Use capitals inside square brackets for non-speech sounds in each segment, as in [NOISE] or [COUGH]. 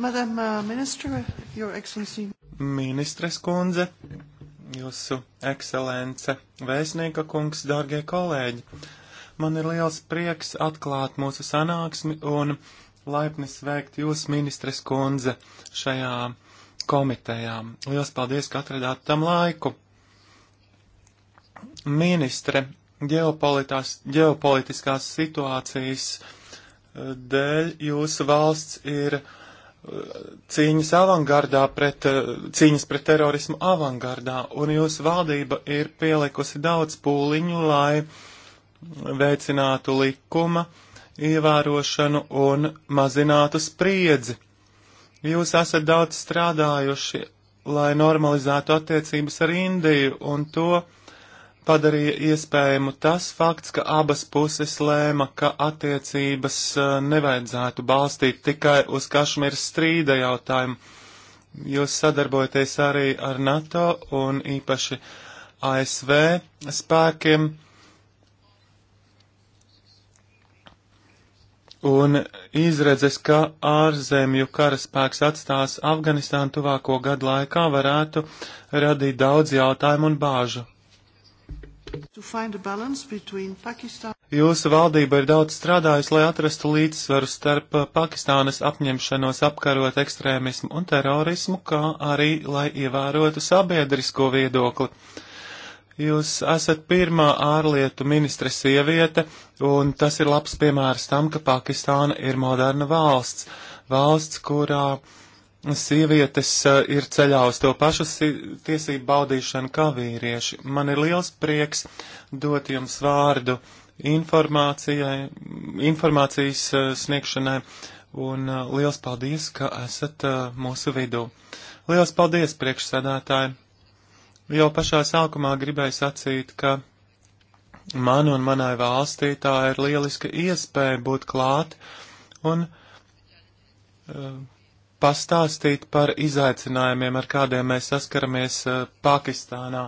Madam uh, Ministra, Your Excellency. Ministres kundze, Jūsu ekscelence, vēstnieka kungs, dārgie kolēģi. Man ir liels prieks atklāt mūsu sanāksmi un laipni sveikt jūs, ministres kundze, šajā komitejā. Liels paldies, ka atradāt tam laiku. Ministre, ģeopolitiskās situācijas eh, dēļ jūsu valsts ir cīņas avangardā pret, eh, cīņas pret terorismu avangardā, un jūsu valdība ir pielikusi daudz pūliņu, lai veicinātu likuma ievērošanu un mazinātu spriedzi. Jūs esat daudz strādājuši, lai normalizētu attiecības ar Indiju un to, padarīja iespējamu tas fakts, ka abas puses lēma, ka attiecības e, nevajadzētu balstīt tikai uz Kašmiras strīda jautājumu. Jūs sadarbojaties arī ar NATO un īpaši ASV spēkiem. Un izredzes, ka ārzemju karaspēks atstās Afganistānu tuvāko gadu laikā, varētu radīt daudz jautājumu un bāžu. Pakistan... Jūsu valdība ir daudz strādājusi, lai atrastu līdzsvaru starp uh, Pakistānas apņemšanos apkarot ekstrēmismu un terorismu, kā arī, lai ievērotu sabiedrisko viedokli. Jūs esat pirmā ārlietu ministra sieviete, un tas ir labs piemērs tam, ka Pakistāna ir moderna valsts. Valsts, kurā uh, sievietes eh, ir ceļā uz to pašu tiesību baudīšanu kā vīrieši. Man ir liels prieks dot jums vārdu informācijai, informācijas eh, sniegšanai, un eh, liels paldies, ka esat mūsu vidū. Liels paldies, priekšsēdētāji! Jau pašā sākumā gribēju sacīt, ka man un manai valstī tā ir lieliska iespēja būt klāt un uh, pastāstīt par izaicinājumiem, ar kādiem mēs saskaramies eh, Pakistānā,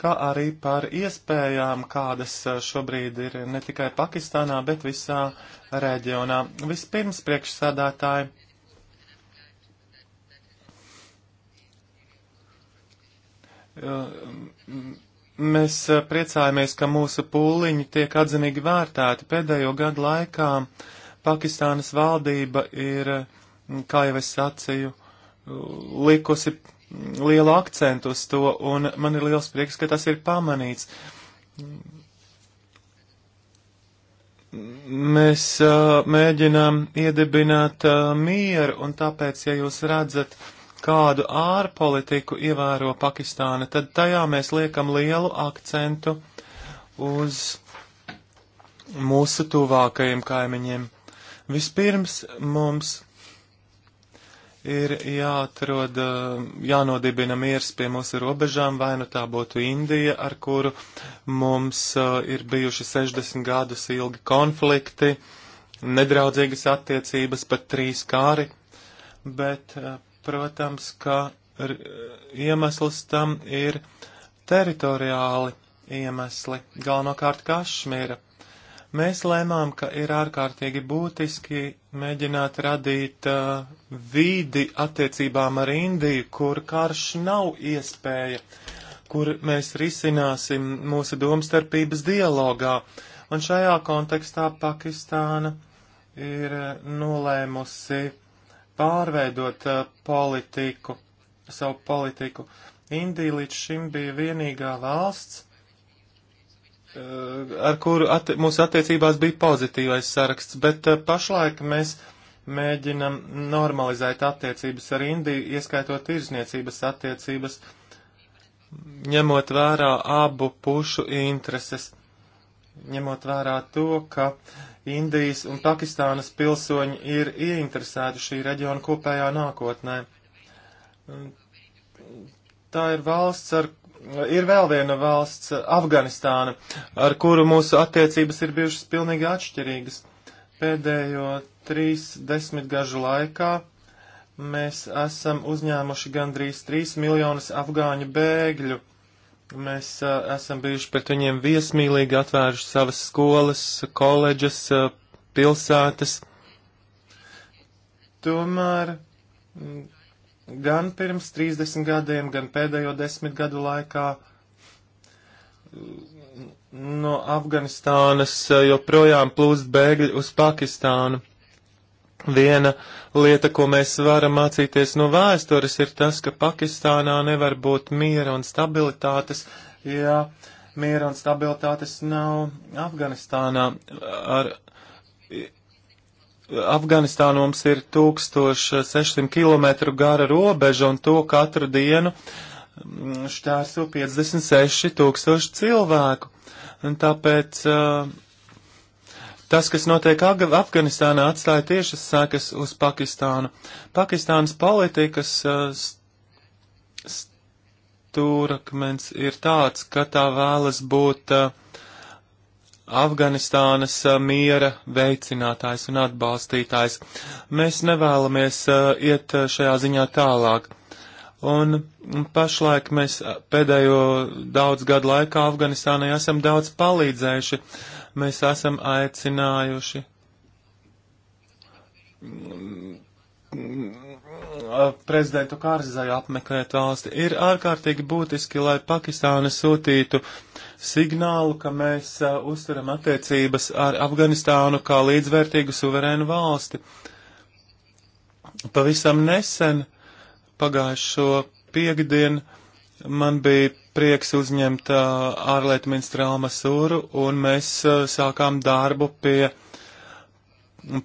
kā arī par iespējām, kādas eh, šobrīd ir ne tikai Pakistānā, bet visā reģionā. Vispirms priekšsādātāji. Eh, mēs priecājamies, ka mūsu pūliņi tiek atzinīgi vērtēti. Pēdējo gadu laikā Pakistānas valdība ir uh, kā jau es sacīju, likusi lielu akcentu uz to, un man ir liels prieks, ka tas ir pamanīts. Mēs uh, mēģinām iedibināt uh, mieru, un tāpēc, ja jūs redzat, kādu ārpolitiku ievēro Pakistāna, tad tajā mēs liekam lielu akcentu uz mūsu tuvākajiem kaimiņiem. Vispirms mums ir jāatrod, eh, jānodibina miers pie mūsu robežām, vai nu tā būtu Indija, ar kuru mums eh, ir bijuši 60 gadus ilgi konflikti, nedraudzīgas attiecības, pat trīs kāri, bet, eh, protams, ka iemesls tam ir teritoriāli iemesli, galvenokārt Kašmīra Mēs lēmām, ka ir ārkārtīgi būtiski mēģināt radīt uh, vīdi attiecībām ar Indiju, kur karš nav iespēja, kur mēs risināsim mūsu domstarpības dialogā. Un šajā kontekstā Pakistāna ir uh, nolēmusi pārveidot uh, politiku, savu politiku. Indija līdz šim bija vienīgā valsts, ar kuru atti mūsu attiecībās bija pozitīvais saraksts, bet pašlaik mēs mēģinam normalizēt attiecības ar Indiju, ieskaitot tirzniecības attiecības, ņemot vērā abu pušu intereses, ņemot vērā to, ka Indijas un Pakistānas pilsoņi ir ieinteresēti šī reģiona kopējā nākotnē. Tā ir valsts, ar ir vēl viena valsts, Afganistāna, ar kuru mūsu attiecības ir bijušas pilnīgi atšķirīgas. Pēdējo trīs desmitgažu laikā mēs esam uzņēmuši gandrīz trīs miljonus afgāņu bēgļu. Mēs a, esam bijuši pret viņiem viesmīlīgi, atvēruši savas skolas, koledžas, a, pilsētas. Tomēr Gan pirms 30 gadiem, gan pēdējo desmit gadu laikā no Afganistānas eh, joprojām plūst bēgļi uz Pakistānu. Viena lieta, ko mēs varam mācīties no vēstures, ir tas, ka Pakistānā nevar būt miera un stabilitātes, ja miera un stabilitātes nav Afganistānā. Ar Afganistāna mums ir 1600 km gara robeža, un to katru dienu mm, šķērso 56 tūkstoši cilvēku. Un tāpēc uh, Tas, kas notiek Afganistānā, atstāja tiešas sekas uz Pakistānu. Pakistānas politikas eh, stūrakmens ir tāds, ka tā vēlas būt uh, Afganistānas eh, miera veicinātājs un atbalstītājs. Mēs nevēlamies eh, iet eh, šajā ziņā tālāk. Un pašlaik mēs pēdējo daudz gadu laikā Afganistānai esam daudz palīdzējuši. Mēs esam aicinājuši prezidentu Kārzai apmeklēt valsti. Ir ārkārtīgi būtiski, lai Pakistāna sūtītu uh, signālu, ka mēs uztveram attiecības ar Afganistānu kā līdzvērtīgu suverēnu valsti. Pavisam nesen, pagājušo piekdienu, man bija prieks uzņemt ārlietu ministru Almasūru, un mēs sākām darbu pie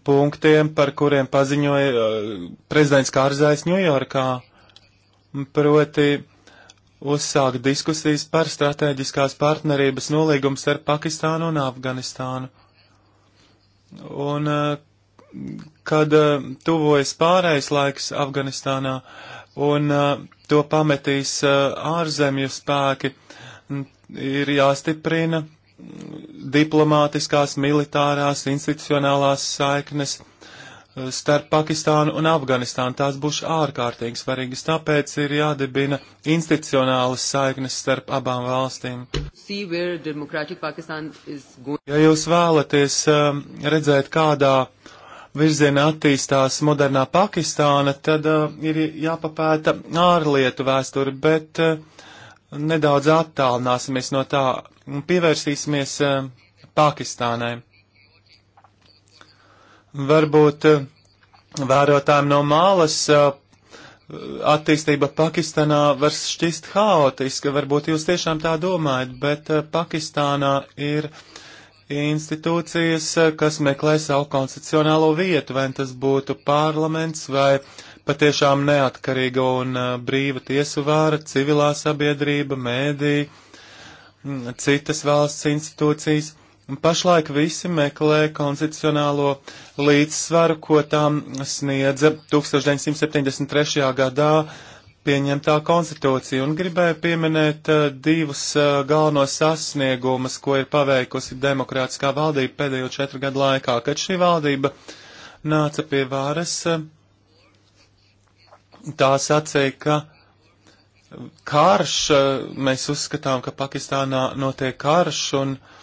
punktiem, par kuriem paziņoja prezidents Kārzais Ņujorkā. Proti, uzsākt diskusijas par strateģiskās partnerības nolīgumu starp Pakistānu un Afganistānu. Un eh, kad eh, tuvojas pārējais laiks Afganistānā un eh, to pametīs ārzemju spēki, ir jāstiprina diplomātiskās, militārās, institucionālās saiknes starp Pakistānu un Afganistānu. Tās būs ārkārtīgi svarīgas, tāpēc ir jādibina institucionālas saiknes starp abām valstīm. Ja jūs vēlaties um, redzēt, kādā virzienā attīstās modernā Pakistāna, tad uh, ir jāpapēta ārlietu vēsture, bet uh, nedaudz attālināsimies no tā un pievērsīsimies uh, Pakistānai. Varbūt eh, vērotājiem no malas eh, attīstība Pakistānā var šķist haotiska, varbūt jūs tiešām tā domājat, bet eh, Pakistānā ir institūcijas, kas meklē savu konstitucionālo vietu, vai tas būtu parlaments vai patiešām neatkarīga un brīva tiesu vāra, civilā sabiedrība, mēdī, mm, citas valsts institūcijas. Pašlaik visi meklē konstitucionālo līdzsvaru, ko tām sniedza 1973. gadā pieņemtā konstitūcija, un gribēju pieminēt uh, divus uh, galvenos sasniegumus, ko ir paveikusi demokrātiskā valdība pēdējo četru gadu laikā. Kad šī valdība nāca pie vāras, uh, eh, tā sacīja, ka karš, mēs uzskatām, ka Pakistānā notiek karš, un uh,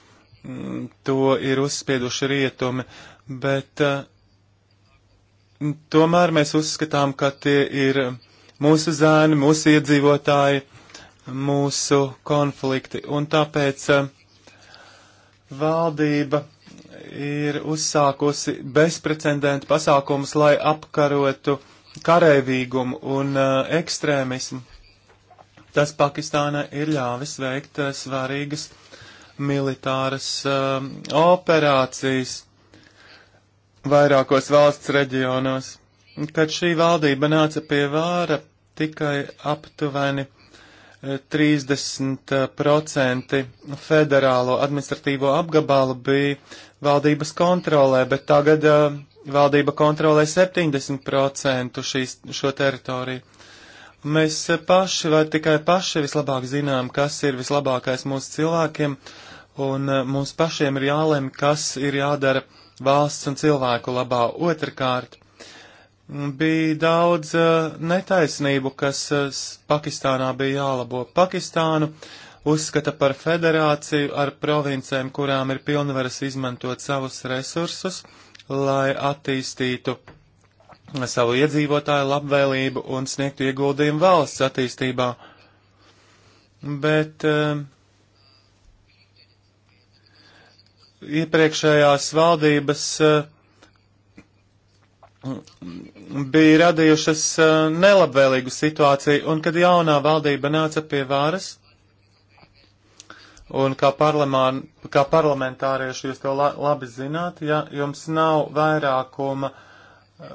Mm, to ir uzspieduši rietumi, bet uh, tomēr mēs uzskatām, ka tie ir mūsu zēni, mūsu iedzīvotāji, mūsu konflikti. Un tāpēc uh, valdība ir uzsākusi bezprecedenta pasākumus, lai apkarotu karavīgumu un uh, ekstrēmismu. Tas Pakistāna ir ļāvis veikt uh, svarīgas militāras um, operācijas vairākos valsts reģionos. Kad šī valdība nāca pie vāra, tikai aptuveni 30% eh, federālo administratīvo apgabalu bija valdības kontrolē, bet tagad uh, valdība kontrolē 70% šīs, šo teritoriju. Mēs paši vai tikai paši vislabāk zinām, kas ir vislabākais mūsu cilvēkiem, uh, un eh, mums pašiem ir jālem, kas ir jādara valsts un cilvēku labā. Otrakārt, bija daudz uh, netaisnību, kas uh, Pakistānā bija jālabo. Pakistānu uzskata par federāciju ar provincēm, kurām ir pilnvaras izmantot savus resursus, lai attīstītu savu iedzīvotāju labvēlību un sniegtu ieguldījumu valsts attīstībā. Bet uh, iepriekšējās valdības eh, bija radījušas eh, nelabvēlīgu situāciju, un kad jaunā valdība nāca pie vāras, un kā, kā parlamentārieši jūs to la labi zināt, ja jums nav vairākuma eh,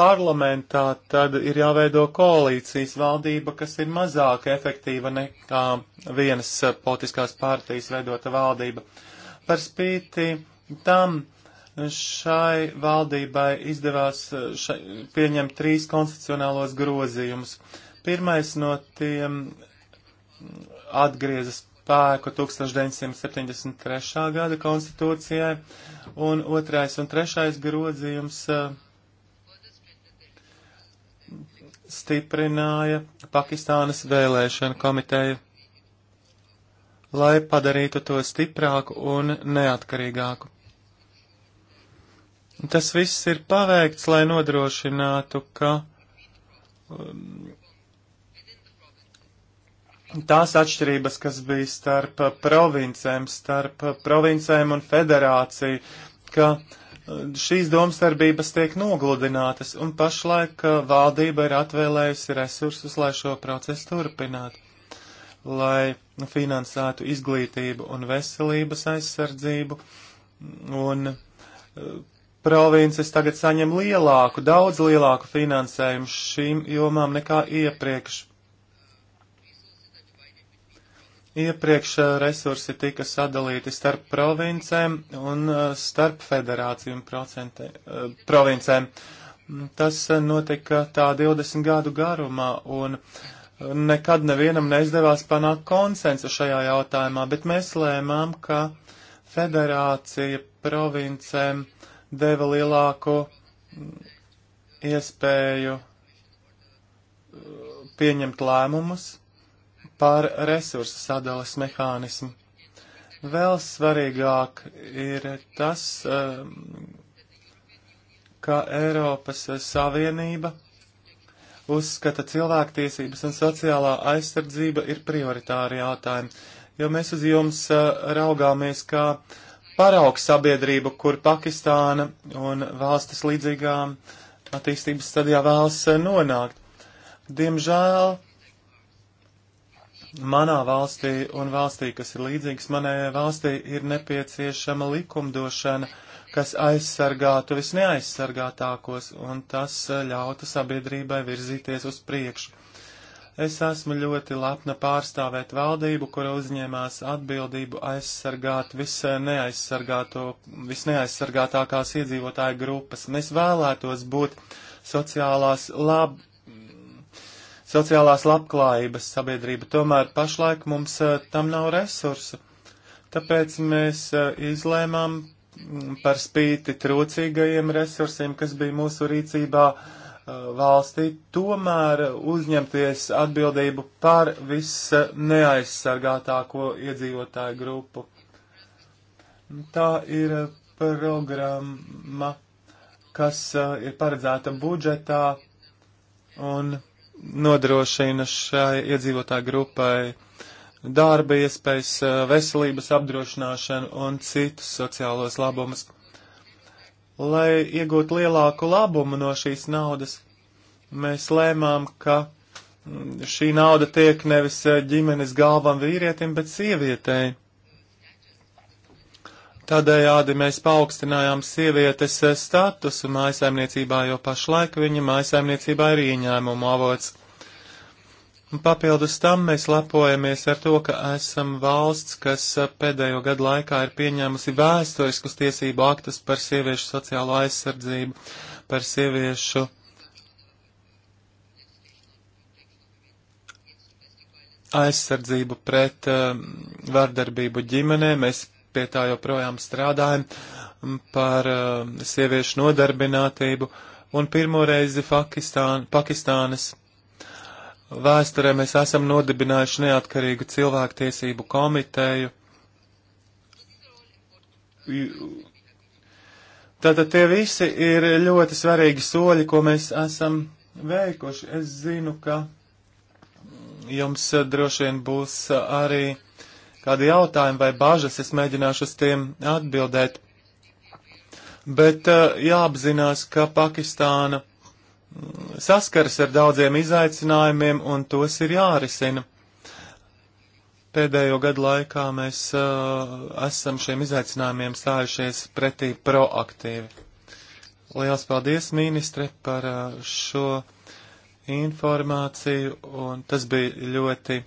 parlamentā, tad ir jāveido koalīcijas valdība, kas ir mazāk efektīva nekā vienas politiskās partijas veidota valdība. Uh, Par spīti tam šai valdībai izdevās eh, šai, pieņemt trīs konstitucionālos grozījumus. Pirmais no tiem atgrieza spēku 1973. gada konstitūcijai, un otrais un trešais grozījums eh, stiprināja Pakistānas vēlēšana komiteju lai padarītu to stiprāku un neatkarīgāku. Tas viss ir paveikts, lai nodrošinātu, ka um, tās atšķirības, kas bija starp provincēm, starp provincēm un federāciju, ka uh, šīs domstarbības tiek nogludinātas, un pašlaik uh, valdība ir atvēlējusi resursus, lai šo procesu turpinātu lai finansētu izglītību un veselības aizsardzību, un eh, provinces tagad saņem lielāku, daudz lielāku finansējumu šīm jomām nekā iepriekš. Iepriekš eh, resursi tika sadalīti starp provincēm un eh, starp federāciju un procente, provincēm. Tas notika tā 20 gadu garumā, un uh, nekad nevienam neizdevās panākt konsensu šajā jautājumā, bet mēs lēmām, ka federācija provincēm deva lielāku mm, iespēju uh, pieņemt lēmumus par resursu sadales mehānismu. Vēl svarīgāk ir tas, um, ka Eiropas Savienība uzskata cilvēktiesības un sociālā aizsardzība ir prioritāri jautājumi, jo mēs uz jums eh, raugāmies kā paraugs sabiedrību, kur Pakistāna un valstis līdzīgām attīstības stadijā vēlas eh, nonākt. Diemžēl manā valstī un valstī, kas ir līdzīgas manējai valstī, ir nepieciešama likumdošana kas aizsargātu visneaizsargātākos, un tas eh, ļautu sabiedrībai virzīties uz priekšu. Es esmu ļoti lepna pārstāvēt valdību, kura uzņēmās atbildību aizsargāt visneaizsargātākās iedzīvotāju grupas, un es vēlētos būt sociālās lab, sociālās labklājības sabiedrība, tomēr pašlaik mums eh, tam nav resursu. Tāpēc mēs eh, izlēmām par spīti trūcīgajiem resursiem, kas bija mūsu rīcībā valstī, tomēr uzņemties atbildību par visneaizsargātāko iedzīvotāju grupu. Tā ir programma, kas ir paredzēta budžetā un nodrošina šai iedzīvotāju grupai darba iespējas, eh, veselības apdrošināšanu un citus sociālos labumus. Lai iegūtu lielāku labumu no šīs naudas, mēs lēmām, ka mm, šī nauda tiek nevis eh, ģimenes galvam vīrietim, bet sievietei. Tādējādi mēs paaugstinājām sievietes eh, statusu mājsaimniecībā, jo pašlaik viņa mājsaimniecībā ir ieņēmumu avots. Papildus tam mēs lepojamies ar to, ka esam valsts, kas pēdējo gadu laikā ir pieņēmusi vēsturiskus tiesību aktus par sieviešu sociālo aizsardzību, par sieviešu aizsardzību pret uh, vardarbību ģimenē. Mēs pie tā joprojām strādājam um, par uh, sieviešu nodarbinātību. Un pirmo reizi Pakistān, Pakistānas vēsturē mēs esam nodibinājuši neatkarīgu cilvēktiesību komiteju. Tātad tie visi ir ļoti svarīgi soļi, ko mēs esam veikuši. Es zinu, ka jums droši vien būs arī kādi jautājumi vai bažas, es mēģināšu uz tiem atbildēt. Bet eh, jāapzinās, ka Pakistāna saskaras ar daudziem izaicinājumiem, un tos ir jārisina. Pēdējo gadu laikā mēs uh, esam šiem izaicinājumiem stājušies pretī proaktīvi. Lielas paldies, ministre, par uh, šo informāciju, un tas bija ļoti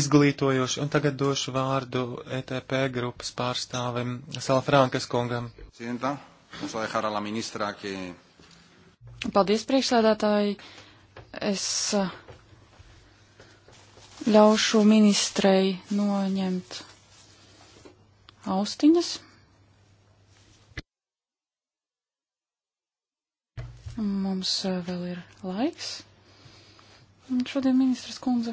izglītojoši. Un tagad došu vārdu ETP grupas pārstāvim Salfrankas kungam. Cienta, Paldies, priekšsēdētāji. Es eh, ļaušu ministrei noņemt austiņas. Mums eh, vēl ir laiks. Un šodien ministras kundze.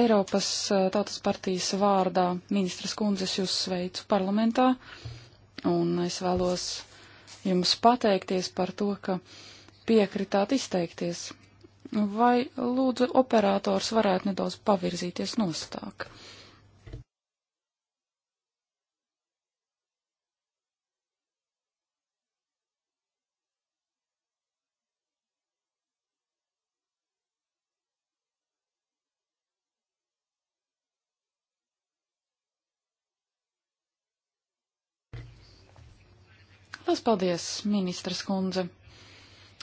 Eiropas eh, Tautas partijas vārdā ministras kundzes jūs sveicu parlamentā, un es vēlos jums pateikties par to, ka piekritāt izteikties. Vai lūdzu operators varētu nedaudz pavirzīties nostāk? Tas paldies, ministras kundze.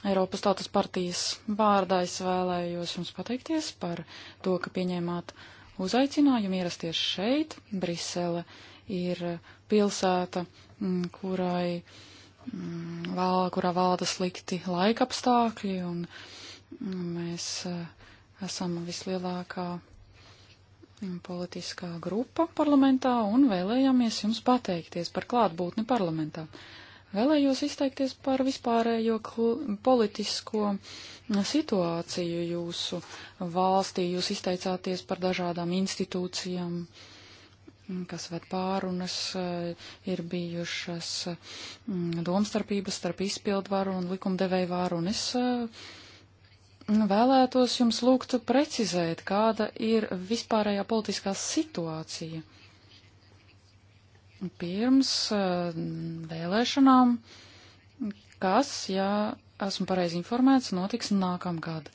Eiropas Tautas partijas vārdā es vēlējos jums pateikties par to, ka pieņēmāt uzaicinājumu ierasties šeit. Brisele ir pilsēta, mm, kurai, mm, val, kurā valda slikti laika apstākļi, un mm, mēs eh, esam vislielākā politiskā grupa parlamentā un vēlējāmies jums pateikties par klātbūtni parlamentā. Uh, Vēlējos izteikties par vispārējo politisko mm, situāciju jūsu valstī. Jūs izteicāties par dažādām institūcijām, mm, kas ved pārunas, eh, ir bijušas mm, domstarpības starp izpildvaru un likumdevēju vāru. Un es eh, vēlētos jums lūgtu precizēt, kāda ir vispārējā politiskā situācija pirms eh, vēlēšanām, kas, ja esmu pareizi informēts, notiks nākamgad.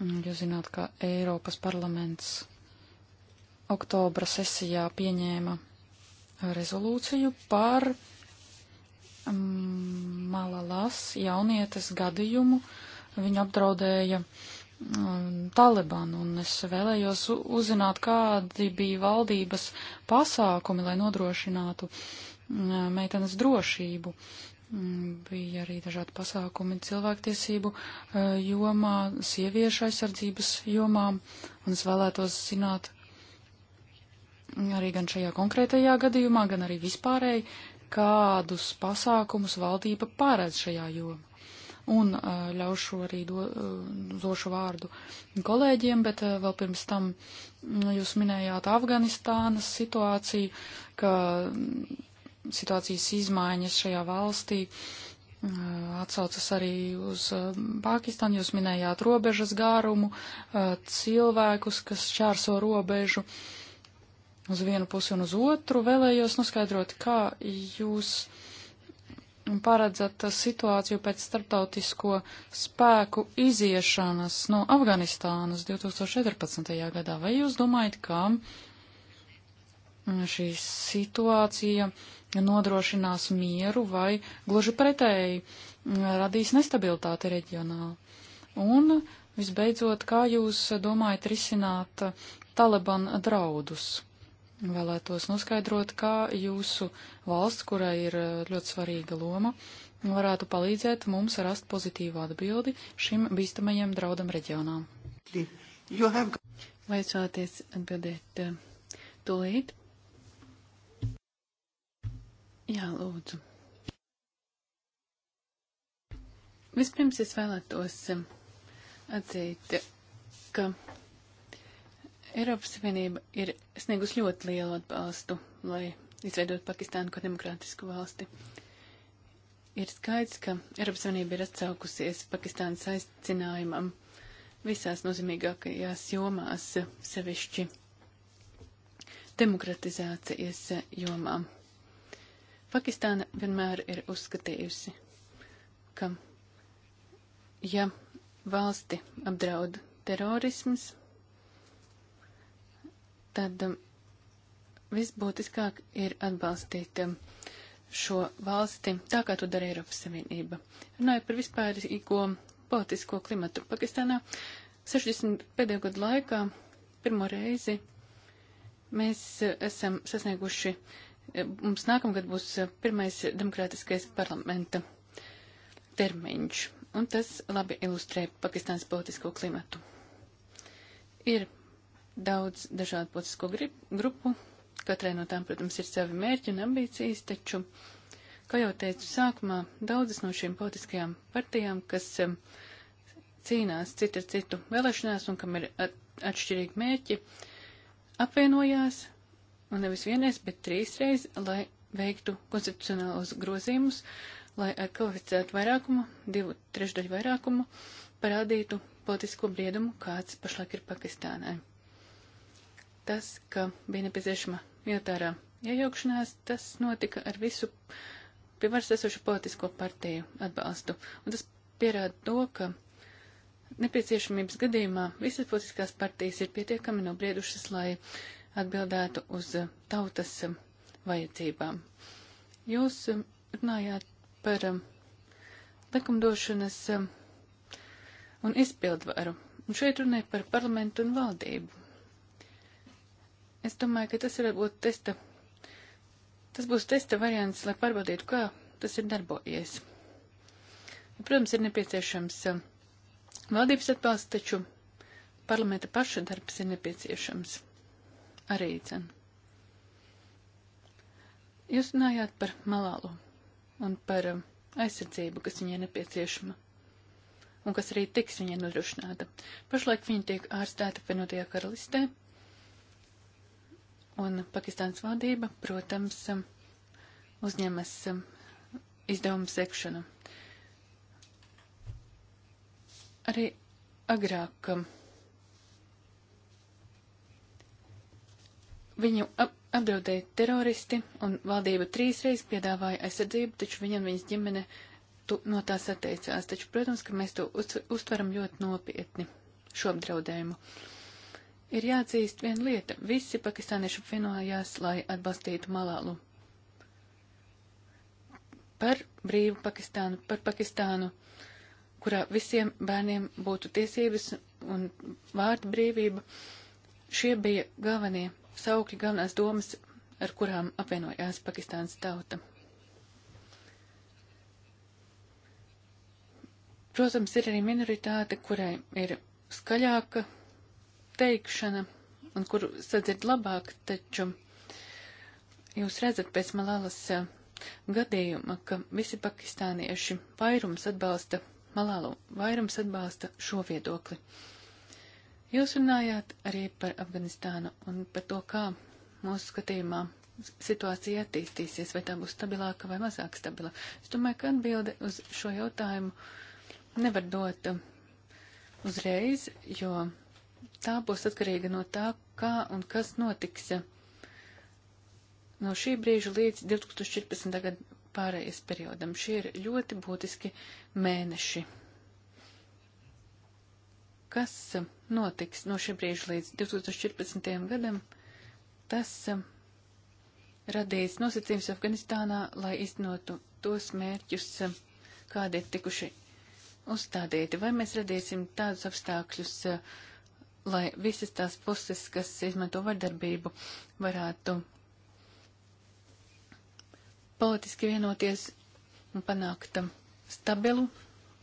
Mm, jūs zināt, ka Eiropas parlaments oktobra sesijā pieņēma rezolūciju par mm, Malalas jaunietes gadījumu. Viņa apdraudēja uh, Um, Talibanu, un es vēlējos uzzināt, kādi bija valdības pasākumi, lai nodrošinātu um, meitenes drošību. Um, bija arī dažādi pasākumi cilvēktiesību uh, jomā, sieviešu aizsardzības jomā, un es vēlētos zināt arī gan šajā konkrētajā gadījumā, gan arī vispārēji, kādus pasākumus valdība pārēdz šajā jomā un eh, ļaušu arī do, eh, došu vārdu kolēģiem, bet eh, vēl pirms tam mm, jūs minējāt Afganistānas situāciju, ka mm, situācijas izmaiņas šajā valstī atsaucas arī uz Pakistānu. Jūs minējāt robežas gārumu, cilvēkus, kas čērso robežu uz vienu pusi un uz otru. Vēlējos noskaidrot, kā jūs paredzat situāciju pēc starptautisko spēku iziešanas no Afganistānas 2014. gadā. Vai jūs domājat, ka mm, šī situācija nodrošinās mieru vai gluži pretēji mm, radīs nestabilitāti reģionāli? Un visbeidzot, kā jūs domājat risināt Taliban draudus? Vēlētos noskaidrot, kā jūsu valsts, kurai ir eh, ļoti svarīga loma, varētu palīdzēt mums rast pozitīvu atbildi šim bīstamajam draudam reģionām. Have... Vai jūs vēlaties atbildēt eh, tūlīt? Jā, lūdzu. Vispirms es vēlētos eh, atzīt, ka Eiropas Savienība ir sniegus ļoti lielu atbalstu, lai izveidot Pakistānu kā demokrātisku valsti. Ir skaidrs, ka Eiropas Savienība ir atsaukusies Pakistānas aicinājumam visās nozīmīgākajās jomās, sevišķi demokratizācijas jomā. Pakistāna vienmēr ir uzskatījusi, ka ja valsti apdraud terorisms, tad um, visbūtiskāk ir atbalstīt um, šo valsti tā, kā to dara Eiropas Savienība. Runājot par vispārīgo politisko klimatu Pakistānā, 60 pēdējo gadu laikā pirmo reizi mēs uh, esam sasnieguši, uh, mums nākamgad būs uh, pirmais demokrātiskais parlamenta termiņš, un tas labi ilustrē Pakistānas politisko klimatu. Ir daudz dažādu politisko grupu. Katrai no tām, protams, ir savi mērķi un ambīcijas, taču, kā jau teicu sākumā, daudzas no šīm politiskajām partijām, kas um, cīnās citu ar citu vēlēšanās un kam ir at atšķirīgi mērķi, apvienojās, un nevis vienreiz, bet trīsreiz, lai veiktu konstitucionālos grozījumus, lai ar kvalificētu vairākumu, divu trešdaļu vairākumu, parādītu politisko briedumu, kāds pašlaik ir Pakistānai tas, ka bija nepieciešama militārā iejaukšanās, tas notika ar visu pie varas esošu politisko partiju atbalstu. Un tas pierāda to, ka nepieciešamības gadījumā visas politiskās partijas ir pietiekami nobriedušas, lai atbildētu uz tautas vajadzībām. Jūs runājāt par um, likumdošanas um, un izpildvaru. Un šeit runāja par parlamentu un valdību. Es domāju, ka tas varētu būt testa. Tas būs testa variants, lai pārbaudītu, kā tas ir darbojies. Protams, ir nepieciešams um, valdības atbalsts, taču parlamenta paša darbs ir nepieciešams arī dzen. Jūs runājāt par malālu un par um, aizsardzību, kas viņai nepieciešama un kas arī tiks viņai nodrošināta. Pašlaik viņa tiek ārstēta Venotajā karalistē, un Pakistānas valdība, protams, uzņemas izdevumu sekšanu. Arī agrāk viņu ap apdraudēja teroristi, un valdība trīsreiz piedāvāja aizsardzību, taču viņam viņas ģimene tu, no tās atteicās. Taču, protams, ka mēs to uztveram ļoti nopietni, šo apdraudējumu. Uh, Ir jāatzīst viena lieta. Visi pakistānieši apvienojās, lai atbalstītu Malālu. Par brīvu Pakistānu, par Pakistānu, kurā visiem bērniem būtu tiesības un vārdu brīvība. Šie bija galvenie saukļi, galvenās domas, ar kurām apvienojās Pakistānas tauta. Protams, ir arī minoritāte, kurai ir skaļāka teikšana, un kur sadzird labāk, taču jūs redzat pēc Malālas gadījuma, ka visi pakistānieši vairums atbalsta Malālu, vairums atbalsta šo viedokli. Jūs runājāt arī par Afganistānu un par to, kā mūsu skatījumā situācija attīstīsies, vai tā būs stabilāka vai mazāk stabila. Es domāju, ka atbilde uz šo jautājumu nevar dot uzreiz, jo tā būs atkarīga no tā, kā un kas notiks no šī brīža līdz 2014. gada pārējais periodam. Šie ir ļoti būtiski mēneši. Kas notiks no šī brīža līdz 2014. gadam, tas um, radīs nosacījums Afganistānā, lai iznotu tos mērķus, um, kādi ir tikuši uzstādīti. Vai mēs radīsim tādus apstākļus, uh, lai visas tās puses, kas izmanto vardarbību, varētu politiski vienoties un panākt stabilu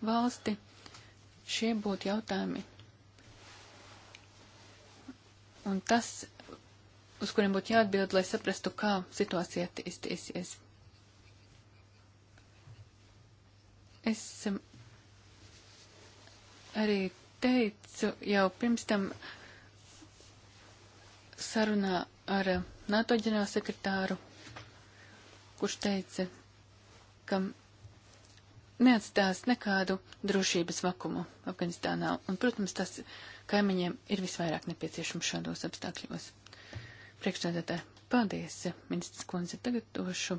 valsti. Šie būtu jautājumi. Un tas, uz kuriem būtu jāatbild, lai saprastu, kā situācija attīstīsies. Es um, arī teicu jau pirms tam sarunā ar NATO ģenerālsekretāru, kurš teica, ka neatstās nekādu drošības vakumu Afganistānā. Un, protams, tas kaimiņiem ir visvairāk nepieciešams šādos apstākļos. Priekšstādātāji, paldies, ministrs kundze, tagad došu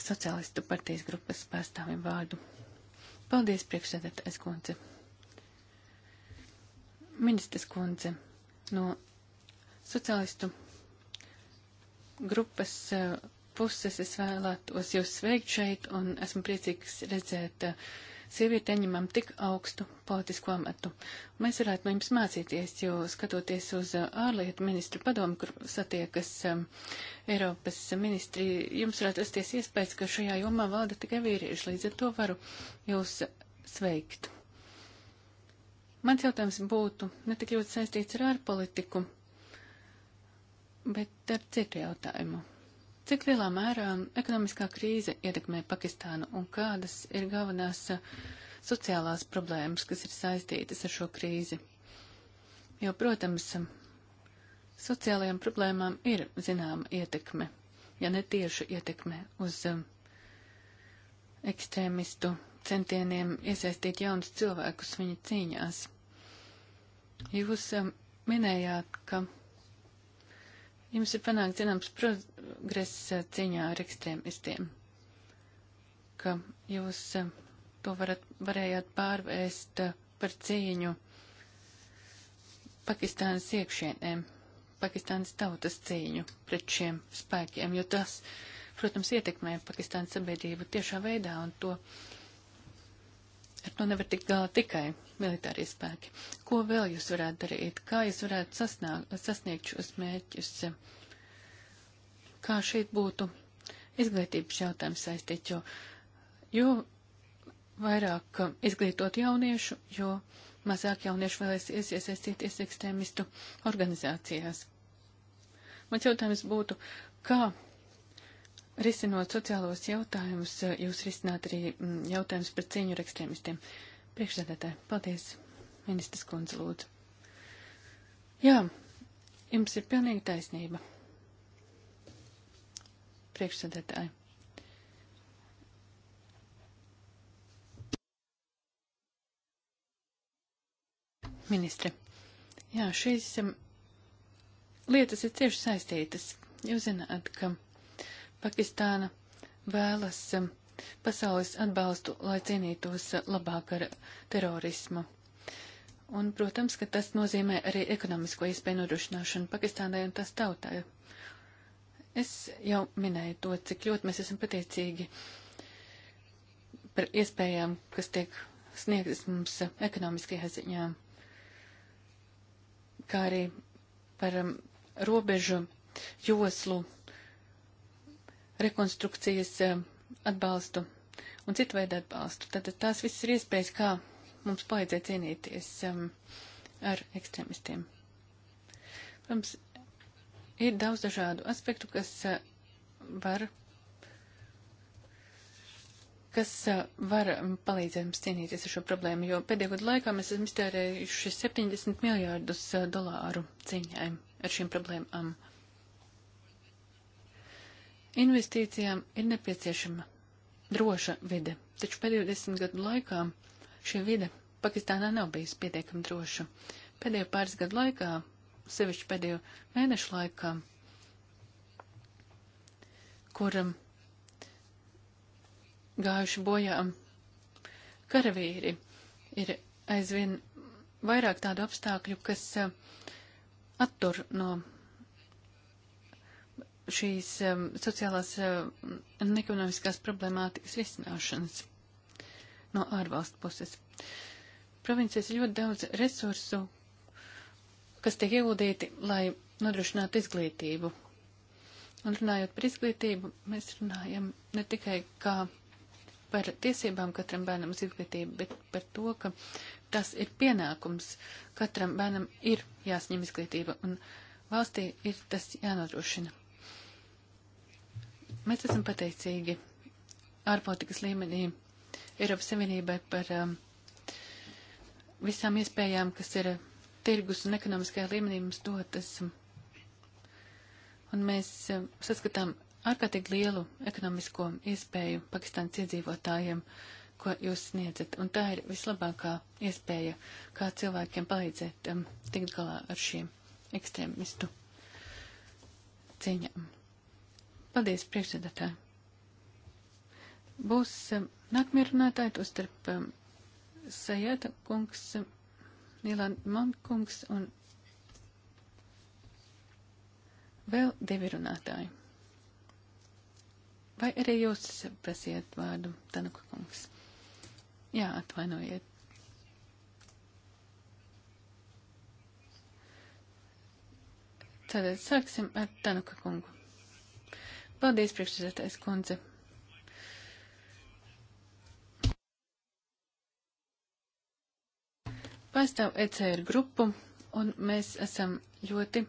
sociālistu partijas grupas pārstāvim vārdu. Paldies, priekšstādātājs kundze. Ministres kundze no sociālistu grupas eh, puses es vēlētos jūs sveikt šeit un esmu priecīgs redzēt eh, sievieti ieņemam tik augstu politisku amatu. Mēs varētu no jums mācīties, jo skatoties uz eh, ārlietu ministru padomu, kur satiekas um, Eiropas ministri, jums varētu rasties iespējas, ka šajā jomā valda tikai vīrieši. Līdz ar to varu jūs sveikt. Mans jautājums būtu ne tik ļoti saistīts ar ārpolitiku, bet ar citu jautājumu. Cik lielā mērā ekonomiskā krīze ietekmē Pakistānu un kādas ir galvenās uh, sociālās problēmas, kas ir saistītas ar šo krīzi? Jo, protams, sociālajām problēmām ir zināma ietekme, ja ne tieša ietekme uz uh, ekstrēmistu centieniem iesaistīt jaunus cilvēkus viņa cīņās. Jūs um, minējāt, ka jums ir panākt zināms progress uh, cīņā ar ekstrēmistiem, ka jūs um, to varat, varējāt pārvēst uh, par cīņu Pakistānas iekšienēm, Pakistānas tautas cīņu pret šiem spēkiem, jo tas, protams, ietekmē Pakistānas sabiedrību tiešā veidā un to uh, Ar nu, to nevar tikt galā tikai militārie spēki. Ko vēl jūs varētu darīt? Kā jūs varētu sasnāk, sasniegt šos mērķus? Kā šeit būtu izglītības jautājums saistīt, jo, jo vairāk izglītot jauniešu, jo mazāk jauniešu vēlēsies iesaistīties ekstrēmistu organizācijās. Mans jautājums būtu, kā risinot sociālos jautājumus, eh, jūs risināt arī mm, jautājumus par cīņu ar ekstrēmistiem. Priekšsēdētāji, paldies, ministrs kundze, lūdzu. Jā, jums ir pilnīga taisnība. Priekšsēdētāji. Ministri, jā, šīs um, lietas ir cieši saistītas. Jūs zināt, ka Pakistāna vēlas um, pasaules atbalstu, lai cīnītos uh, labāk ar terorismu. Un, protams, ka tas nozīmē arī ekonomisko iespēju nodrošināšanu Pakistānai un tās tautai. Es jau minēju to, cik ļoti mēs esam pateicīgi par iespējām, kas tiek sniegtas mums uh, ekonomiskajā ziņā, kā arī par um, robežu joslu rekonstrukcijas eh, atbalstu un citu veidu atbalstu. Tātad tās visas ir iespējas, kā mums palīdzēt cīnīties um, ar ekstremistiem. Protams, ir daudz dažādu aspektu, kas uh, var kas uh, var mm, palīdzēt mums cīnīties ar šo problēmu, jo pēdējo gadu laikā mēs esam iztērējuši 70 miljārdus uh, dolāru cīņai ar šīm problēmām. Uh, Investīcijām ir nepieciešama droša vide, taču pēdējo desmit gadu laikā šī vide Pakistānā nav bijusi pietiekami droša. Pēdējo pāris gadu laikā, sevišķi pēdējo mēnešu laikā, kuram gājuši bojā karavīri, ir aizvien vairāk tādu apstākļu, kas eh, attur no šīs um, sociālās um, un ekonomiskās problemātikas risināšanas no ārvalstu puses. Provinces ir ļoti daudz resursu, kas tiek ieguldīti, lai nodrošinātu izglītību. Un runājot par izglītību, mēs runājam ne tikai kā par tiesībām katram bērnam uz izglītību, bet par to, ka tas ir pienākums. Katram bērnam ir jāsņem izglītība, un valstī ir tas jānodrošina. Mēs esam pateicīgi ārpolitikas līmenī Eiropas Savienībai par um, visām iespējām, kas ir tirgus un ekonomiskajā līmenī mums dotas. Un mēs um, saskatām ārkārtīgi lielu ekonomisko iespēju Pakistānas iedzīvotājiem, ko jūs sniedzat. Un tā ir vislabākā iespēja, kā cilvēkiem palīdzēt um, tikt galā ar šiem ekstrēmistu cīņām. Paldies, priekšsēdētāji. Būs eh, nākamie runātāji, to starp eh, Sajāta kungs, Nīlāna Mankungs un vēl divi runātāji. Vai arī jūs prasiet vārdu, Tanuka kungs? Jā, atvainojiet. Tātad sāksim ar Tanuka kungu. Paldies, priekšsēdētājs kundze. Pastāv ECR grupu, un mēs esam ļoti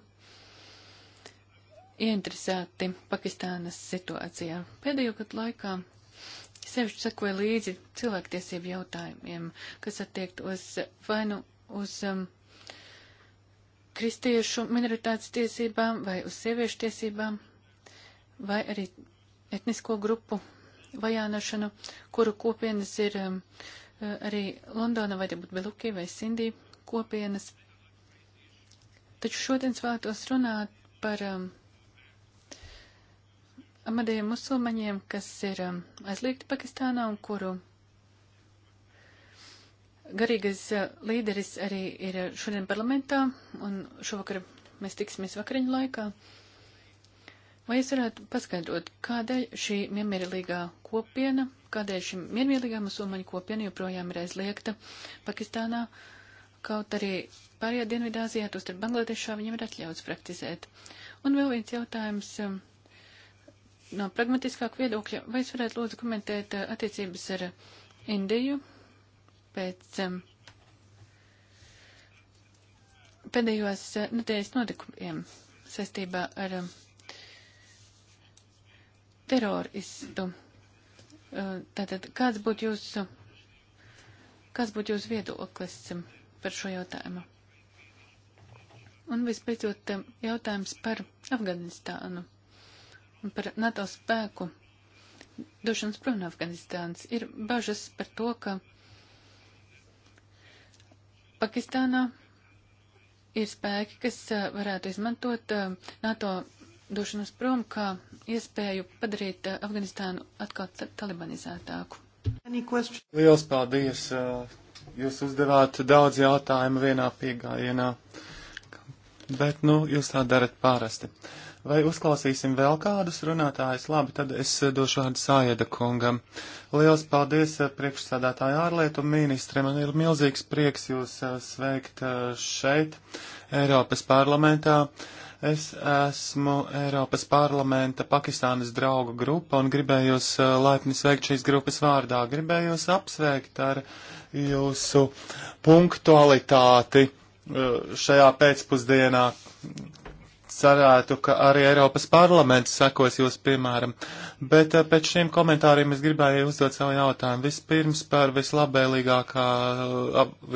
ieinteresēti Pakistānas situācijā. Pēdējo gadu laikā sevišķi sekoja līdzi cilvēktiesību jautājumiem, kas attiektos vai nu uz um, kristiešu minoritātes tiesībām vai uz sieviešu tiesībām vai arī etnisko grupu vajānošanu, kuru kopienas ir um, uh, arī Londona vai varbūt Belukī vai Sindī kopienas. Taču šodien vēlētos runāt par um, amadiem musulmaņiem, kas ir um, aizliegti Pakistānā un kuru garīgais uh, līderis arī ir uh, šodien parlamentā un šovakar mēs tiksimies vakariņu laikā. Uh, Vai jūs varētu paskaidrot, kādēļ šī miermīlīgā kopiena, kādēļ šī miermīlīgā musulmaņu kopiena joprojām ir aizliegta Pakistānā, kaut arī pārējā Dienvidāzijā, tostarp Bangladešā, viņam ir atļauts praktizēt? Un vēl viens jautājums um, no pragmatiskāka viedokļa. Vai jūs varētu lūdzu komentēt uh, attiecības ar Indiju pēc um, pēdējos uh, nedēļas notikumiem saistībā ar um, teroristu. Tātad, kāds būtu jūsu, kāds būtu jūsu viedoklis par šo jautājumu? Un vispēcot jautājums par Afganistānu un par NATO spēku došanas prom no Afganistānas. Ir bažas par to, ka Pakistānā ir spēki, kas varētu izmantot NATO došanos prom, kā iespēju padarīt eh, Afganistānu atkal talibanizētāku. Liels paldies! Eh, jūs uzdevāt daudz jautājumu vienā piegājienā, bet, nu, jūs tā darat pārasti. Vai uzklausīsim vēl kādus runātājus? Labi, tad es eh, došu vārdu Sājeda kungam. Liels paldies priekšsādātāju ārlietu ministre. Man ir milzīgs prieks jūs sveikt šeit, Eiropas parlamentā. Uh, Es esmu Eiropas parlamenta Pakistānas draugu grupa un gribējos laipni sveikt šīs grupas vārdā. Gribējos apsveikt ar jūsu punktualitāti šajā pēcpusdienā. Cerētu, ka arī Eiropas parlaments sekos jūs, piemēram. Bet pēc šiem komentāriem es gribēju uzdot savu jautājumu. Vispirms par vislabēlīgākā,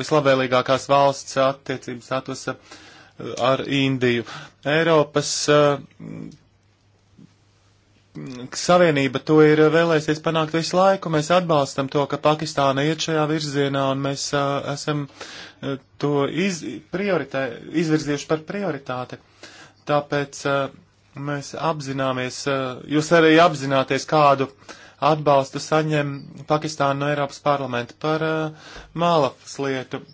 vislabēlīgākās valsts attiecības statusa. At ar Indiju. Eiropas uh, Savienība to ir vēlēsies panākt visu laiku. Mēs atbalstam to, ka Pakistāna iet šajā virzienā, un mēs uh, esam uh, to iz, prioritē, izvirzījuši par prioritāti. Tāpēc uh, mēs apzināmies, uh, jūs arī apzināties, kādu atbalstu saņem Pakistāna no Eiropas parlamenta par uh, Mālafas lietu.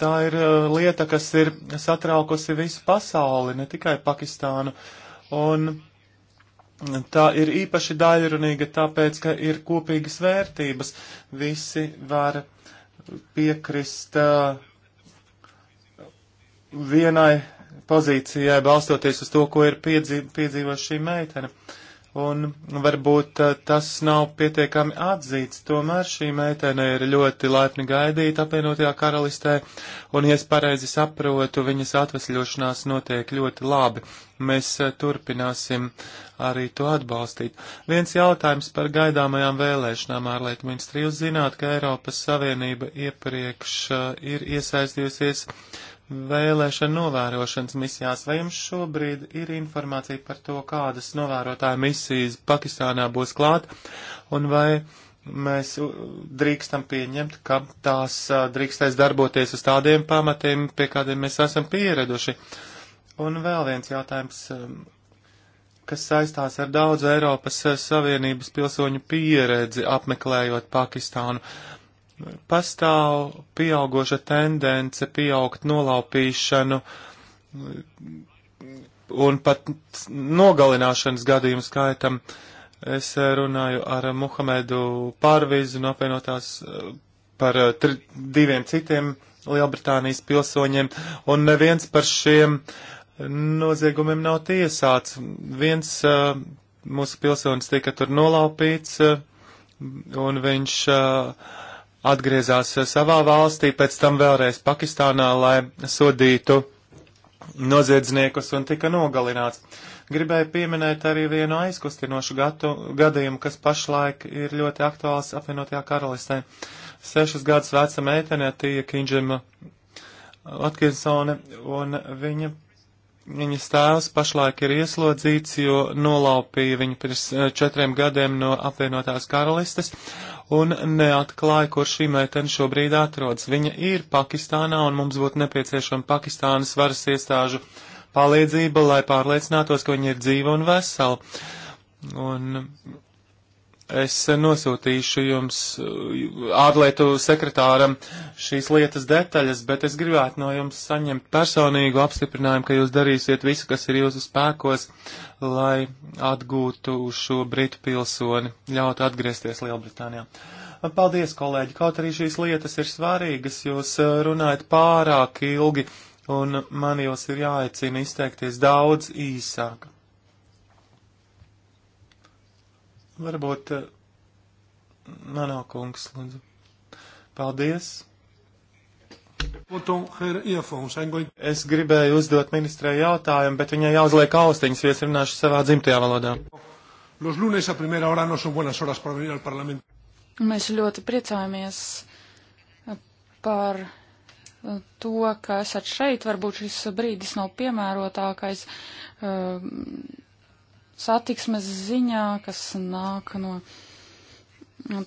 Tā ir uh, lieta, kas ir satraukusi visu pasauli, ne tikai Pakistānu. Un tā ir īpaši daļrunīga, tāpēc, ka ir kopīgas vērtības. Visi var piekrist uh, vienai pozīcijai, balstoties uz to, ko ir piedzīvojusi šī meitene. Uh, un varbūt uh, tas nav pietiekami atzīts. Tomēr šī meitene ir ļoti laipni gaidīta apvienotajā karalistē, un, ja es pareizi saprotu, viņas atvesļošanās notiek ļoti labi. Mēs uh, turpināsim arī to atbalstīt. Viens jautājums par gaidāmajām vēlēšanām ārlietu ministri. Jūs zināt, ka Eiropas Savienība iepriekš uh, ir iesaistījusies vēlēšana novērošanas misijās. Vai jums šobrīd ir informācija par to, kādas novērotāju misijas Pakistānā būs klāt, un vai mēs drīkstam pieņemt, ka tās drīkstēs darboties uz tādiem pamatiem, pie kādiem mēs esam pieraduši? Un vēl viens jautājums, kas saistās ar daudz Eiropas Savienības pilsoņu pieredzi apmeklējot Pakistānu pastāv pieaugoša tendence pieaugt nolaupīšanu un pat nogalināšanas gadījumu skaitam. Es eh, runāju ar Muhamedu Pārvīzu no apvienotās eh, par eh, tri, diviem citiem Lielbritānijas pilsoņiem, un neviens par šiem noziegumiem nav tiesāts. Viens mūsu pilsonis tika tur nolaupīts, un viņš uh, atgriezās savā valstī, pēc tam vēlreiz Pakistānā, lai sodītu noziedzniekus un tika nogalināts. Gribēju pieminēt arī vienu aizkustinošu gatu, gadījumu, kas pašlaik ir ļoti aktuāls apvienotajā karalistē. Sešus gadus veca meitene Tija Kinģema Atkinsone, un viņa, viņas tēvs pašlaik ir ieslodzīts, jo nolaupīja viņu pirms eh, četriem gadiem no apvienotās karalistes, un neatklāja, kur šī meitene šobrīd atrodas. Viņa ir Pakistānā, un mums būtu nepieciešama Pakistānas varas iestāžu palīdzība, lai pārliecinātos, ka viņa ir dzīva un vesela. Un Es nosūtīšu jums uh, ārlietu sekretāram šīs lietas detaļas, bet es gribētu no jums saņemt personīgu apstiprinājumu, ka jūs darīsiet visu, kas ir jūsu spēkos, lai atgūtu šo britu pilsoni, ļautu atgriezties Lielbritānijā. Paldies, kolēģi! Kaut arī šīs lietas ir svarīgas, jūs uh, runājat pārāk ilgi, un man jūs ir jāaicina izteikties daudz īsāk. Varbūt eh, manā kungs, lūdzu. Paldies! Es gribēju uzdot ministrē jautājumu, bet viņai jāuzliek austiņas, jo es runāšu savā dzimtajā valodā. Mēs ļoti priecājamies par to, ka esat šeit. Varbūt šis brīdis nav piemērotākais. Uh, satiksmes ziņā, kas nāk no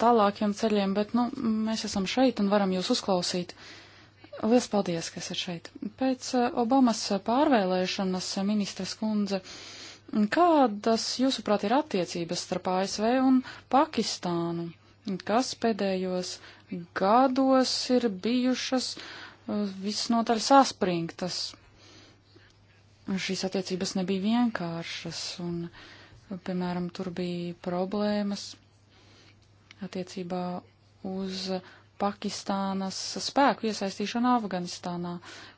tālākiem ceļiem, bet, nu, mēs esam šeit un varam jūs uzklausīt. Lielas paldies, kas ir šeit. Pēc eh, Obamas pārvēlēšanas eh, ministras kundze, kādas, jūsuprāt, ir attiecības starp ASV un Pakistānu, kas pēdējos gados ir bijušas eh, visnotaļ saspringtas? šīs attiecības nebija vienkāršas, un, piemēram, tur bija problēmas attiecībā uz Pakistānas spēku iesaistīšanu Afganistānā.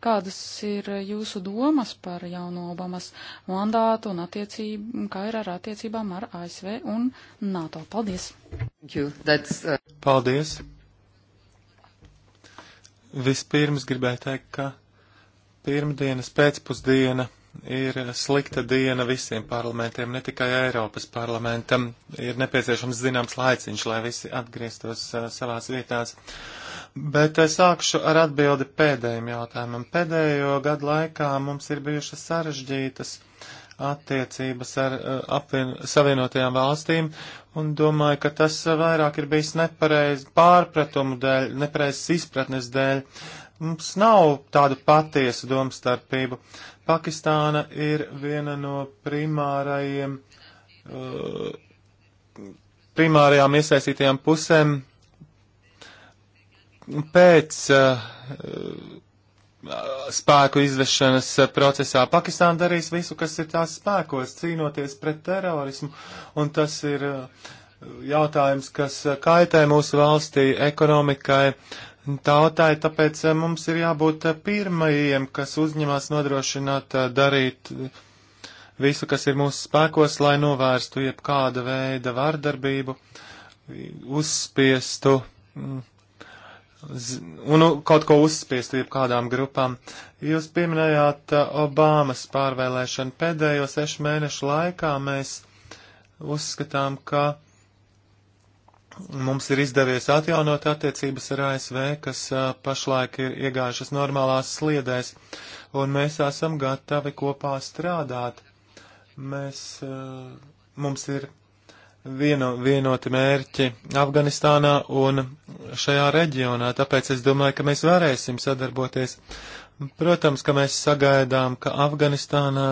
Kādas ir jūsu domas par jauno Obamas mandātu un attiecību, kā ir ar attiecībām ar ASV un NATO? Paldies! Uh... Paldies! Vispirms gribēju teikt, ka Pirmdienas pēcpusdiena ir slikta diena visiem parlamentiem, ne tikai Eiropas parlamentam. Ir nepieciešams zināms laiciņš, lai visi atgrieztos uh, savās vietās. Bet uh, sākšu ar atbildi pēdējiem jautājumam. Pēdējo gadu laikā mums ir bijušas sarežģītas attiecības ar uh, apvien, savienotajām valstīm, un domāju, ka tas uh, vairāk ir bijis nepareizi pārpratumu dēļ, nepareizes izpratnes dēļ. Uh, Mums nav tādu patiesu domstarpību. Pakistāna ir viena no primārajiem, uh, primārajām iesaistītajām pusēm pēc uh, spēku izvešanas procesā. Pakistāna darīs visu, kas ir tās spēkos, cīnoties pret terorismu, un tas ir uh, jautājums, kas kaitē mūsu valstī ekonomikai tautai, tāpēc eh, mums ir jābūt eh, pirmajiem, kas uzņemās nodrošināt eh, darīt visu, kas ir mūsu spēkos, lai novērstu jebkāda veida vārdarbību, uzspiestu mm, un nu, kaut ko uzspiestu jebkādām grupām. Jūs pieminējāt Obamas pārvēlēšanu pēdējo sešu mēnešu laikā mēs uzskatām, ka mums ir izdevies atjaunot attiecības ar ASV, kas a, pašlaik ir iegājušas normālās sliedēs, un mēs esam gatavi kopā strādāt. Mēs, a, mums ir vieno, vienoti mērķi Afganistānā un šajā reģionā, tāpēc es domāju, ka mēs varēsim sadarboties. Protams, ka mēs sagaidām, ka Afganistānā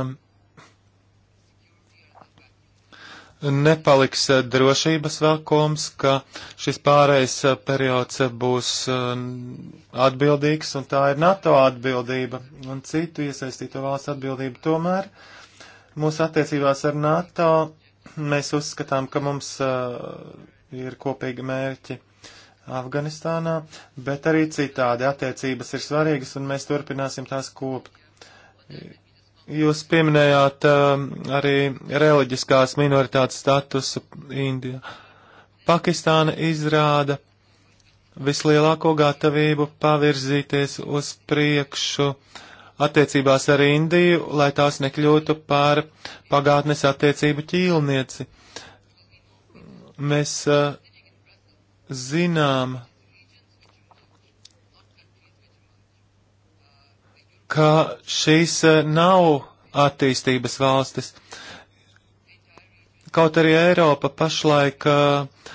nepaliks eh, drošības vakums, ka šis pārējais eh, periods eh, būs atbildīgs, un tā ir NATO atbildība un citu iesaistīto valstu atbildība. Tomēr mūsu attiecībās ar NATO mēs uzskatām, ka mums ir kopīgi mērķi. Afganistānā, bet arī citādi attiecības ir svarīgas, un mēs turpināsim tās kopt Jūs pieminējāt um, arī reliģiskās minoritātes statusu Indijā. Pakistāna izrāda vislielāko gatavību pavirzīties uz priekšu attiecībās ar Indiju, lai tās nekļūtu par pagātnes attiecību ķīlnieci. Mēs uh, zinām, ka šīs eh, nav attīstības valstis. Kaut arī Eiropa pašlaik uh,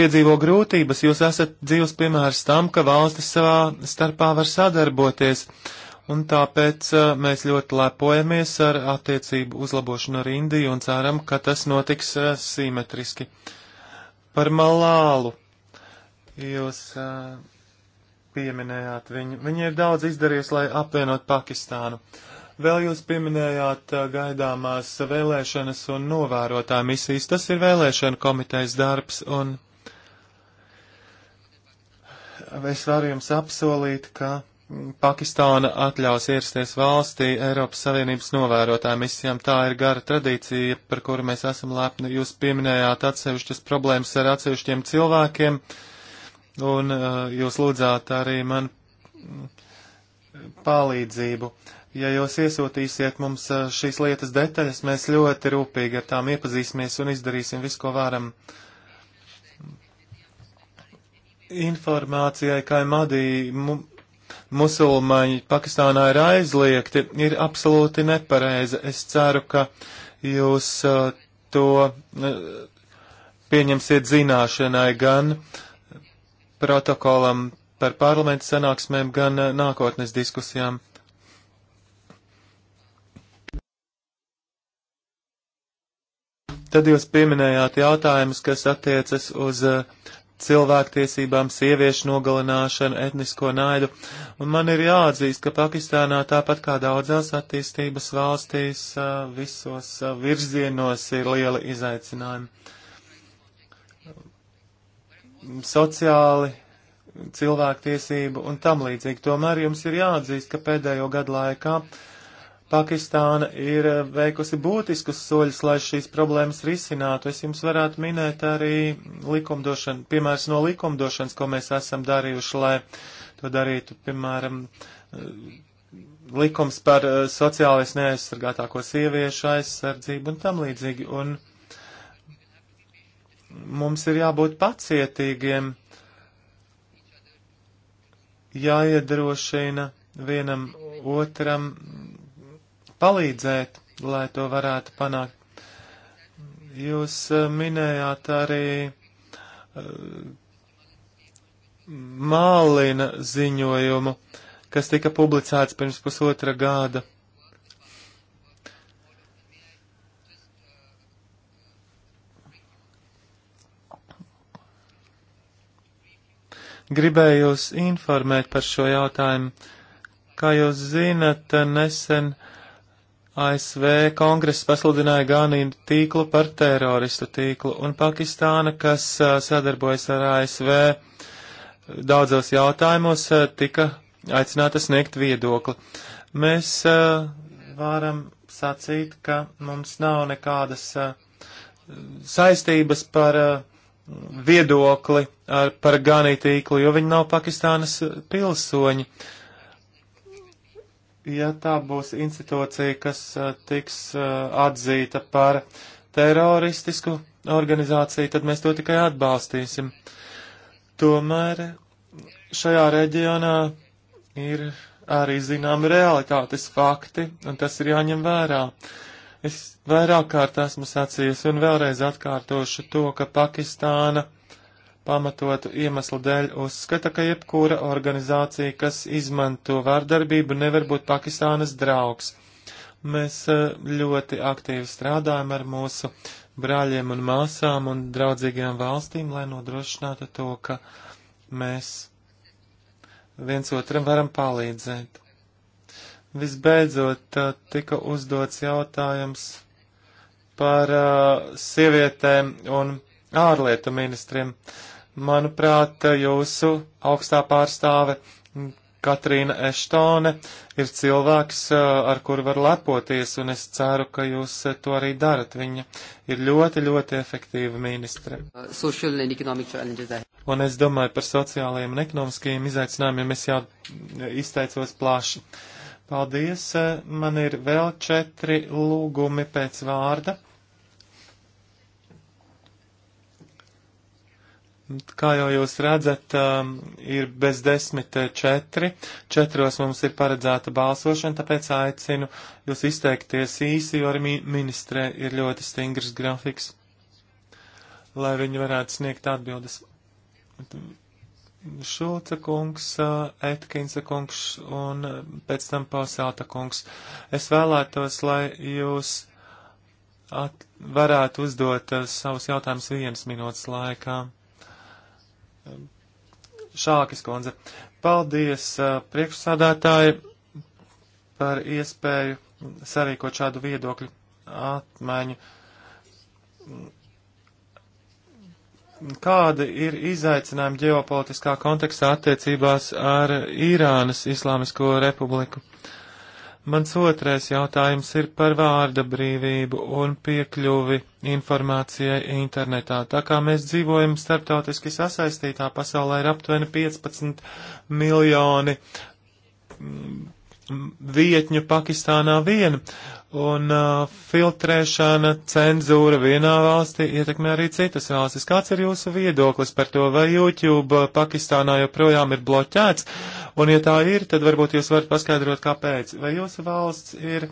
piedzīvo grūtības, jūs esat dzīves piemērs tam, ka valstis savā starpā var sadarboties, un tāpēc uh, mēs ļoti lepojamies ar attiecību uzlabošanu ar Indiju un ceram, ka tas notiks uh, simetriski. Par malālu. Jūs uh, pieminējāt viņu. Viņi ir daudz izdarījis, lai apvienot Pakistānu. Vēl jūs pieminējāt gaidāmās vēlēšanas un novērotā misijas. Tas ir vēlēšana komitejas darbs, un es varu jums apsolīt, ka Pakistāna atļaus ierasties valstī Eiropas Savienības novērotā misijām. Tā ir gara tradīcija, par kuru mēs esam lepni. Jūs pieminējāt atsevišķas problēmas ar atsevišķiem cilvēkiem. Uh, un uh, jūs lūdzāt arī man palīdzību. Ja jūs iesūtīsiet mums uh, šīs lietas detaļas, mēs ļoti rūpīgi ar tām iepazīsimies un izdarīsim visu, ko varam. Informācijai, kā Madī, mu, musulmaņi Pakistānā ir aizliegti, ir absolūti nepareiza. Es ceru, ka jūs uh, to pieņemsiet zināšanai gan uh, protokolam par parlamentu sanāksmēm, gan eh, nākotnes diskusijām. Tad jūs pieminējāt jautājumus, kas attiecas uz eh, cilvēktiesībām, sieviešu nogalināšanu, etnisko naidu, un man ir jāatzīst, ka Pakistānā tāpat kā daudzās attīstības valstīs eh, visos virzienos ir liela izaicinājuma sociāli, cilvēktiesību un tam līdzīgi. Tomēr jums ir jāatzīst, ka pēdējo gadu laikā Pakistāna ir eh, veikusi būtiskus soļus, lai šīs problēmas risinātu. Es jums varētu minēt arī likumdošanu, piemērs no likumdošanas, ko mēs esam darījuši, lai to darītu, piemēram, eh, likums par eh, sociālais neaizsargātāko sieviešu aizsardzību un tam līdzīgi. Un Mums ir jābūt pacietīgiem, jāiedrošina vienam otram palīdzēt, lai to varētu panākt. Jūs eh, minējāt arī eh, Mālina ziņojumu, kas tika publicēts pirms pusotra gada. Gribēju jūs informēt par šo jautājumu. Kā jūs zinat, nesen ASV kongress pasludināja Gānīnu tīklu par teroristu tīklu, un Pakistāna, kas sadarbojas ar ASV daudzos jautājumos, tika aicināta sniegt viedokli. Mēs varam sacīt, ka mums nav nekādas saistības par uh, viedokli ar, par Gani tīklu, jo viņi nav Pakistānas pilsoņi. Ja tā būs institūcija, kas eh, tiks eh, atzīta par teroristisku organizāciju, tad mēs to tikai atbalstīsim. Tomēr šajā reģionā ir arī zināmi realitātes fakti, un tas ir jāņem vērā. Uh, Es vairāk kārt esmu sacījis un vēlreiz atkārtošu to, ka Pakistāna pamatotu iemeslu dēļ uzskata, ka jebkura organizācija, kas izmanto vārdarbību, nevar būt Pakistānas draugs. Mēs eh, ļoti aktīvi strādājam ar mūsu brāļiem un māsām un draudzīgajām valstīm, lai nodrošinātu to, ka mēs viens otram varam palīdzēt. Visbeidzot, tika uzdots jautājums par sievietēm un ārlietu ministriem. Manuprāt, jūsu augstā pārstāve Katrīna Eštone ir cilvēks, ar kuru var lepoties, un es ceru, ka jūs to arī darat. Viņa ir ļoti, ļoti efektīva ministre. Un es domāju par sociālajiem un ekonomiskajiem izaicinājumiem, es jau izteicos plaši. Uh, Paldies, eh, man ir vēl četri lūgumi pēc vārda. Kā jau jūs redzat, um, ir bez desmit eh, četri. Četros mums ir paredzēta balsošana, tāpēc aicinu jūs izteikties īsi, jo arī mi ministrē ir ļoti stingrs grafiks, lai viņi varētu sniegt atbildes. Šulca kungs, Etkinsa kungs un pēc tam Pasāta kungs. Es vēlētos, lai jūs at, varētu uzdot savus jautājumus vienas minūtes laikā. Šākas kundze. Paldies priekšsādātāji par iespēju sarīkot šādu viedokļu atmaiņu kādi ir izaicinājumi ģeopolitiskā kontekstā attiecībās ar Irānas Islāmisko republiku? Mans otrais jautājums ir par vārda brīvību un piekļuvi informācijai internetā. Tā kā mēs dzīvojam starptautiski sasaistītā pasaulē, ir aptuveni 15 miljoni mm, vietņu Pakistānā vien, Un uh, filtrēšana, cenzūra vienā valstī ietekmē arī citas valstis. Kāds ir jūsu viedoklis par to, vai YouTube uh, Pakistānā joprojām ir bloķēts? Un, ja tā ir, tad varbūt jūs varat paskaidrot, kāpēc. Vai jūsu valsts ir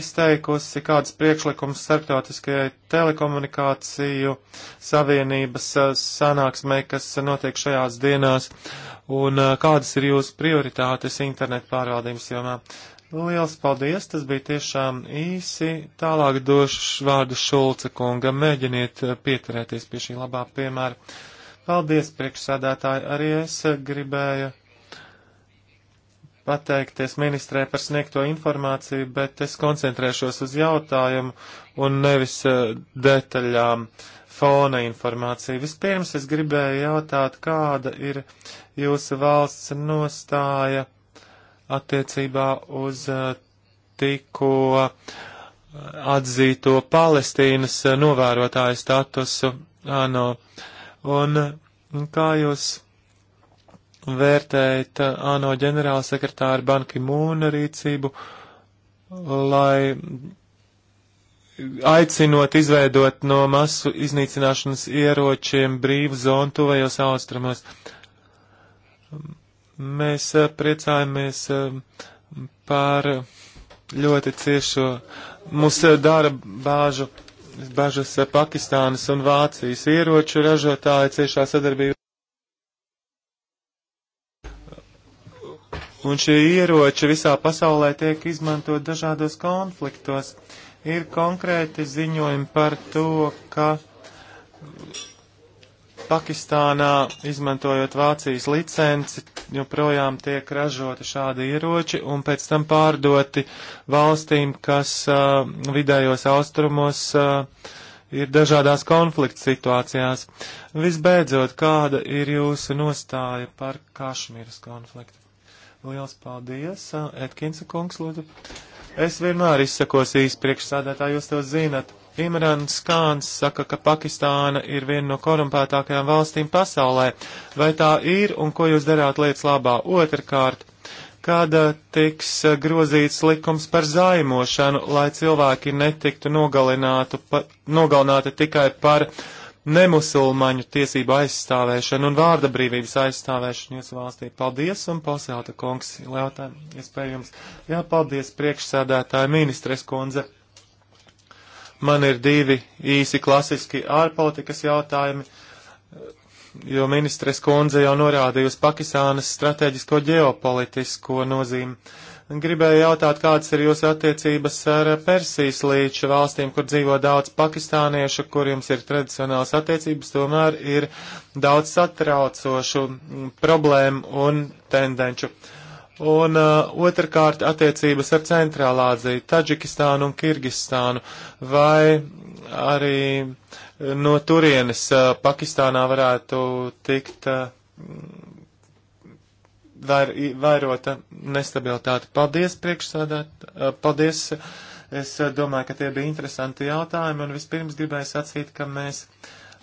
izteikusi kādas priekšlikums starptautiskajai telekomunikāciju savienības uh, sanāksmē, kas notiek šajās dienās? Un uh, kādas ir jūsu prioritātes internetu pārvaldības jomā? Uh, Liels paldies, tas bija tiešām īsi. Tālāk došu vārdu Šulce kungam, mēģiniet eh, pieturēties pie šī labā piemēra. Paldies, priekšsēdētāji, arī es gribēju pateikties ministrē par sniegto informāciju, bet es koncentrēšos uz jautājumu un nevis eh, detaļām fona informāciju. Vispirms es gribēju jautāt, kāda ir jūsu valsts nostāja attiecībā uz uh, tikko uh, atzīto Palestīnas uh, novērotāju statusu ANO. Un kā jūs vērtējat ANO ģenerālsekretāra Banki Mūna rīcību, lai aicinot izveidot no masu iznīcināšanas ieročiem brīvu zonu tuvajos austrumos. Mēs eh, priecājamies eh, par ļoti ciešo mūs eh, dara bāžu, bāžas Pakistānas un Vācijas ieroču ražotāja ciešā sadarbība. Un šie ieroči visā pasaulē tiek izmantot dažādos konfliktos. Ir konkrēti ziņojumi par to, ka Pakistānā, izmantojot Vācijas licenci, joprojām tiek ražoti šādi ieroči un pēc tam pārdoti valstīm, kas uh, vidējos austrumos uh, ir dažādās konflikta situācijās. Visbeidzot, kāda ir jūsu nostāja par Kašmīras konfliktu? Liels paldies, Etkinsa kungs, lūdzu. Es vienmēr izsakos īsti priekšsādātā, jūs to zinat. Imrans Kāns saka, ka Pakistāna ir viena no korumpētākajām valstīm pasaulē. Vai tā ir un ko jūs darāt lietas labā? Otrkārt, kāda eh, tiks eh, grozīts likums par zaimošanu, lai cilvēki netiktu nogalināti, pa, nogalināti tikai par nemusulmaņu tiesību aizstāvēšanu un vārda brīvības aizstāvēšanu jūsu valstī. Paldies un pasjauta kungs, jautājumu iespējams. Jā, paldies priekšsēdētāja ministres kundze. Man ir divi īsi klasiski ārpolitikas jautājumi, jo ministres kundze jau norādīja uz Pakistānas strateģisko ģeopolitisko nozīmi. Gribēju jautāt, kādas ir jūsu attiecības ar Persijas līča valstīm, kur dzīvo daudz pakistāniešu, kur jums ir tradicionāls attiecības, tomēr ir daudz satraucošu mm, problēmu un tendenču. Uh, un uh, otrkārt attiecības ar Centrālāziju, Taģikistānu un Kirgistānu, vai arī uh, no turienes uh, Pakistānā varētu tikt uh, vair, vairota nestabilitāte. Paldies, priekšsādāt, uh, paldies. Es uh, domāju, ka tie bija interesanti jautājumi, un vispirms gribēju sacīt, ka mēs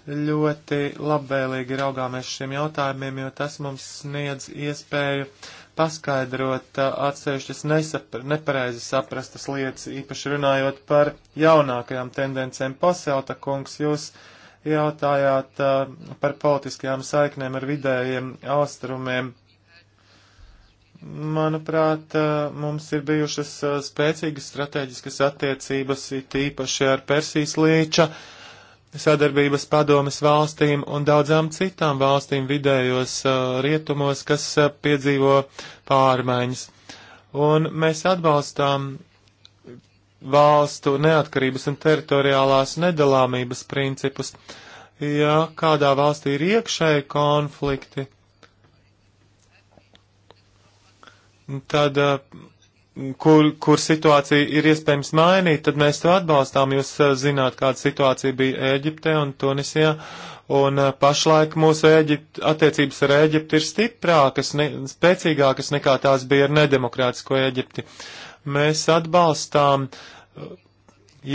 ļoti labvēlīgi raugāmies šiem jautājumiem, jo tas mums sniedz iespēju uh, paskaidrot uh, atsevišķas nepareizi saprastas lietas, īpaši runājot par jaunākajām tendencēm. Pasauta kungs, jūs jautājāt uh, par politiskajām saiknēm ar vidējiem austrumiem. Manuprāt, uh, mums ir bijušas uh, spēcīgas strateģiskas attiecības, it īpaši ar Persijas līča. Uh, sadarbības padomes valstīm un daudzām citām valstīm vidējos uh, rietumos, kas uh, piedzīvo pārmaiņas. Un mēs atbalstām valstu neatkarības un teritoriālās nedalāmības principus. Ja kādā valstī ir iekšēji konflikti, tad uh, kur, kur situācija ir iespējams mainīt, tad mēs to atbalstām. Jūs eh, zināt, kāda situācija bija Ēģipte un Tunisijā. Un eh, pašlaik mūsu Ēģipt, attiecības ar Ēģipti ir stiprākas, ne, spēcīgākas nekā tās bija ar nedemokrātisko Ēģipti. Mēs atbalstām eh,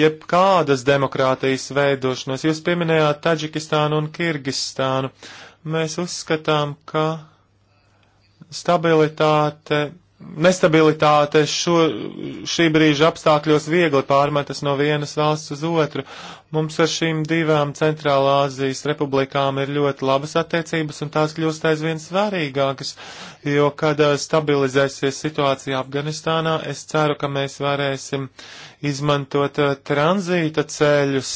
jebkādas demokrātijas veidošanos. Jūs pieminējāt Taģikistānu un Kirgistānu. Mēs uzskatām, ka stabilitāte Nestabilitāte šo, šī brīža apstākļos viegli pārmetas no vienas valsts uz otru. Mums ar šīm divām Centrālā Azijas republikām ir ļoti labas attiecības, un tās kļūst aizvien svarīgākas, jo, kad stabilizēsies situācija Afganistānā, es ceru, ka mēs varēsim izmantot tranzīta ceļus,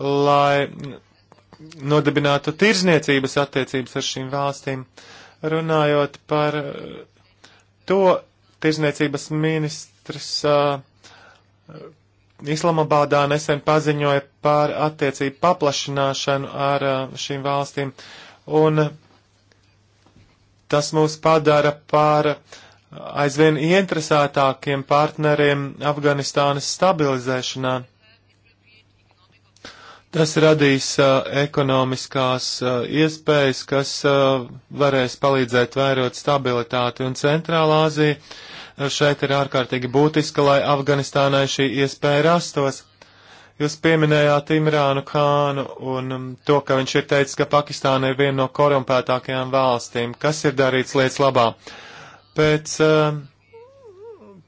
lai nodibinātu tirzniecības attiecības ar šīm valstīm. Runājot par to tirzniecības ministrs uh, Islamabādā nesen paziņoja par attiecību paplašināšanu ar uh, šīm valstīm, un tas mūs padara par aizvien ieinteresētākiem partneriem Afganistānas stabilizēšanā. Tas radīs uh, ekonomiskās uh, iespējas, kas uh, varēs palīdzēt vērot stabilitāti, un Centrālā Azija uh, šeit ir ārkārtīgi būtiska, lai Afganistānai šī iespēja rastos. Jūs pieminējāt Imrānu Kānu un um, to, ka viņš ir teicis, ka Pakistāna ir viena no korumpētākajām valstīm. Kas ir darīts lietas labā? Pēc uh,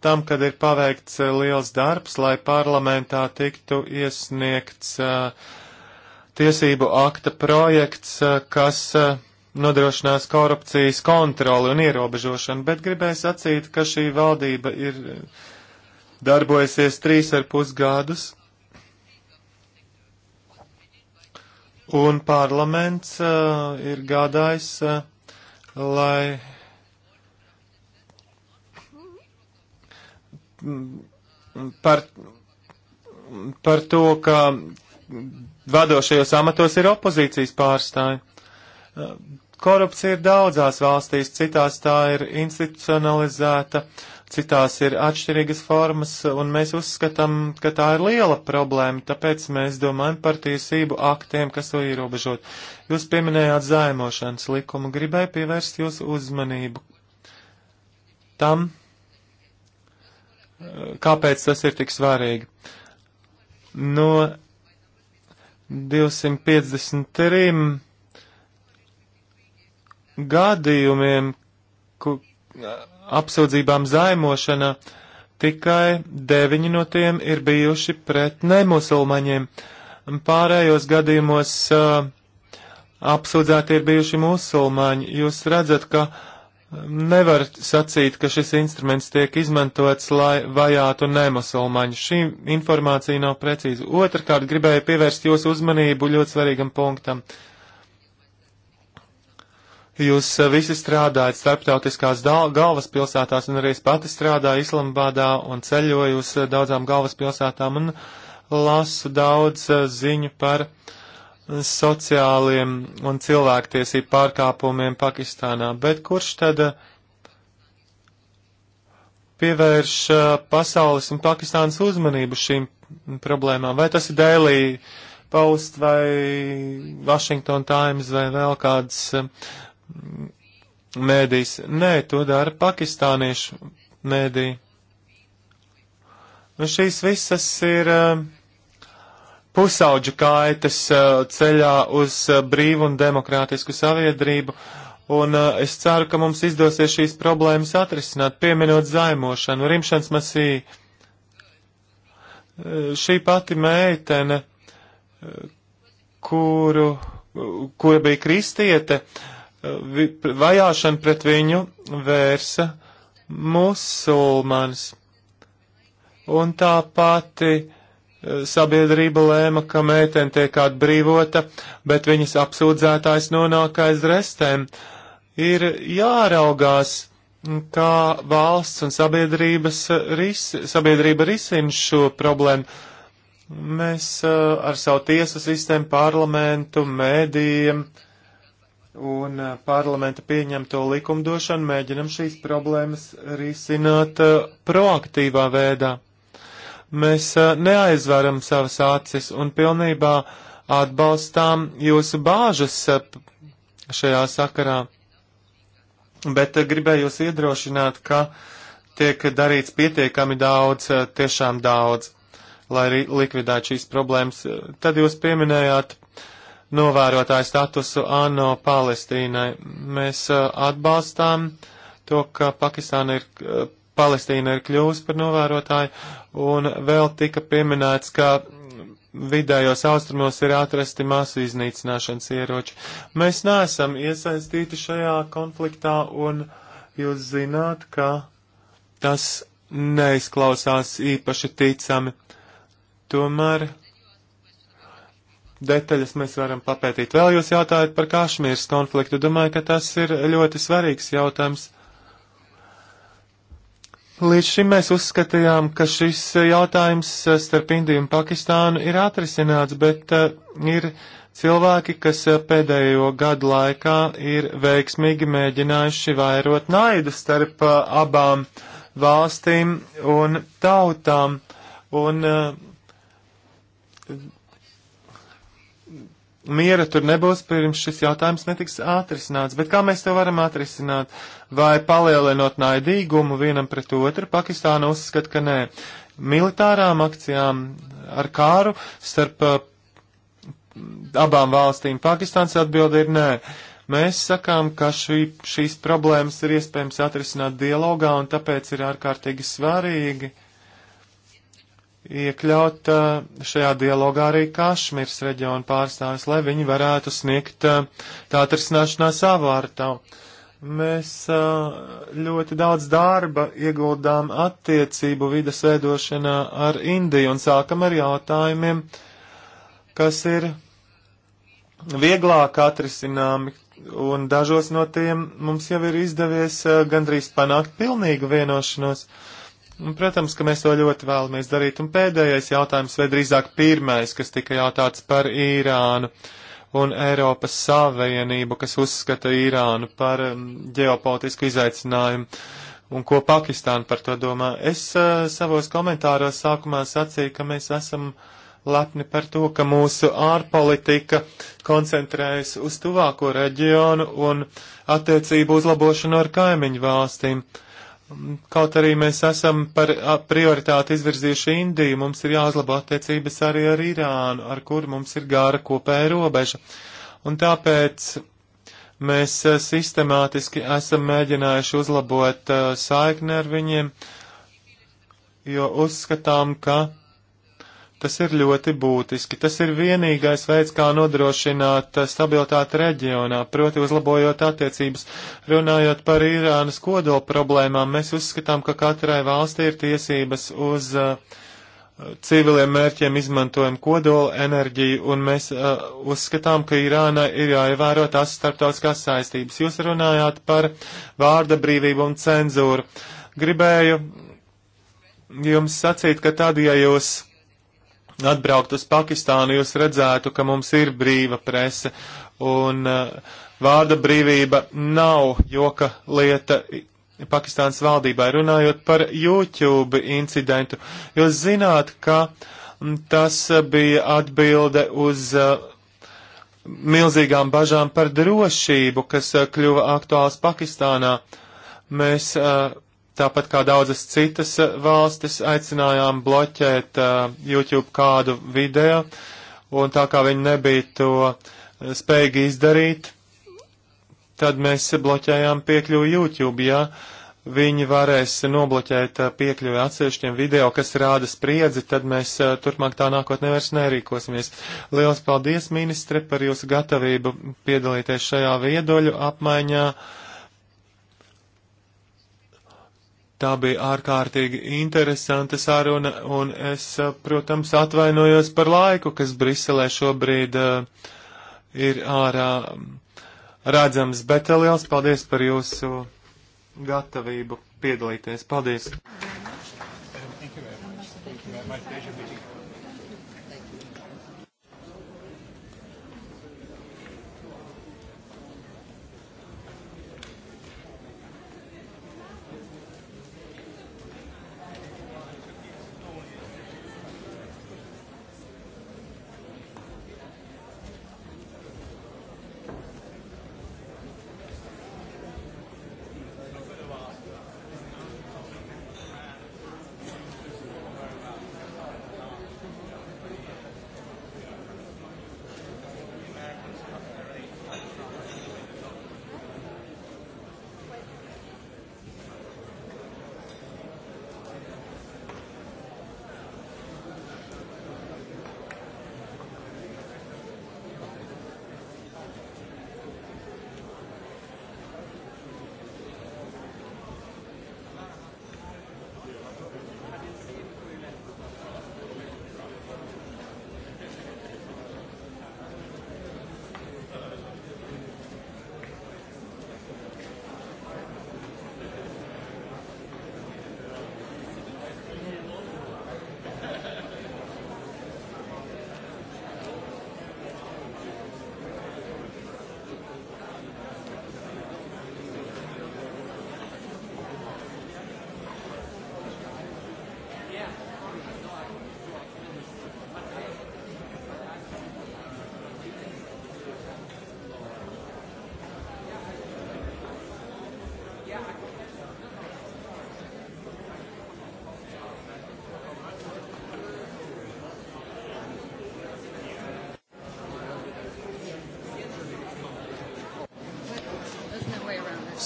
tam, kad ir paveikts eh, liels darbs, lai parlamentā tiktu iesniegts eh, tiesību akta projekts, eh, kas nodrošinās korupcijas kontroli un ierobežošanu, bet gribēju sacīt, ka šī valdība ir darbojasies trīs ar pus gadus, un parlaments uh, ir gādājis, uh, lai par, par to, ka vadošajos amatos ir opozīcijas pārstāji. Uh, korupcija ir daudzās valstīs, citās tā ir institucionalizēta, citās ir atšķirīgas formas, un mēs uzskatām, ka tā ir liela problēma, tāpēc mēs domājam par tiesību aktiem, kas to ierobežot. Jūs pieminējāt zaimošanas likumu, gribēju pievērst jūsu uzmanību tam, Kāpēc tas ir tik svarīgi? No 253 gadījumiem ku, apsūdzībām zaimošana tikai deviņi no tiem ir bijuši pret nemusulmaņiem. Pārējos gadījumos uh, apsūdzēti ir bijuši musulmaņi. Jūs redzat, ka uh, Nevar sacīt, ka šis instruments tiek izmantots, lai vajātu nemusulmaņu. Šī informācija nav precīza. Otrakārt, gribēju pievērst jūsu uzmanību ļoti svarīgam punktam. Jūs eh, visi strādājat starptautiskās galvaspilsētās, un arī es pati strādāju Islambadā un ceļoju uz eh, daudzām galvaspilsētām un lasu daudz eh, ziņu par uh, sociāliem un cilvēktiesību pārkāpumiem Pakistānā, bet kurš tad eh, pievērš eh, pasaules un Pakistānas uzmanību šīm problēmām? Vai tas ir Daily Post vai Washington Times vai vēl kāds eh, mēdīs? Nē, to dara pakistāniešu mēdī. Un šīs visas ir uh, pusauģu kaitas eh, ceļā uz eh, brīvu un demokrātisku saviedrību, un eh, es ceru, ka mums izdosies šīs problēmas atrisināt, pieminot zaimošanu. Rimšanas masī šī pati meitene, kuru, kura bija kristiete, vajāšana pret viņu vērsa musulmanis. Un tā pati uh, sabiedrība lēma, ka meitene tiek atbrīvota, bet viņas apsūdzētājs nonāk aiz restēm. Ir jāraugās, kā valsts un sabiedrības ris, sabiedrība risina šo problēmu. Mēs uh, ar savu tiesu sistēmu, parlamentu, mēdījiem un uh, parlamenta pieņemto likumdošanu mēģinam šīs problēmas risināt uh, proaktīvā veidā mēs neaizveram savas acis un pilnībā atbalstām jūsu bāžas šajā sakarā. Bet gribēju jūs iedrošināt, ka tiek darīts pietiekami daudz, tiešām daudz, lai likvidētu šīs problēmas. Tad jūs pieminējāt novērotāju statusu ANO Palestīnai. Mēs atbalstām to, ka Pakistāna ir Palestīna ir kļuvusi par novērotāju, un vēl tika pieminēts, ka vidējos austrumos ir atrasti masu iznīcināšanas ieroči. Mēs neesam iesaistīti šajā konfliktā, un jūs zināt, ka tas neizklausās īpaši ticami. Tomēr detaļas mēs varam papētīt. Vēl jūs jautājat par Kašmīras konfliktu. Domāju, ka tas ir ļoti svarīgs jautājums. Līdz šim mēs uzskatījām, ka šis jautājums eh, starp Indiju un Pakistānu ir atrisināts, bet uh, ir cilvēki, kas eh, pēdējo gadu laikā ir veiksmīgi mēģinājuši vairot naidu starp uh, abām valstīm un tautām. Un uh, miera tur nebūs, pirms šis jautājums netiks atrisināts. Bet kā mēs to varam atrisināt? Vai palielinot naidīgumu vienam pret otru, Pakistāna uzskata, ka nē. Militārām akcijām ar kāru starp uh, abām valstīm Pakistāns atbildi ir nē. Mēs sakām, ka šī, šīs problēmas ir iespējams atrisināt dialogā un tāpēc ir ārkārtīgi svarīgi iekļaut uh, šajā dialogā arī Kašmirs reģionu pārstāvis, lai viņi varētu sniegt uh, tā atrisināšanās avārtā. Mēs uh, ļoti daudz darba ieguldām attiecību vidas veidošanā ar Indiju un sākam ar jautājumiem, kas ir vieglāk atrisināmi, un dažos no tiem mums jau ir izdevies gandrīz panākt pilnīgu vienošanos. Uh, Un, protams, ka mēs to ļoti vēlamies darīt. Un pēdējais jautājums, vai drīzāk pirmais, kas tika jautāts par Īrānu un Eiropas Savienību, kas uzskata Īrānu par um, ģeopolitisku izaicinājumu. Un ko Pakistāna par to domā? Es uh, savos komentāros sākumā sacīju, ka mēs esam lepni par to, ka mūsu ārpolitika koncentrējas uz tuvāko reģionu un attiecību uzlabošanu ar kaimiņu valstīm. Uh, Kaut arī mēs esam par prioritāti izvirzījuši Indiju, mums ir jāuzlabo attiecības arī ar Irānu, ar kuru mums ir gara kopēja robeža. Un tāpēc mēs sistemātiski esam mēģinājuši uzlabot saikni ar viņiem, jo uzskatām, ka Tas ir ļoti būtiski. Tas ir vienīgais veids, kā nodrošināt eh, stabilitāti reģionā, proti uzlabojot attiecības. Runājot par Irānas kodola problēmām, mēs uzskatām, ka katrai valstī ir tiesības uz uh, civiliem mērķiem izmantojam kodola enerģiju, un mēs uh, uzskatām, ka Irāna ir jāievēro tās starptautiskās saistības. Jūs runājāt par vārda brīvību un cenzūru. Gribēju jums sacīt, ka tad, ja jūs atbraukt uz Pakistānu, jūs redzētu, ka mums ir brīva prese. Un uh, vārda brīvība nav joka lieta Pakistānas valdībai. Runājot par YouTube incidentu, jūs zināt, ka mm, tas bija atbilde uz uh, milzīgām bažām par drošību, kas uh, kļuva aktuāls Pakistānā. Mēs uh, Tāpat kā daudzas citas eh, valstis aicinājām bloķēt uh, YouTube kādu video, un tā kā viņi nebija to eh, spējīgi izdarīt, tad mēs bloķējām piekļuvu YouTube, ja viņi varēs nobloķēt piekļuvi atsevišķiem video, kas rāda spriedzi, tad mēs uh, turpmāk tā nākotnē vairs nerīkosimies. Lielas paldies, ministre, par jūsu gatavību piedalīties šajā viedoļu apmaiņā. Uh, Tā bija ārkārtīgi interesanta saruna, un es, eh, protams, atvainojos par laiku, kas Briselē šobrīd uh, ir ārā mm, redzams, bet eh, liels paldies par jūsu gatavību piedalīties. Paldies!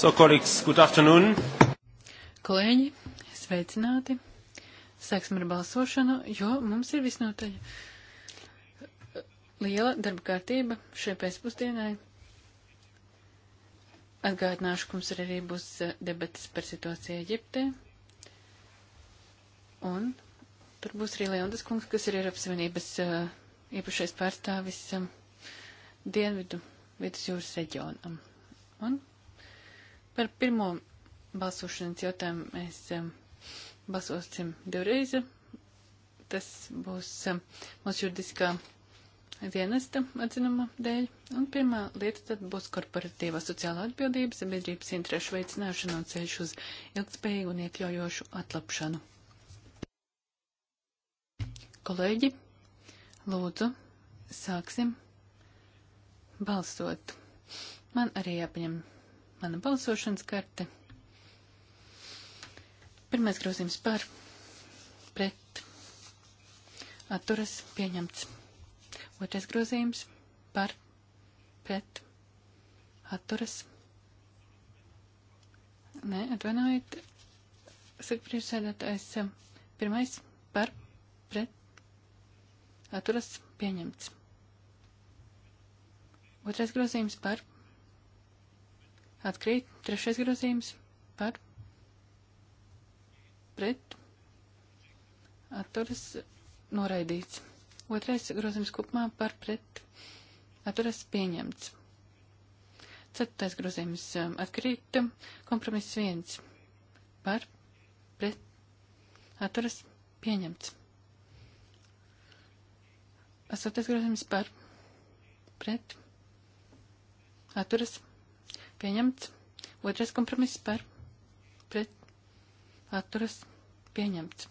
So, colleagues, good afternoon. Kolēģi, sveicināti. Sāksim ar balsošanu, jo mums ir visnotaļ liela darba kārtība šai pēcpusdienai. Atgādināšu, ka mums arī būs debatas par situāciju Eģiptē. Un tur būs arī Leondas kungs, kas ir Eiropas Savienības eh, īpašais pārstāvis eh, Dienvidu vidusjūras reģionam. Un Par pirmo balsošanas jautājumu mēs balsosim divreiz. Tas būs mūsu juridiskā dienesta atzinuma dēļ. Un pirmā lieta tad būs korporatīvā sociāla atbildība, sabiedrības interešu veicināšana un ceļš uz ilgspējīgu un iekļaujošu atlapšanu. Kolēģi, lūdzu, sāksim balsot. Man arī jāpaņem mana balsošanas karte. Pirmais grozījums par, pret, atturas pieņemts. Otrais grozījums par, pret, atturas. Nē, atvainojiet, saka priekšsēdētājs. Pirmais par, pret, atturas pieņemts. Otrais grozījums par, pret Atkrīt. Trešais grozījums par pret atturas noraidīts. Otrais grozījums kopumā par pret atturas pieņemts. Ceturtais grozījums um, atkrīt. Kompromiss viens par pret atturas pieņemts. Astotais grozījums par pret atturas pieņemts. Otrais kompromiss par pret atturas pieņemts.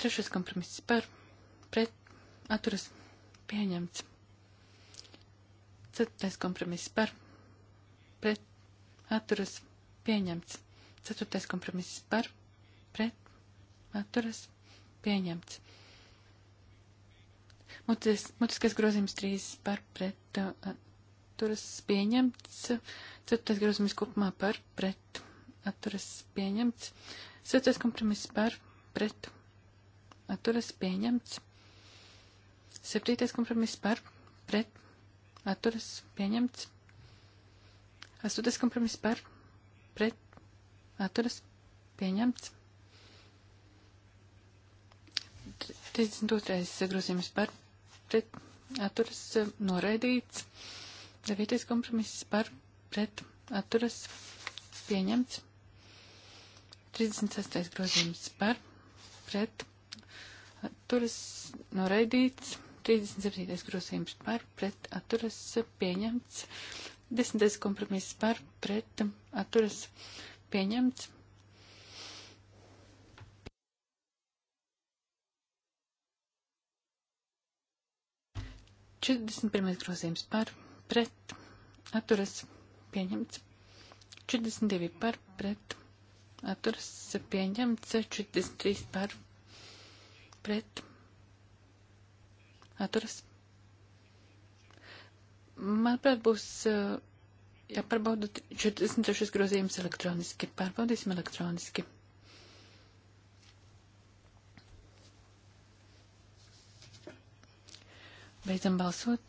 Trešais kompromiss par pret atturas pieņemts. Ceturtais kompromiss par pret atturas pieņemts. Ceturtais kompromiss par pret atturas pieņemts. Mutis, mutiskais grozījums 3 par pret uh, atturas pieņemts. Ceturtais grozījums kopumā par pret atturas pieņemts. Ceturtais kompromiss par pret atturas pieņemts. Septītais kompromiss par pret atturas pieņemts. Astotais kompromiss par pret atturas pieņemts. 32. grozījums par pret atturas eh, noraidīts. 9. kompromiss par pret atturas pieņemts. 36. grozījums par pret atturas noraidīts. 37. grozījums par pret atturas pieņemts. 10. kompromiss par pret atturas pieņemts. 41. grozījums par pret atturas pieņemts. 42 par pret atturas pieņemts. 43 par pret atturas. Manuprāt, būs eh, jāpārbauda 46 grozījums elektroniski. Pārbaudīsim elektroniski. Beidzam balsot.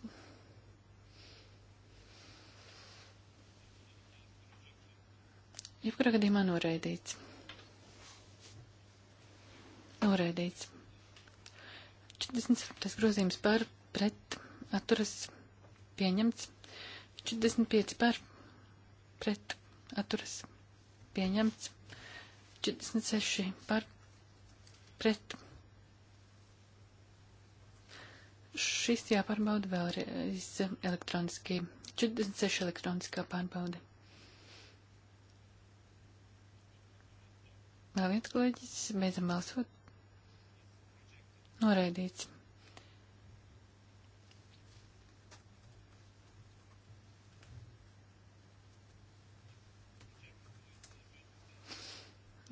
Jebkurā gadījumā noraidīts. Noraidīts. 47. grozījums par pret atturas pieņemts. 45 par pret atturas pieņemts. 46 par pret atturas šis jāpārbauda vēlreiz elektroniski. 46 elektroniskā pārbauda. Vēl viens kolēģis, beidzam balsot. Noraidīts.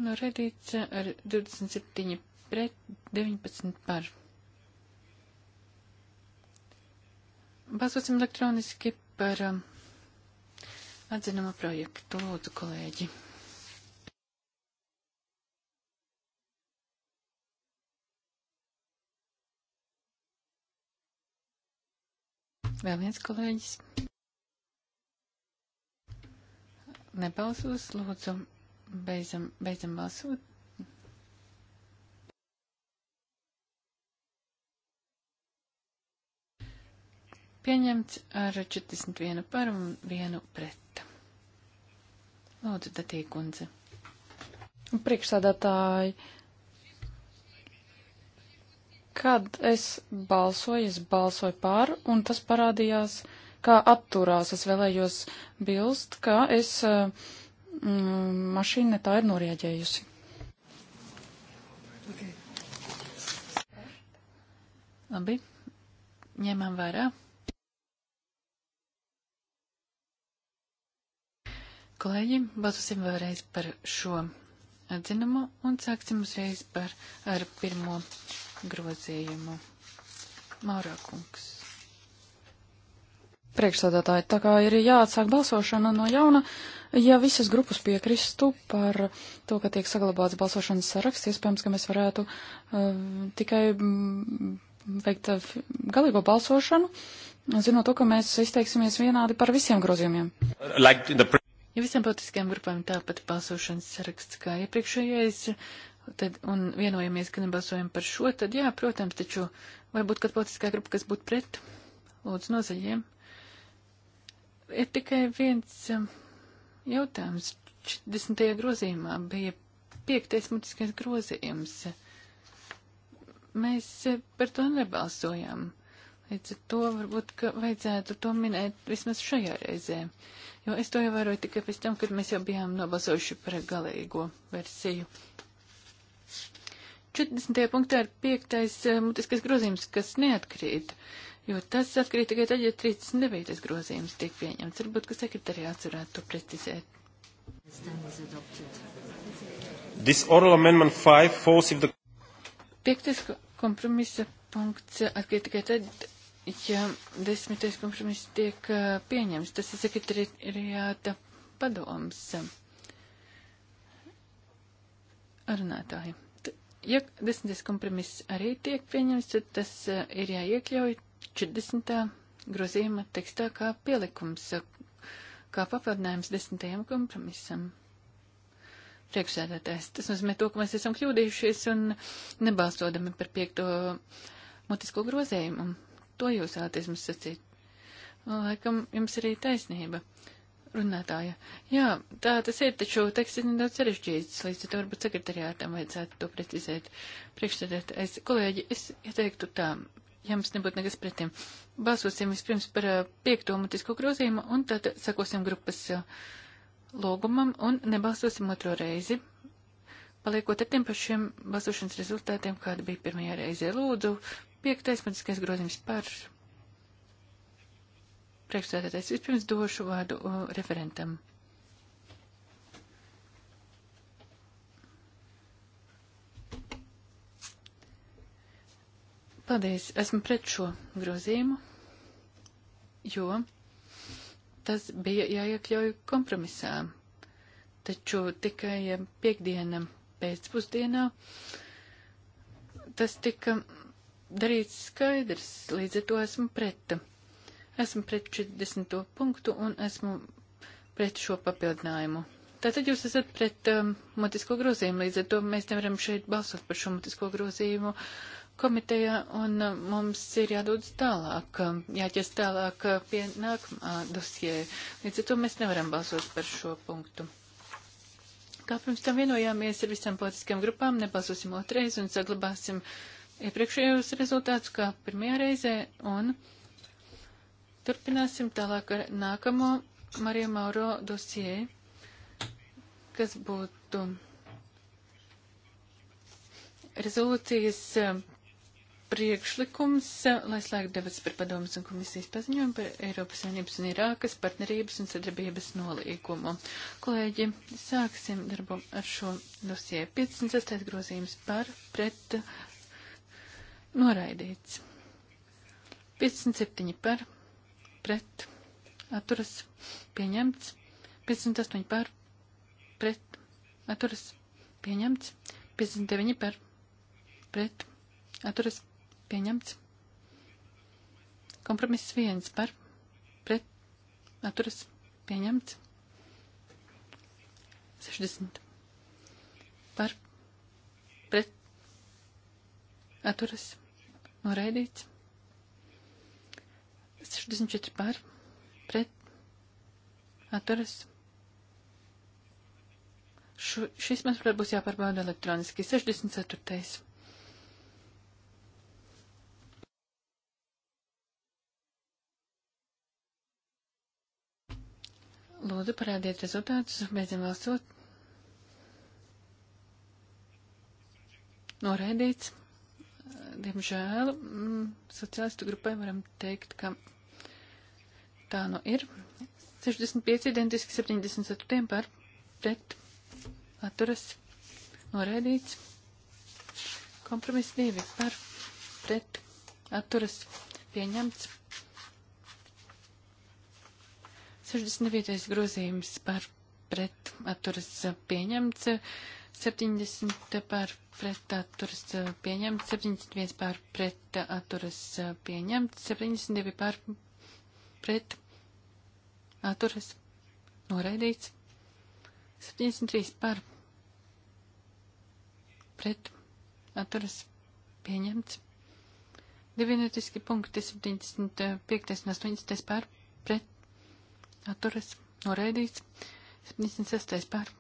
Noraidīts ar 27 pret 19 par. Balsosim elektroniski par um, atzinuma projektu. Lūdzu, kolēģi. Vēl viens kolēģis. Nebalsos, lūdzu, beidzam, beidzam balsot. pieņemts ar 41 par un 1 pret. Lūdzu, Datīkundze. Priekšsādātāji, kad es balsoju, es balsoju par, un tas parādījās, kā atturās. Es vēlējos bilst, ka es mm, mašīna tā ir norieģējusi. Okay. Labi, ņemam vērā. Kolēģi, balsosim vēlreiz par šo atzinumu un sāksim uzreiz par, ar pirmo grozījumu. Maurā kungs. Priekšsēdētāji, tā kā ir jāatsāk balsošana no jauna, ja visas grupas piekristu par to, ka tiek saglabāts balsošanas saraksts, iespējams, ka mēs varētu uh, tikai mm, veikt uh, galīgo balsošanu, zinot to, ka mēs izteiksimies vienādi par visiem grozījumiem. Like the... Ja visām politiskajām grupām ir tāpat balsošanas saraksts kā iepriekšējais, tad, un vienojamies, ka nebalsojam par šo, tad jā, protams, taču vai būtu kāda politiskā grupa, kas būtu pret? Lūdzu, nozaļiem. Ir tikai viens um, jautājums. 40. grozījumā bija piektais mutiskais grozījums. Mēs eh, par to nebalsojām. Līdz ar to varbūt, ka vajadzētu to minēt vismaz šajā reizē, jo es to ievēroju tikai pēc tam, kad mēs jau bijām nobalsojuši par galīgo versiju. 40. punktā ir piektais eh, mutiskais grozījums, kas neatkrīt, jo tas atkrīt tikai tad, ja 39. grozījums tiek pieņemts. Varbūt, ka sekretariāts varētu to precizēt. This oral amendment 5 falls if the... Piektais kompromisa punkts atkrīt tikai tad, ja desmitais kompromiss tiek uh, pieņems. Tas ir sekretariāta padoms uh, runātāji. Ja desmitais kompromiss arī tiek pieņems, tad tas uh, ir jāiekļauj 40. grozījuma tekstā kā pielikums, kā papildinājums desmitajam kompromisam. Priekšsēdētājs. Tas nozīmē to, ka mēs esam kļūdījušies un nebalsodami par piekto mutisko grozējumu To jūs vēlaties mums sacīt. Laikam jums arī taisnība. Runātāja. Jā, tā tas ir, taču teksts ir nedaudz sarežģīts, līdz ar to varbūt sekretariātam vajadzētu to precizēt. Priekšsēdēt, es, kolēģi, es ieteiktu tā, ja mums nebūtu nekas pretim. Balsosim vispirms par piekto mutisko grozījumu un tad sakosim grupas logumam un nebalsosim otro reizi paliekot ar tiem pašiem balsošanas rezultātiem, kāda bija pirmajā reize. Lūdzu, Piektais politiskais grozījums par priekšstādātais. Vispirms došu vārdu referentam. Paldies, esmu pret šo grozījumu, jo tas bija jāiekļauj kompromisā. Taču tikai piekdienam pēcpusdienā tas tika darīts skaidrs, līdz ar to esmu pret. Esmu pret 40. punktu un esmu pret šo papildinājumu. Tātad jūs esat pret um, mutisko grozījumu, līdz ar to mēs nevaram šeit balsot par šo mutisko grozījumu komitejā, un um, mums ir jādodas tālāk, um, jāķers tālāk uh, pie nākamā dosjē. Līdz ar to mēs nevaram balsot par šo punktu. Kā pirms tam vienojāmies ar visām politiskajām grupām, nebalsosim otrais un saglabāsim uh, iepriekšējos rezultātus kā pirmajā reizē un turpināsim tālāk ar nākamo Mariju Mauro dosie, kas būtu rezolūcijas eh, priekšlikums, eh, lai slēgtu debats par padomus un komisijas paziņojumu par Eiropas Savienības un Irākas partnerības un sadarbības nolīgumu. Kolēģi, sāksim darbu ar šo dosie. 56. grozījums par pret Noraidīts. 57 par, pret, atturas, pieņemts. 58 par, pret, atturas, pieņemts. 59 par, pret, atturas, pieņemts. Kompromiss 1 par, pret, atturas, pieņemts. 60 par, pret, atturas, pieņemts noraidīts. 64 par, pret, atturas. Šu, šis mums, protams, būs jāpārbauda elektroniski. 64. Lūdzu, parādiet rezultātus, beidzam balsot. Noraidīts diemžēl, mm, sociālistu grupai varam teikt, ka tā nu ir. 65 identiski 74 par pret atturas noraidīts. Kompromiss 2 par pret atturas pieņemts. 65. grozījums par pret atturas pieņemts. 70 uh, uh, uh, pār pret atturas pieņemts, 71 pār pret atturas pieņemts, 72 pār pret atturas noraidīts, 73 pār pret atturas pieņemts, divinetiski punkti 75 un 80 pār pret atturas noraidīts, 76 pār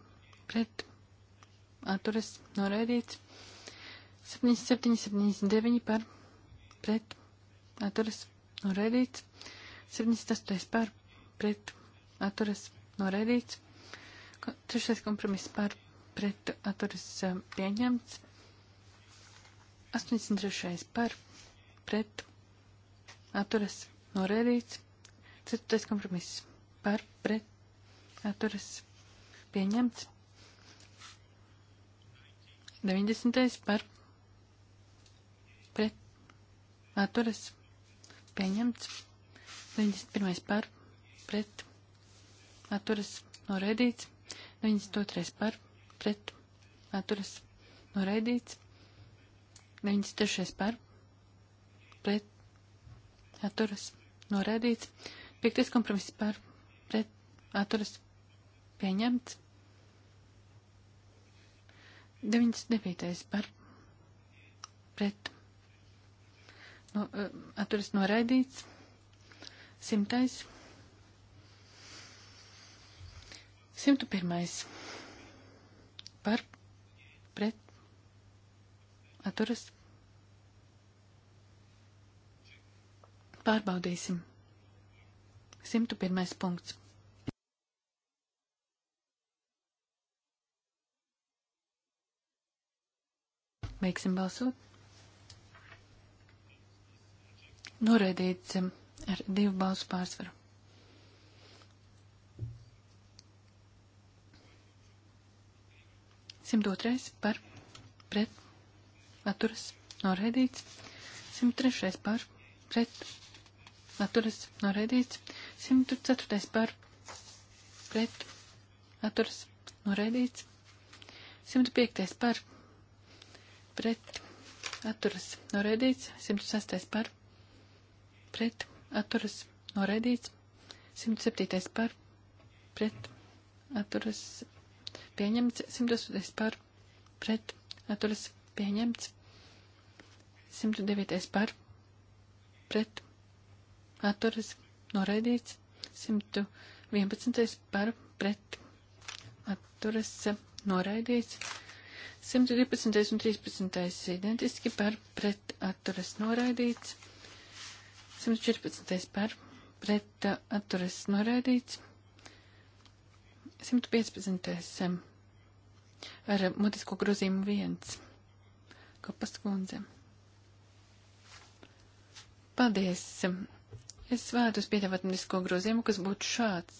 pret atturas atturas noraidīts. 77, 79 par pret atturas noraidīts. 78 par pret atturas noraidīts. Trešais kompromiss par pret atturas um, pieņemts. 83 par pret atturas noraidīts. Ceturtais kompromiss par pret atturas pieņemts. 90. par pret atturas pieņemts. 91. par pret atturas noraidīts. 92. par pret atturas noraidīts. 93. par pret atturas noraidīts. 5. kompromiss par pret atturas pieņemts. 99. par pret no, nu, e, atturas noraidīts. 100. 101. par pret atturas. Pārbaudīsim. 101. punkts. Beigsim balsot. Noraidīts um, ar divu balsu pārsvaru. Simt otrais par pret atturas noraidīts. Simt trešais par pret atturas noraidīts. Simt ceturtais par pret atturas noraidīts. Simt piektais par pret pret atturas noraidīts, 106. par pret atturas noraidīts, 107. par pret atturas pieņemts, 108. par pret atturas pieņemts, 109. par pret atturas noraidīts, 111. par pret atturas noraidīts. 112 un 13 identiski par pret atturas noraidīts. 114 par pret atturas noraidīts. 115 ar mutisko grozījumu 1. Kopas kundze. Paldies! Es vēlētos piedāvāt mutisko grozījumu, kas būtu šāds.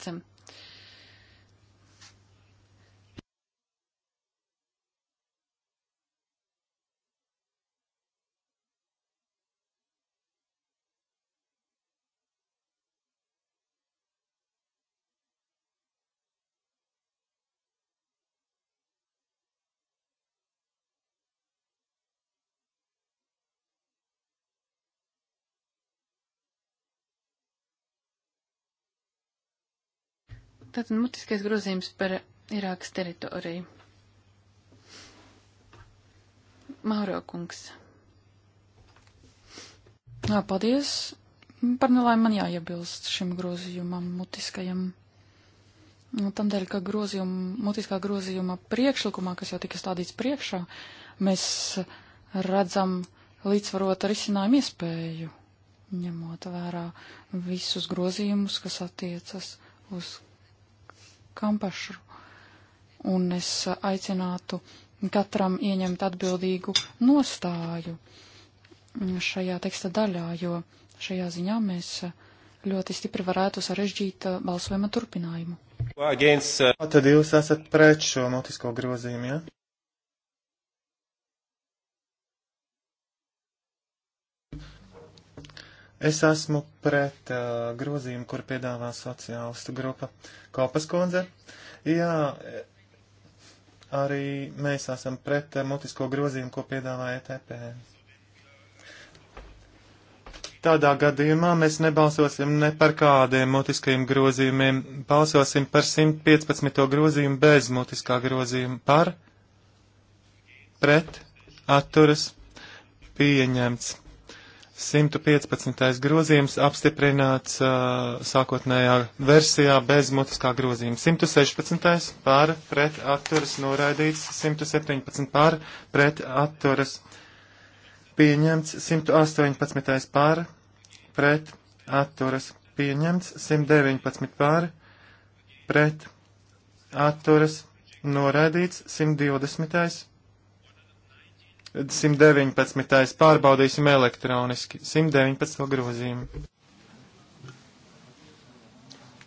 Tātad mutiskais grozījums par Irākas teritoriju. Mauro kungs. Jā, paldies. Par nelēm man jāiebilst šim grozījumam mutiskajam. Nu, Tādēļ, ka grozījuma, mutiskā grozījuma priekšlikumā, kas jau tika stādīts priekšā, mēs redzam līdzvarot risinājumu iespēju, ņemot vērā visus grozījumus, kas attiecas uz Kampašu, un es aicinātu katram ieņemt atbildīgu nostāju šajā teksta daļā, jo šajā ziņā mēs ļoti stipri varētu sarežģīt balsojuma turpinājumu. Against, uh... Tad jūs esat pret šo mutisko grozījumu, jā? Ja? Es esmu pret uh, grozījumu, kur piedāvā sociālistu grupa Kopas kundze. Jā, arī mēs esam pret uh, mutisko grozījumu, ko piedāvā ETP. Tādā gadījumā mēs nebalsosim ne par kādiem mutiskajiem grozījumiem. Balsosim par 115. grozījumu bez mutiskā grozījuma. Par, pret, atturas, pieņemts. 115. grozījums apstiprināts uh, sākotnējā versijā bez mutiskā grozījuma. 116. pār pret atturas noraidīts, 117. pār pret atturas pieņemts, 118. pār pret atturas pieņemts, 119. pār pret atturas noraidīts, 120. 119. pārbaudīsim elektroniski. 119. grozījumu.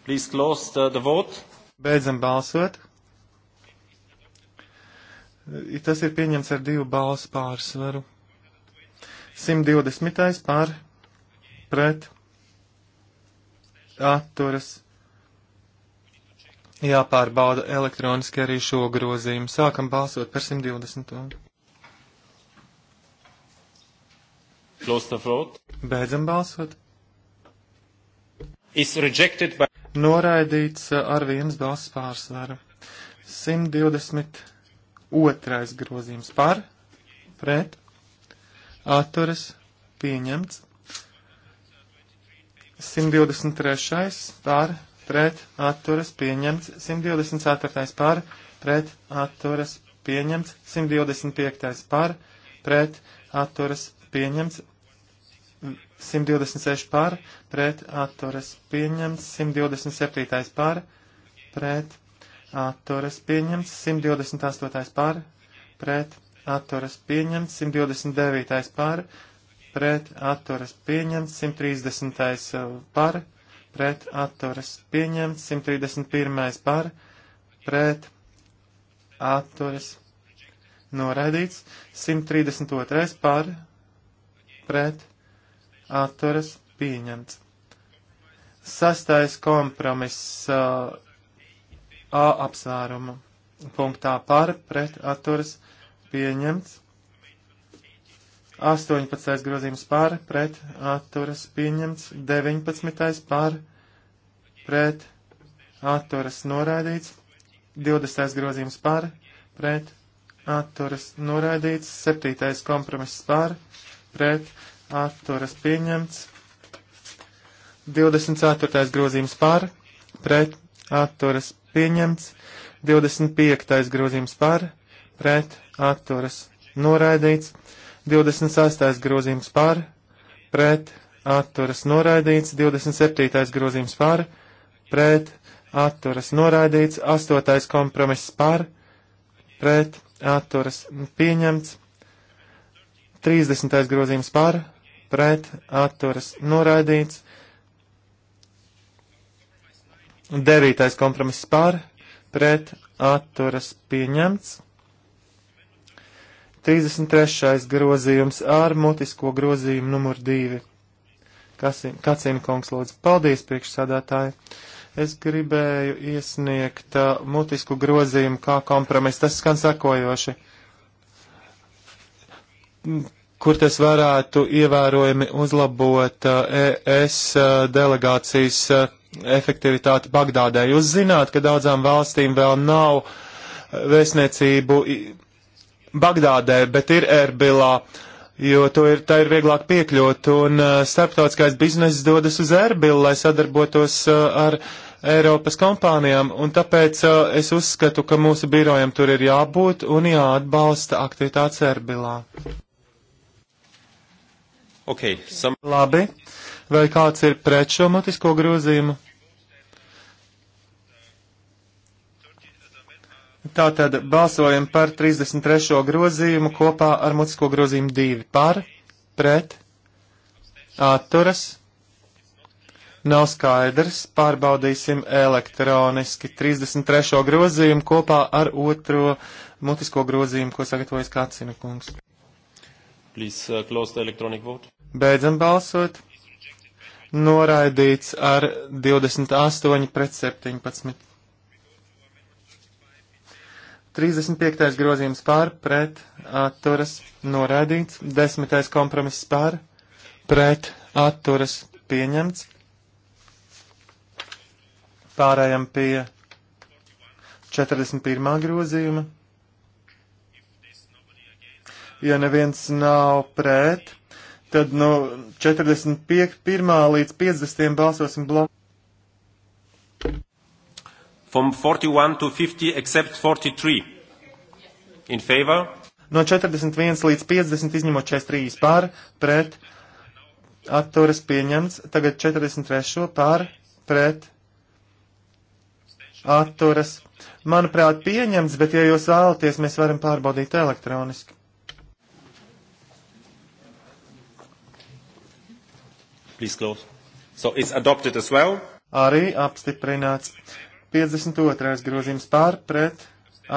Please close the, the vote. Beidzam balsot. Tas ir pieņemts ar divu balsu pārsvaru. 120. pār pret atturas. Jāpārbauda elektroniski arī šo grozījumu. Sākam balsot par 120. Close the vote. Beidzam balsot. Is rejected by. Noraidīts uh, ar vienas balss pārsvaru. 122. grozījums par, pret, atturas, pieņemts. 123. par, pret, atturas, pieņemts. 124. par, pret, atturas, pieņemts. 125. par, pret, atturas, pieņemts 126 pār, pret atturas pieņemts 127 pār, pret atturas pieņemts 128 pār, pret atturas pieņemts 129 pār, pret atturas pieņemts 130 uh, pār, pret atturas pieņemts 131 pār, pret atturas noraidīts 132 pār pret atturas pieņemts. Sastais kompromiss uh, A apsvērumu punktā par pret atturas pieņemts. 18. grozījums par pret atturas pieņemts. 19. par pret atturas noraidīts. 20. grozījums par pret atturas noraidīts. 7. kompromiss par pret pret atturas pieņemts. 24. grozījums par pret atturas pieņemts. 25. grozījums par pret atturas noraidīts. 26. grozījums par pret atturas noraidīts. 27. grozījums par pret atturas noraidīts. 8. kompromiss par pret atturas pieņemts. 30. grozījums par, pret, atturas noraidīts. 9. kompromiss par, pret, atturas pieņemts. 33. grozījums ar mutisko grozījumu numur 2. Kacina kungs lūdzu, paldies priekšsādātāji. Es gribēju iesniegt uh, mutisku grozījumu kā kompromisu. Tas skan sakojoši. Uh, kur tas varētu ievērojami uzlabot ES eh, e eh, delegācijas eh, efektivitāti Bagdādē. Jūs zināt, ka daudzām valstīm vēl nav vēstniecību Bagdādē, bet ir Erbilā, jo to ir, tā ir vieglāk piekļūt, un starptautiskais bizness dodas uz Erbilu, lai sadarbotos ar Eiropas kompānijām, un tāpēc es uzskatu, ka mūsu birojam tur ir jābūt un jāatbalsta aktivitātes Erbilā. Okay, some... Labi. Vai kāds ir pret šo mutisko grozījumu? Tātad balsojam par 33. grozījumu kopā ar mutisko grozījumu 2 par, pret, atturas. Nav skaidrs, pārbaudīsim elektroniski 33. grozījumu kopā ar otro mutisko grozījumu, ko sagatavojas Kācina kungs. Please uh, close the electronic vote. Beidzam balsot. Noraidīts ar 28 pret 17. 35. grozījums pār, pret, atturas, noraidīts. 10. kompromiss pār, pret, atturas, pieņemts. Pārējām pie 41. grozījuma. Ja neviens nav pret, Tad no 41. līdz 50. balsosim blokā. From 41 to 50 except 43. In favor? No 41 līdz 50 izņemot 43 pār, pret, atturas pieņemts. Tagad 43 pār, pret, atturas. Manuprāt, pieņemts, bet ja jūs vēlaties, mēs varam pārbaudīt elektroniski. Please close. So it's adopted as well. Arī apstiprināts. 52. grozījums pār pret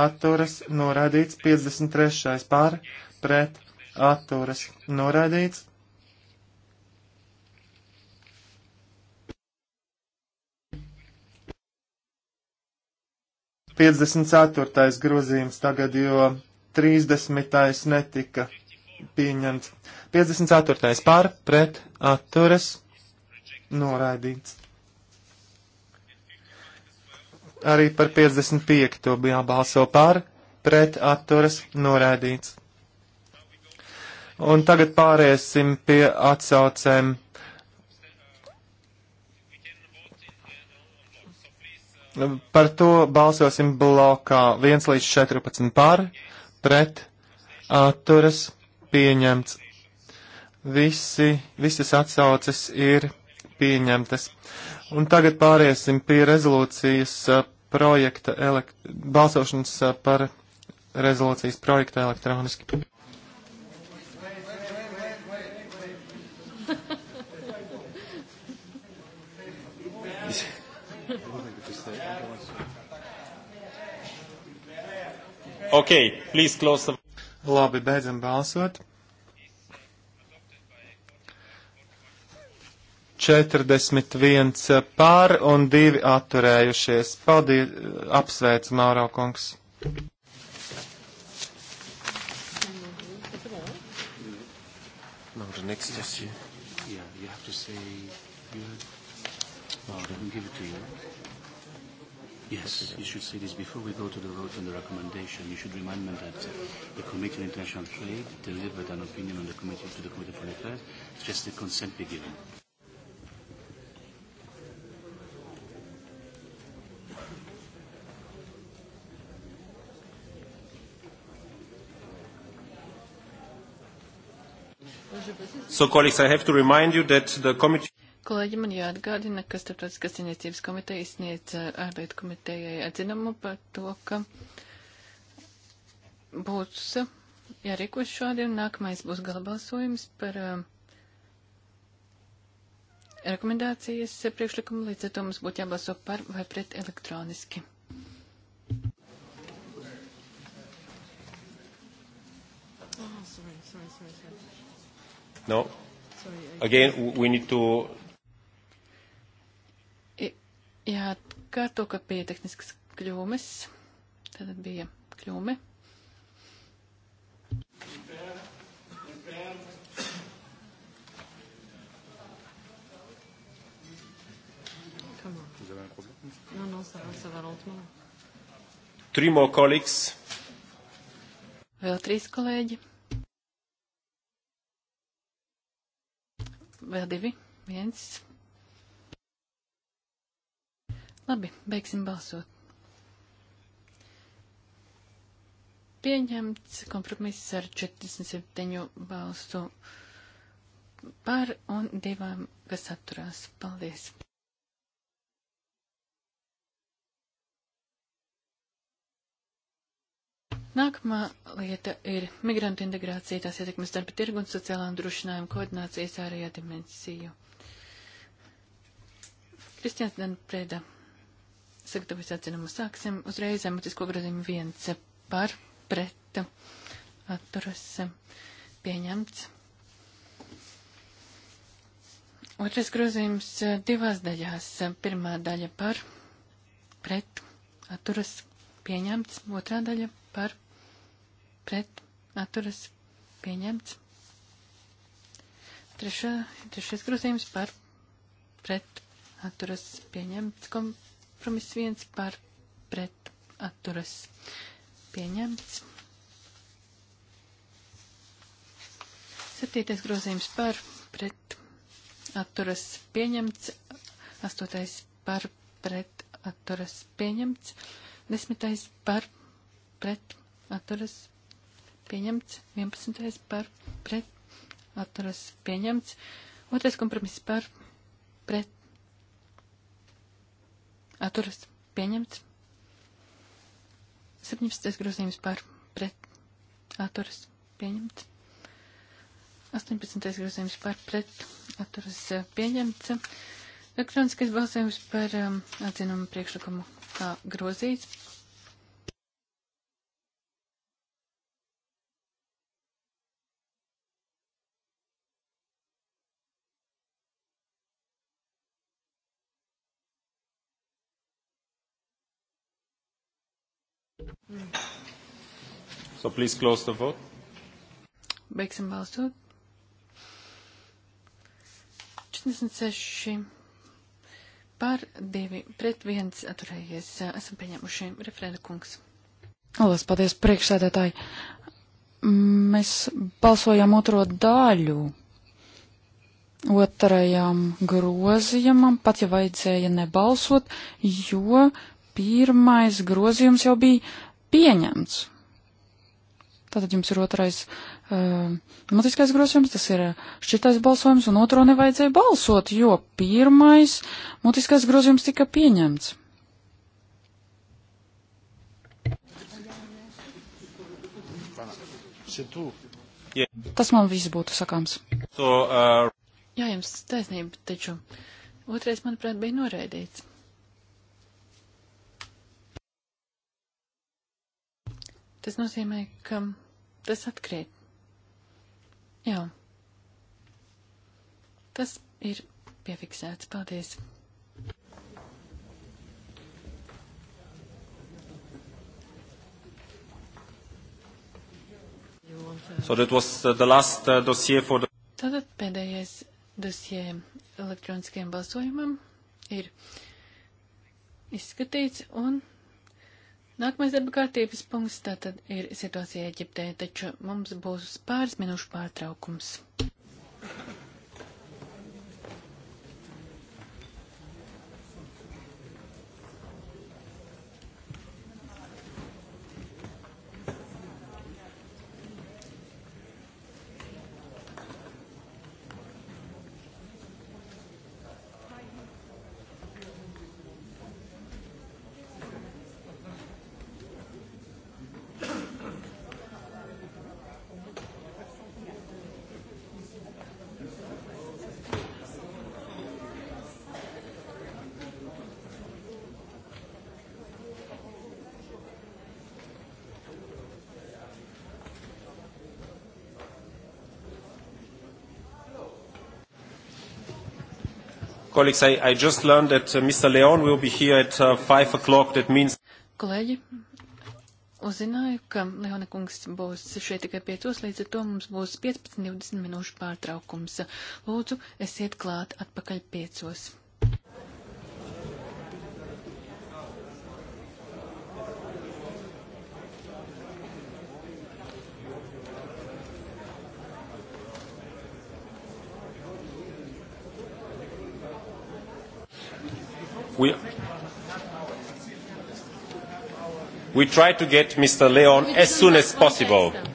atturas noraidīts. 53. pār pret atturas noraidīts. Piecdesmit ceturtais grozījums tagad, jo trīsdesmitais netika pieņemts. 54. pār pret atturas noraidīts. Arī par 55. to bija jābalso pār pret atturas noraidīts. Un tagad pāriesim pie atsaucēm. Par to balsosim blokā 1 līdz 14 pār, pret, atturas, pieņemts visi, visas atsauces ir pieņemtas. Un tagad pāriesim pie rezolūcijas uh, projekta, elekt, balsošanas uh, par rezolūcijas projektu elektroniski. Okay, please close the... Labi, beidzam balsot. 41 eh, pār un 2 atturējušies. Paldies, eh, apsveic Mauro kungs. No, the next yes, you, yeah, you have to say you no, I don't give it to you. Yes, you should say this before we go to the vote on the recommendation. You should remind them that uh, the Committee on International Trade delivered an opinion on the committee to the Committee for Affairs. It's just the consent be given. So, colleagues, I have to remind you that the committee... Kolēģi, man jāatgādina, ka Starptautiskās cienītības komiteja sniedz uh, ārlietu komitejai atzinumu par to, ka būs uh, jārīkos šādi un nākamais būs galabalsojums par uh, rekomendācijas priekšlikumu, līdz ar to mums būtu jābalso par vai pret elektroniski. Oh, sorry, sorry, sorry, sorry. No? Again, we need to... Jāatkārto, ka bija tehniskas kļūmes. Tad bija kļūme. Vous avez un problème Non, non, ça va, ça va lentement. Three more colleagues. Vēl trīs kolēģi. Vēl divi? Viens. Labi, beigsim balsot. Pieņemts kompromiss ar 47 balstu par un divām, kas atturās. Paldies! Nākamā lieta ir migrantu integrācija, tās ietekmes darba tirgu un sociālā nodrošinājuma koordinācijas ārējā dimensiju. Kristians Danpreda, sagatavojas atzinumu sāksim uzreiz ematisko grozījumu viens par pret atturas pieņemts. Otrais grozījums divās daļās. Pirmā daļa par pret atturas pieņemts, otrā daļa par pret atturas pieņemts. Trešā, trešais grozījums par pret atturas pieņemts. Kompromiss viens par pret atturas pieņemts. Septītais grozījums par pret atturas pieņemts. Astotais par pret atturas pieņemts. Desmitais par pret pret atturas pieņemts, 11. par pret atturas pieņemts, 2. kompromiss par pret atturas pieņemts, 17. grozījums par pret atturas pieņemts, 18. grozījums par pret atturas pieņemts, elektroniskais balsojums par um, atzinumu priekšlikumu kā grozīts So please close the vote. Beigsim balsot. 46 par 2 pret 1 atturējies. Esam pieņēmuši referēna kungs. Lielas paldies priekšsēdētāji. Mēs balsojām otro daļu otrajam grozījumam, pat ja vajadzēja nebalsot, jo pirmais grozījums jau bija pieņemts. Tātad jums ir otrais uh, matiskais grozījums, tas ir šķirtais balsojums, un otro nevajadzēja balsot, jo pirmais matiskais grozījums tika pieņemts. Tas man viss būtu sakāms. So, uh... Jā, jums taisnība, taču otrais, manuprāt, bija noraidīts. Tas nozīmē, ka Tas atkrīt. Jā. Tas ir piefiksēts. Paldies! So that was uh, the last uh, dossier for the... Tātad pēdējais dosie elektroniskajam balsojumam ir izskatīts un Nākamais darba kārtības punkts tātad ir situācija Eģiptē, taču mums būs pāris minūšu pārtraukums. Colleagues, I, I just learned that uh, Mr. Leon will be here at uh, 5 o'clock. That means. Kolēģi, uzzināju, ka Leona kungs būs šeit tikai 5, līdz ar to mums būs 15-20 minūšu pārtraukums. Lūdzu, esiet klāt atpakaļ 5. We, we try to get Mr. Leon as soon as possible. Them.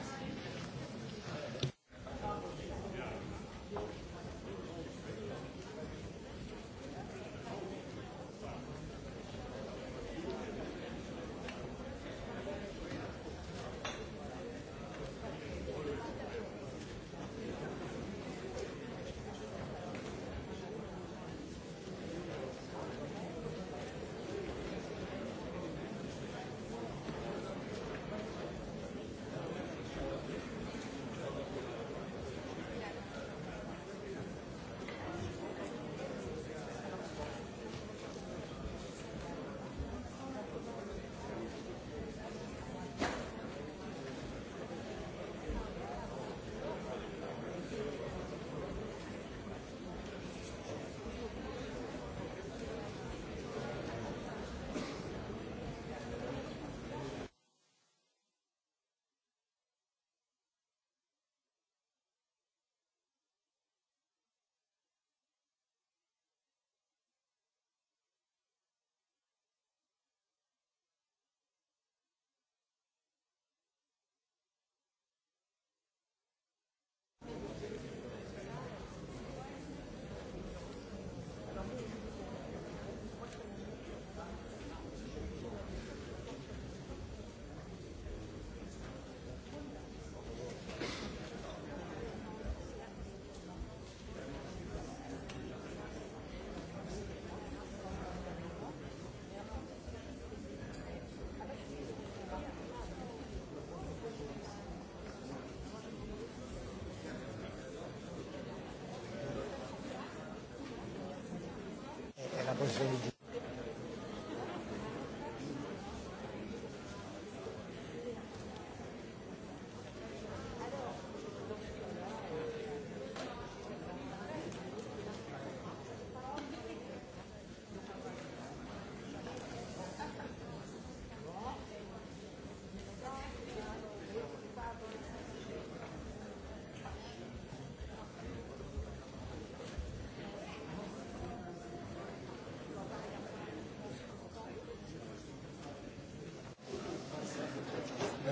posizione di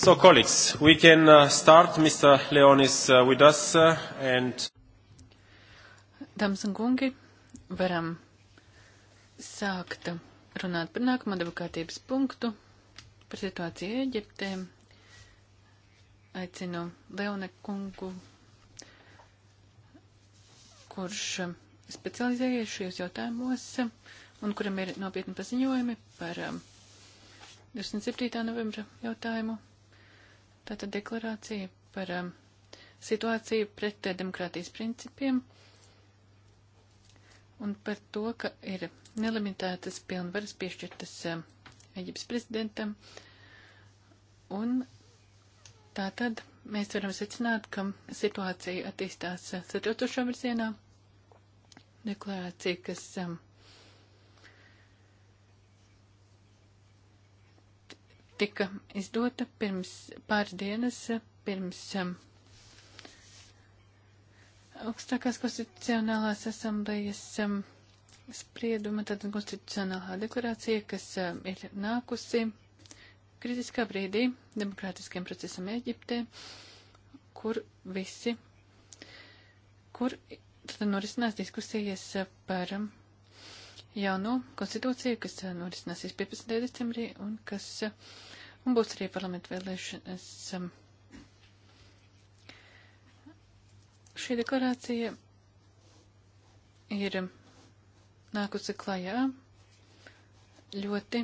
So, colleagues, we can uh, start. Mr. Leon is uh, with us uh, and. Dāmas un kungi, varam sākt runāt par nākamo debakārtības punktu, par situāciju Ēģiptē. Aicinu Leone kungu, kurš specializējies šajos jautājumos un kuram ir nopietni paziņojumi par 27. Um, novembra jautājumu Tātad deklarācija par um, situāciju pret eh, demokrātijas principiem un par to, ka ir nelimitētas pilnvaras piešķirtas um, Eģiptes prezidentam. Un tātad mēs varam secināt, ka situācija attīstās eh, satraucošā virzienā. Deklarācija, kas um, tika izdota pirms pāris dienas, pirms um, augstākās konstitucionālās asamblejas um, sprieduma, tad konstitucionālā deklarācija, kas um, ir nākusi kritiskā brīdī demokrātiskiem procesam Eģiptē, kur visi, kur tad norisinās diskusijas par um, jaunu konstitūciju, kas eh, norisināsies 15. decembrī un kas eh, un būs arī parlamentu vēlēšanas. Eh, šī deklarācija ir nākusi klajā ļoti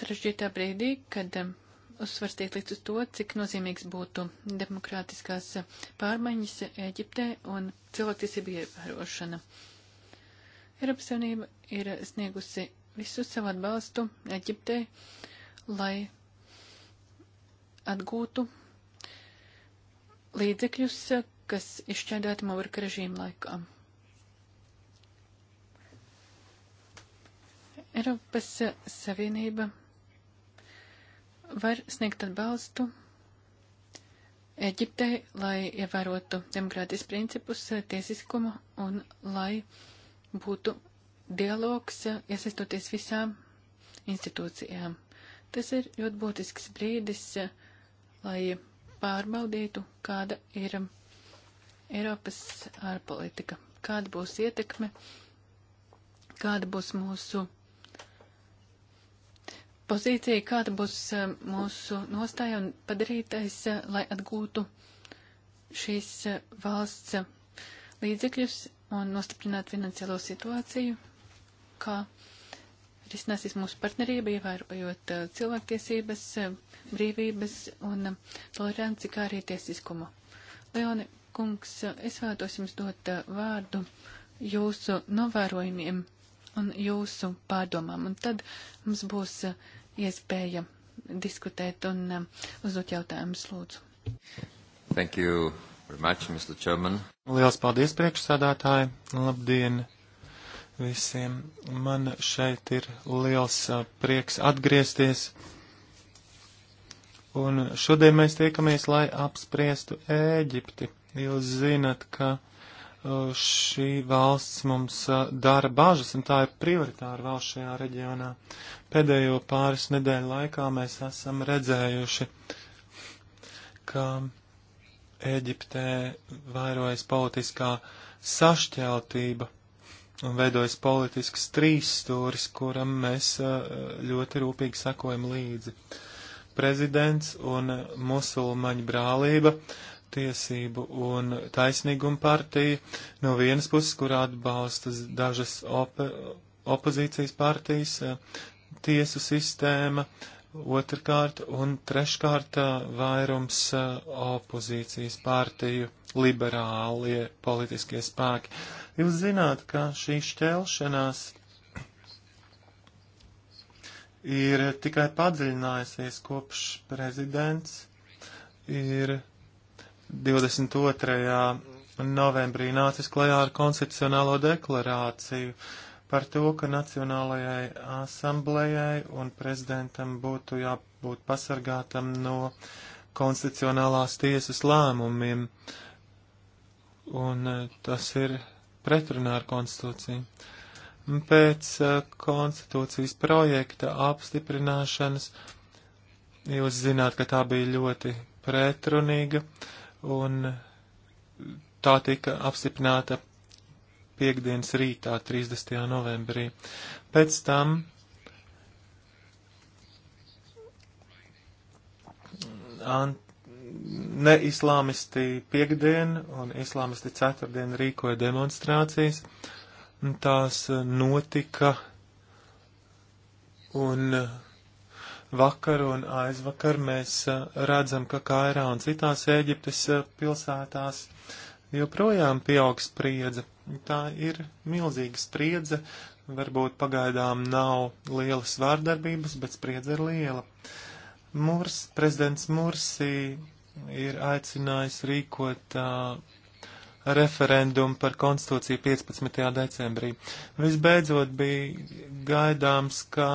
sarežģītā brīdī, kad uzsvars tiek līdz uz to, cik nozīmīgs būtu demokrātiskās pārmaiņas Eģiptē un cilvēktiesību ievērošana. Uh, Eiropas Savienība ir sniegusi visu savu atbalstu Eģiptē, lai atgūtu līdzekļus, kas izšķēdēti Mavrika režīma laikā. Eiropas Savienība var sniegt atbalstu Eģiptei, lai ievērotu demokrātijas principus, tiesiskumu un lai uh, būtu dialogs, iesaistoties visām institūcijām. Tas ir ļoti būtisks brīdis, lai pārbaudītu, kāda ir Eiropas ārpolitika, kāda būs ietekme, kāda būs mūsu pozīcija, kāda būs eh, mūsu nostāja un padarītais, eh, lai atgūtu šīs eh, valsts līdzekļus un nostiprināt finansiālo situāciju, kā risināsies mūsu partnerība, ievērojot eh, cilvēktiesības, eh, brīvības un eh, toleranci, kā arī tiesiskumu. Leoni, kungs, es vēlētos jums dot vārdu jūsu novērojumiem un jūsu pārdomām, un tad mums būs iespēja diskutēt un uzdot jautājumus, lūdzu. Thank you. Much, Lielas paldies, priekšsādātāji! Labdien visiem! Man šeit ir liels uh, prieks atgriezties. Un šodien mēs tiekamies, lai apspriestu Ēģipti. Jūs zinat, ka uh, šī valsts mums uh, dara bažas, un tā ir prioritāra valsts šajā reģionā. Pēdējo pāris nedēļu laikā mēs esam redzējuši, ka Ēģiptē vairojas politiskā sašķeltība un veidojas politisks trīsstūris, kuram mēs uh, ļoti rūpīgi sakojam līdzi. Prezidents un musulmaņu brālība, tiesību un taisnīguma partija no vienas puses, kur atbalsta dažas op opozīcijas partijas, uh, tiesu sistēma, Otrkārt un treškārt vairums opozīcijas pārtiju liberālie politiskie spēki. Jūs zināt, ka šī šķelšanās ir tikai padziļinājusies kopš prezidents ir 22. novembrī nācis klajā ar konstitucionālo deklarāciju, par to, ka Nacionālajai asamblējai un prezidentam būtu jābūt pasargātam no konstitucionālās tiesas lēmumiem, un e, tas ir pretrunā ar konstitūciju. Pēc e, konstitūcijas projekta apstiprināšanas jūs zināt, ka tā bija ļoti pretrunīga, un tā tika apstiprināta piekdienas rītā, 30. novembrī. Pēc tam neislāmisti piekdien un islāmisti ceturtdien rīkoja demonstrācijas. Tās e, notika un e, vakar un aizvakar mēs e, redzam, ka Kairā un citās Ēģiptes pilsētās joprojām pieaug spriedze tā ir milzīga spriedze. Varbūt pagaidām nav lielas vārdarbības, bet spriedze ir liela. Murs, prezidents Mursī ir aicinājis rīkot uh, referendumu par konstitūciju 15. decembrī. Visbeidzot bija gaidāms, ka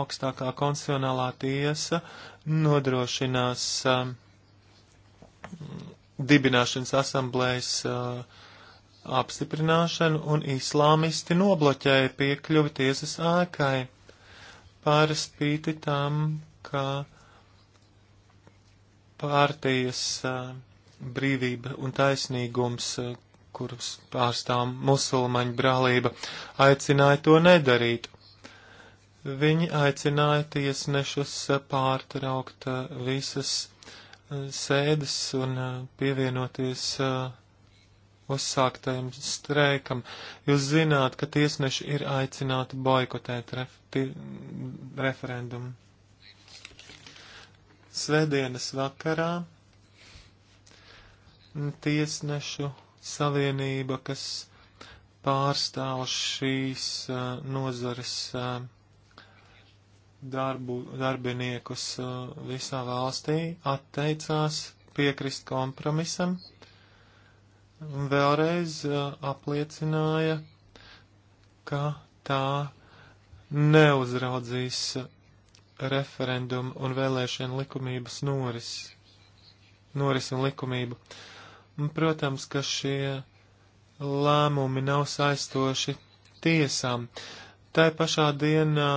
augstākā konstitucionālā tiesa nodrošinās uh, dibināšanas asamblējas uh, apstiprināšanu un islāmisti nobloķēja piekļuvi tiesas ēkai, par spīti tam, ka pārtījas brīvība un taisnīgums, kurus pārstāv musulmaņu brālība, aicināja to nedarīt. Viņi aicināja tiesnešus pārtraukt visas sēdes un pievienoties uh, uzsāktajam streikam. Jūs zināt, ka tiesneši ir aicināti boikotēt ref referendumu. Svētdienas vakarā tiesnešu savienība, kas pārstāv šīs uh, nozares uh, darbu, darbiniekus uh, visā valstī, atteicās piekrist kompromisam vēlreiz uh, apliecināja, ka tā neuzraudzīs uh, referendumu un vēlēšanu likumības noris, noris un likumību. Protams, ka šie lēmumi nav saistoši tiesām. Tā pašā dienā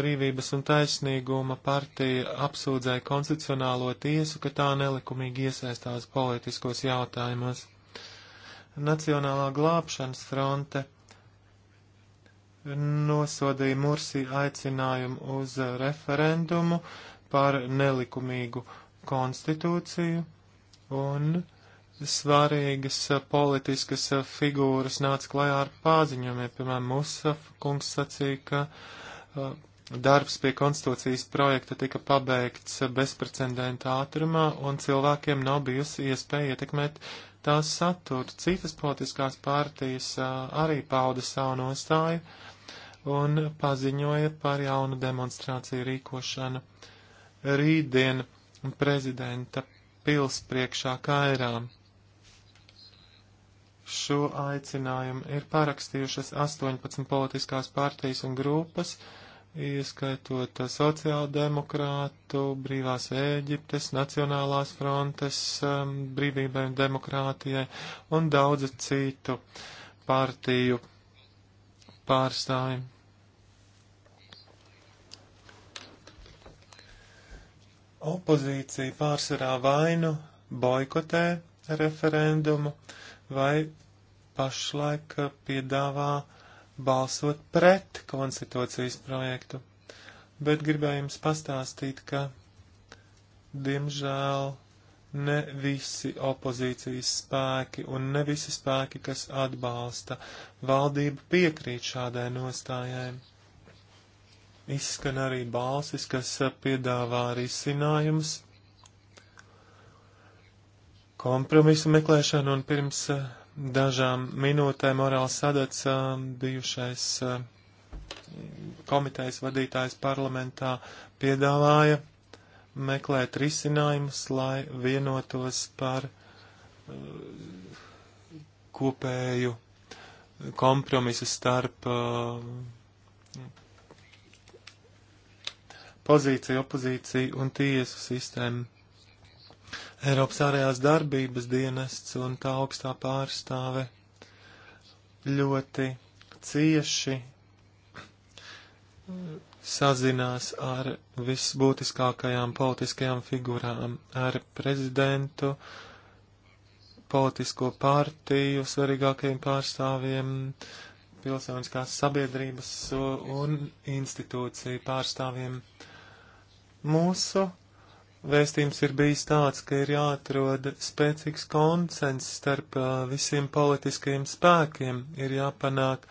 Brīvības un taisnīguma partija apsūdzēja konstitucionālo tiesu, ka tā nelikumīgi iesaistās politiskos jautājumos. Nacionālā glābšanas fronte nosodīja Mursī aicinājumu uz referendumu par nelikumīgu konstitūciju un svarīgas politiskas figūras nāca klajā ar pāziņojumiem. Piemēram, Musaf kungs sacīja, ka uh, darbs pie konstitūcijas projekta tika pabeigts bezprecedenta ātrumā un cilvēkiem nav bijusi iespēja ietekmēt uh, tās saturu. Citas politiskās pārtīs arī pauda savu nostāju un paziņoja par jaunu demonstrāciju rīkošanu rītdien prezidenta pils priekšā kairām. Šo aicinājumu ir parakstījušas 18 politiskās pārtīs un grupas, uh, ieskaitot sociāldemokrātu, brīvās Ēģiptes, Nacionālās frontes, um, brīvībai un demokrātijai un daudzu citu partiju pārstāvjiem. Opozīcija pārsvarā vainu boikotē referendumu vai pašlaik piedāvā balsot pret konstitūcijas projektu, bet gribēju jums pastāstīt, ka, diemžēl, ne visi opozīcijas spēki un ne visi spēki, kas atbalsta valdību, piekrīt šādai nostājai. Izskan arī balsis, kas piedāvā risinājumus, kompromisu meklēšanu un pirms dažām minūtēm Morāls Sadats, um, bijušais um, komitejas vadītājs parlamentā, piedāvāja meklēt risinājumus, lai vienotos par uh, kopēju kompromisu starp uh, pozīciju, opozīciju un tiesu sistēmu Eiropas ārējās darbības dienests un tā augstā pārstāve ļoti cieši sazinās ar visbūtiskākajām politiskajām figurām, ar prezidentu, politisko partiju svarīgākajiem pārstāvjiem, pilsoniskās sabiedrības un institūciju pārstāvjiem. Mūsu Vēstījums ir bijis tāds, ka ir jāatrod spēcīgs konsens starp visiem politiskajiem spēkiem, ir jāpanāk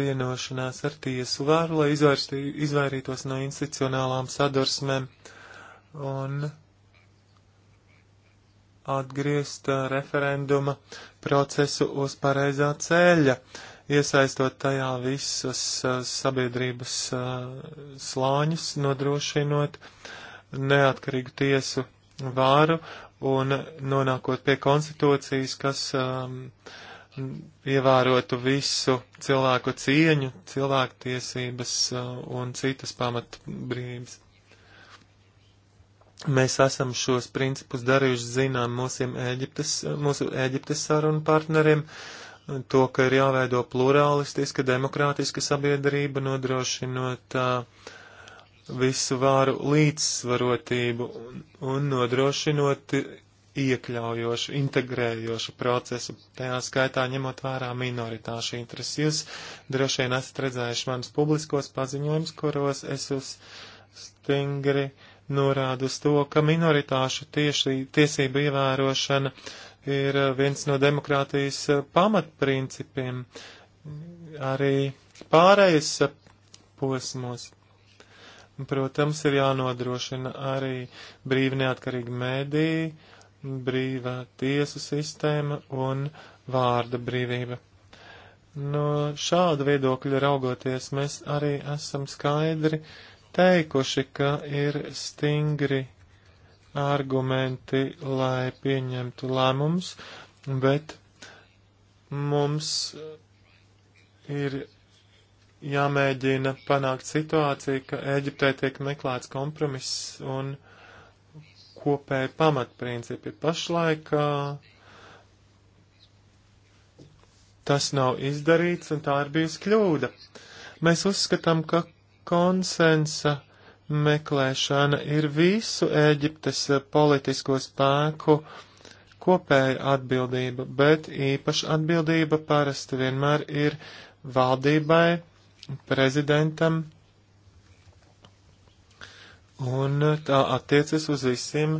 vienošanās ar tiesu varu, lai izvērstī, izvairītos no institucionālām sadursmēm un atgriezt referenduma procesu uz pareizā ceļa, iesaistot tajā visas sabiedrības slāņus, nodrošinot uh, neatkarīgu tiesu vāru un nonākot pie konstitūcijas, kas um, ievērotu visu cilvēku cieņu, cilvēku tiesības uh, un citas pamatbrības. Mēs esam šos principus darījuši zinām mūsiem Ēģiptes, mūsu Ēģiptes sarunu partneriem, to, ka ir jāveido plurālistiska, demokrātiska sabiedrība, nodrošinot uh, visu vāru līdzsvarotību un, un nodrošinot iekļaujošu, integrējošu procesu, tajā skaitā ņemot vērā minoritāšu intereses. Jūs droši vien esat redzējuši manus publiskos paziņojumus, kuros es uz stingri norādu uz to, ka minoritāšu tieši, tiesību ievērošana ir viens no demokrātijas pamatprincipiem arī pārējais posmos. Protams, ir jānodrošina arī brīvi neatkarīgi mēdī, brīvā tiesu sistēma un vārda brīvība. No šāda viedokļa raugoties, mēs arī esam skaidri teikuši, ka ir stingri argumenti, lai pieņemtu lēmums, bet mums ir jāmēģina panākt situācija, ka Ēģiptē tiek meklēts kompromiss un kopēji pamatprincipi. Pašlaik tas nav izdarīts, un tā ir bijusi kļūda. Mēs uzskatām, ka konsensa meklēšana ir visu Ēģiptes politisko spēku kopēja atbildība, bet īpaša atbildība parasti vienmēr ir valdībai prezidentam, un tā attiecas uz visiem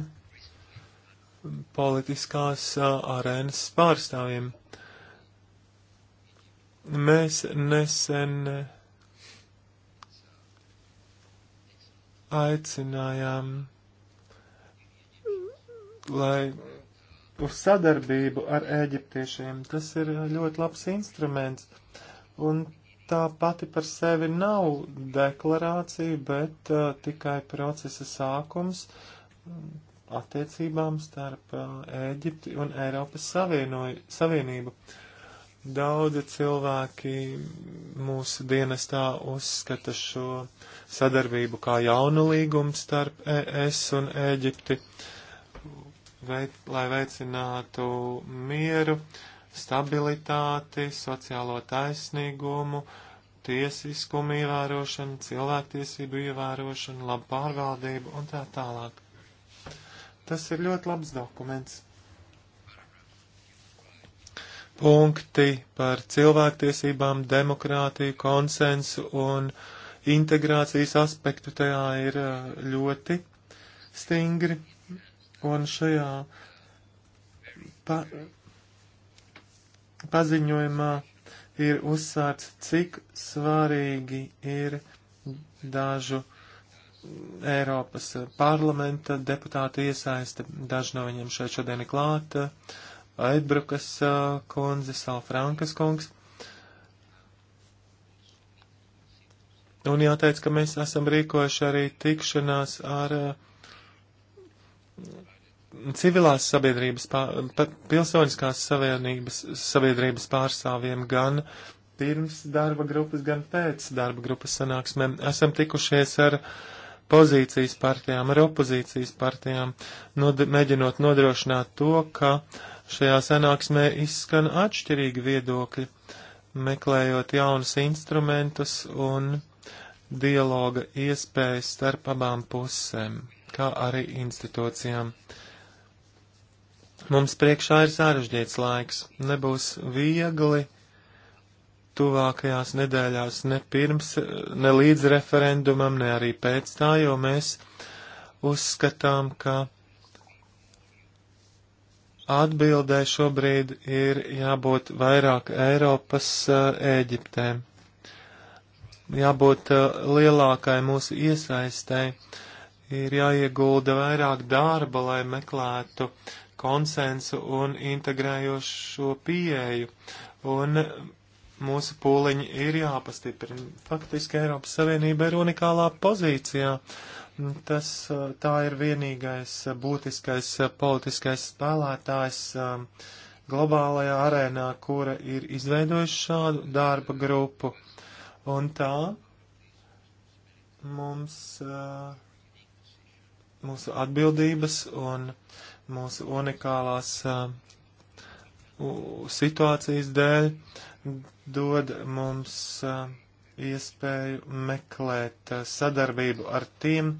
politiskās arēnas pārstāvjiem. Mēs nesen aicinājām, lai uz sadarbību ar eģiptiešiem tas ir ļoti labs instruments. Un tā pati par sevi nav deklarācija, bet uh, tikai procesa sākums um, attiecībām starp uh, Ēģipti un Eiropas Savienību. Daudzi cilvēki mūsu dienestā uzskata šo sadarbību kā jaunu līgumu starp ES un Ēģipti, veid, lai veicinātu mieru. Uh, stabilitāti, sociālo taisnīgumu, tiesiskumu ievērošanu, cilvēktiesību ievērošanu, labu pārvaldību un tā tālāk. Tas ir ļoti labs dokuments. Punkti par cilvēktiesībām, demokrātiju, konsensu un integrācijas aspektu tajā ir eh, ļoti stingri. Un šajā pa paziņojumā ir uzsvērts, cik svarīgi ir dažu Eiropas parlamenta deputātu iesaiste. Daži no viņiem šeit šodien ir klāta. Aidbrukas kundze, Salfrankas kungs. Un jāteic, ka mēs esam rīkojuši arī tikšanās ar uh, civilās sabiedrības, pār, pilsoniskās sabiedrības pārstāvjiem gan pirms darba grupas, gan pēc darba grupas sanāksmēm. Esam tikušies ar pozīcijas partijām, ar opozīcijas partijām, nod, mēģinot nodrošināt to, ka šajā sanāksmē izskan atšķirīgi viedokļi, meklējot jaunus instrumentus un dialoga iespējas starp abām pusēm, kā arī institūcijām. Uh, Mums priekšā ir sarežģīts laiks, nebūs viegli tuvākajās nedēļās ne pirms, ne līdz referendumam, ne arī pēc tā, jo mēs uzskatām, ka atbildē šobrīd ir jābūt vairāk Eiropas eh, Ēģiptē, jābūt eh, lielākai mūsu iesaistē, ir jāiegulda vairāk darba, lai meklētu uh, konsensu un integrējošo pieeju. Un mūsu pūliņi ir jāpastiprina. Faktiski Eiropas Savienība ir unikālā pozīcijā. Tas, tā ir vienīgais būtiskais politiskais spēlētājs globālajā arēnā, kura ir izveidojusi šādu darba grupu. Un tā mums, mūsu atbildības un uh, mūsu unikālās uh, situācijas dēļ dod mums uh, iespēju meklēt uh, sadarbību ar tiem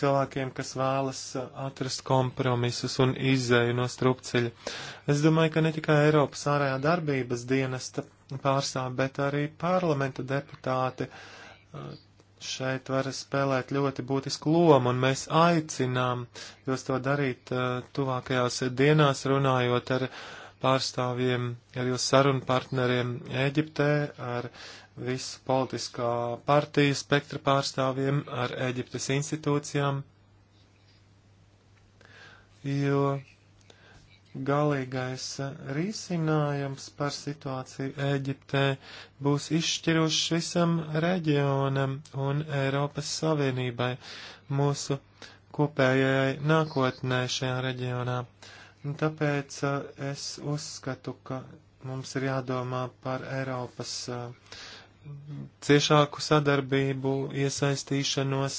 cilvēkiem, kas vēlas uh, atrast kompromisus un izēju no strupceļa. Es domāju, ka ne tikai Eiropas ārējā darbības dienesta pārstāv, bet arī parlamenta deputāti uh, šeit var spēlēt ļoti būtisku lomu, un mēs aicinām jūs to darīt uh, tuvākajās dienās, runājot ar pārstāvjiem, ar jūsu sarunu partneriem Eģiptē, ar visu politiskā partiju spektra pārstāvjiem, ar Eģiptes institūcijām, jo galīgais eh, risinājums par situāciju Ēģiptē būs izšķirošs visam reģionam un Eiropas Savienībai mūsu kopējai nākotnē šajā reģionā. Un tāpēc eh, es uzskatu, ka mums ir jādomā par Eiropas uh, ciešāku sadarbību, iesaistīšanos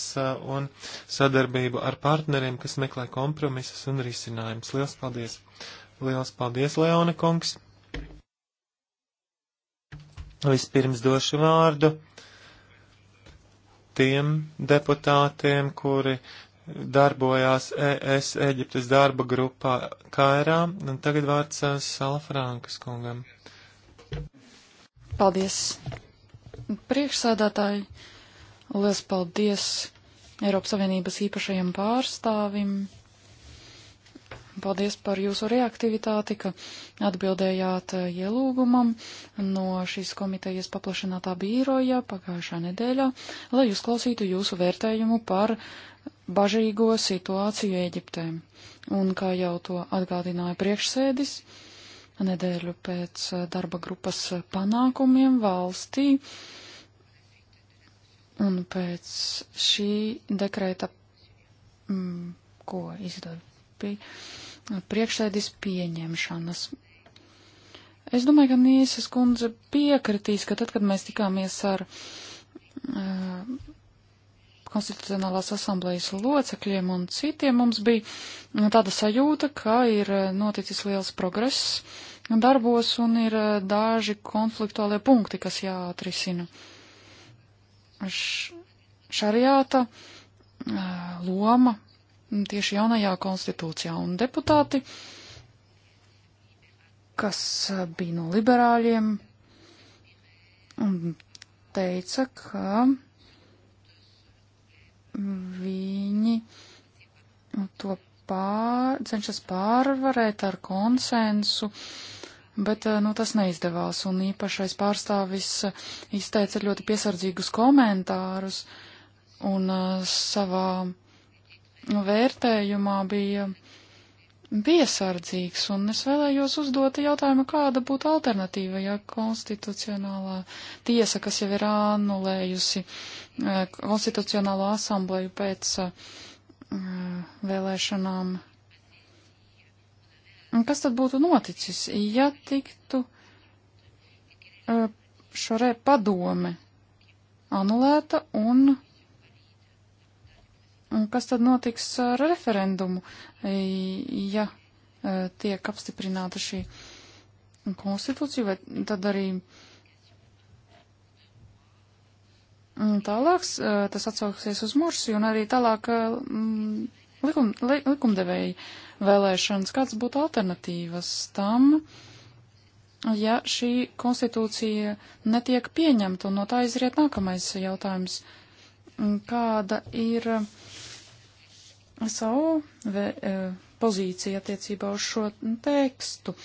un sadarbību ar partneriem, kas meklē kompromisus un risinājumus. Lielas paldies! Lielas paldies, Leona kungs! Vispirms došu vārdu tiem deputātiem, kuri darbojās ES Eģiptes darba grupā Kairā, un tagad vārds Salafrankas kungam. Paldies! priekšsēdētāji. Lielas paldies Eiropas Savienības īpašajam pārstāvim. Paldies par jūsu reaktivitāti, ka atbildējāt eh, ielūgumam no šīs komitejas paplašinātā bīroja pagājušā nedēļā, lai uzklausītu jūsu vērtējumu par bažīgo situāciju Eģiptē. Un kā jau to atgādināja priekšsēdis, uh, nedēļu pēc eh, darba grupas panākumiem valstī. Un pēc šī dekrēta, m, mm, ko izdod bija priekšsēdis pieņemšanas. Es domāju, ka Nīsas kundze piekritīs, ka tad, kad mēs tikāmies ar uh, konstitucionālās asamblejas locekļiem un citiem mums bija tāda sajūta, ka ir noticis liels progress darbos un ir eh, daži konfliktuālie punkti, kas jāatrisina. Šariāta eh, loma tieši jaunajā konstitūcijā un deputāti, kas eh, bija no liberāļiem, teica, ka viņi to pār, cenšas pārvarēt ar konsensu, bet eh, nu, tas neizdevās. Un īpašais pārstāvis eh, izteica ļoti piesardzīgus komentārus un eh, savā vērtējumā bija piesardzīgs, un es vēlējos uzdot jautājumu, kāda būtu alternatīva, ja konstitucionālā tiesa, kas jau ir anulējusi eh, konstitucionālo asambleju pēc eh, vēlēšanām, kas tad būtu noticis, ja tiktu eh, šorē padome anulēta un Kas tad notiks ar referendumu, ja e, tiek apstiprināta šī konstitūcija, vai tad arī tālāk e, tas atsauksies uz Mursiju un arī tālāk e, mm, likum, li, likumdevēja vēlēšanas. Kāds būtu alternatīvas tam, ja šī konstitūcija netiek pieņemta? Un no tā izriet nākamais jautājums. Kāda ir savu vē, e, pozīciju attiecībā uz šo tekstu.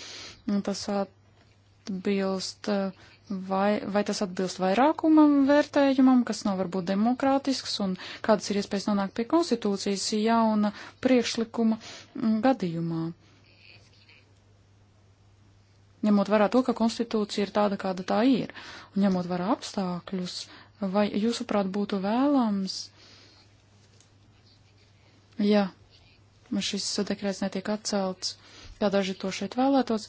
Tas atbilst, e, vai, vai tas atbilst vairākumam vērtējumam, kas nav varbūt demokrātisks, un kādas ir iespējas nonākt pie konstitūcijas jauna priekšlikuma gadījumā. Ņemot vērā to, ka konstitūcija ir tāda, kāda tā ir, un ņemot vērā apstākļus, vai jūsuprāt būtu vēlams ja šis dekrets netiek atcelts, kā daži to šeit vēlētos,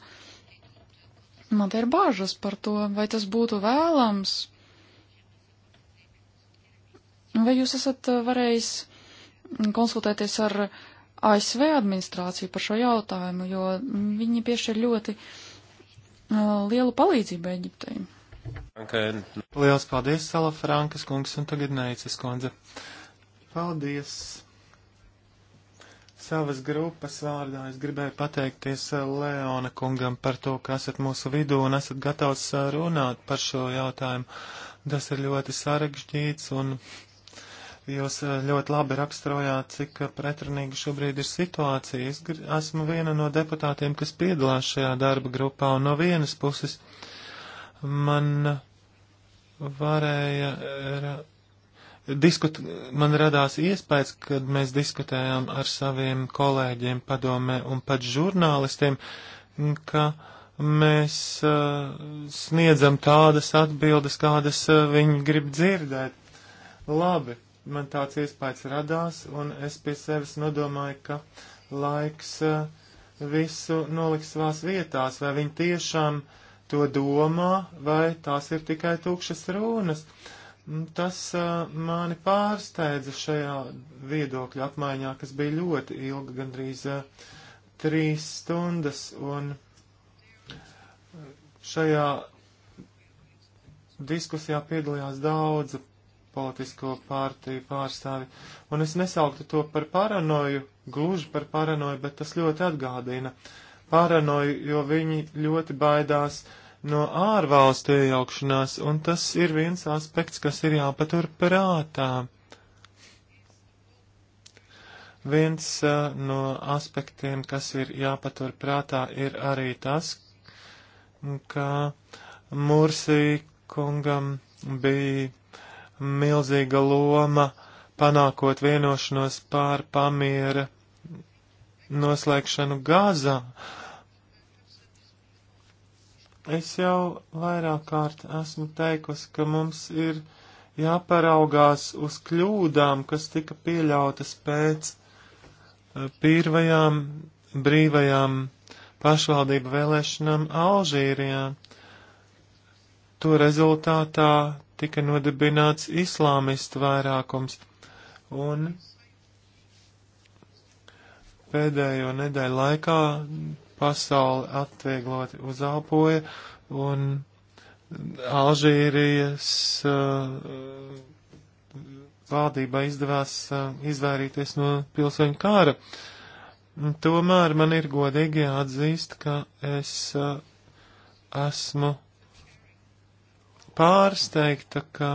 man te ir bāžas par to, vai tas būtu vēlams. Vai jūs esat eh, varējis konsultēties ar ASV administrāciju par šo jautājumu, jo viņi piešķir ļoti eh, lielu palīdzību Eģiptei. Okay. Lielas paldies, Sala Frankas kungs un tagad Neicis kundze. Paldies! Savas grupas vārdā es gribēju pateikties eh, Leona kungam par to, ka esat mūsu vidū un esat gatavs eh, runāt par šo jautājumu. Tas ir ļoti sarežģīts un jūs eh, ļoti labi raksturojāt, cik pretrunīga šobrīd ir situācija. Es esmu viena no deputātiem, kas piedalās šajā darba grupā un no vienas puses man varēja diskut, man radās iespējas, kad mēs diskutējām ar saviem kolēģiem padomē un pat žurnālistiem, ka mēs uh, sniedzam tādas atbildes, kādas uh, viņi grib dzirdēt. Labi, man tāds iespējas radās, un es pie sevis nodomāju, ka laiks uh, visu noliks savās vietās, vai viņi tiešām to domā, vai tās ir tikai tūkšas runas. Uh, Mm, tas uh, mani pārsteidza šajā viedokļa apmaiņā, kas bija ļoti ilga, gandrīz uh, trīs stundas, un šajā diskusijā piedalījās daudzu politisko pārtīju pārstāvi, un es nesauktu to par paranoju, gluži par paranoju, bet tas ļoti atgādina paranoju, jo viņi ļoti baidās uh, no ārvalstu iejaukšanās, un tas ir viens aspekts, kas ir jāpatur prātā. Viens uh, no aspektiem, kas ir jāpatur prātā, ir arī tas, ka Mursī kungam bija milzīga loma panākot vienošanos pār pamiera noslēgšanu Gazā. Uh, Es jau vairāk kārt esmu teikusi, ka mums ir jāparaugās uz kļūdām, kas tika pieļautas pēc e, pirmajām brīvajām pašvaldību vēlēšanām Alžīrijā. To rezultātā tika nodibināts islāmistu vairākums, un pēdējo nedēļu laikā pasauli atviegloti uzelpoja, un Alžīrijas uh, valdībai izdevās uh, izvairīties no pilsoņu kāra. Tomēr man ir godīgi jāatzīst, ka es uh, esmu pārsteigta, ka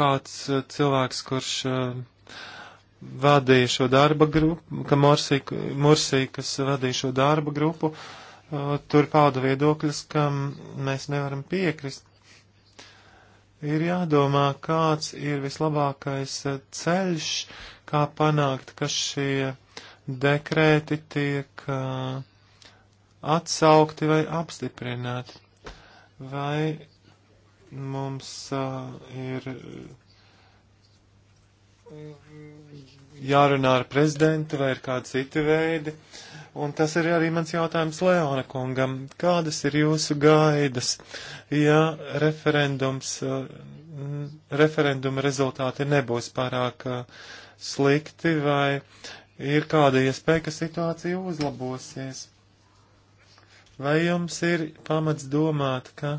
kāds uh, cilvēks, kurš uh, vadīja šo darba grupu, ka Morsī, Mursī, kas vadīja šo darba grupu, tur pauda viedokļus, kam mēs nevaram piekrist. Ir jādomā, kāds ir vislabākais ceļš, kā panākt, ka šie dekrēti tiek atsaukti vai apstiprināti. Vai mums ir jārunā ar prezidentu vai ir kādi citi veidi. Un tas ir arī mans jautājums Leona kungam. Kādas ir jūsu gaidas, ja referendums, eh, referenduma rezultāti nebūs pārāk eh, slikti vai ir kāda iespēja, ka situācija uzlabosies? Vai jums ir pamats domāt, ka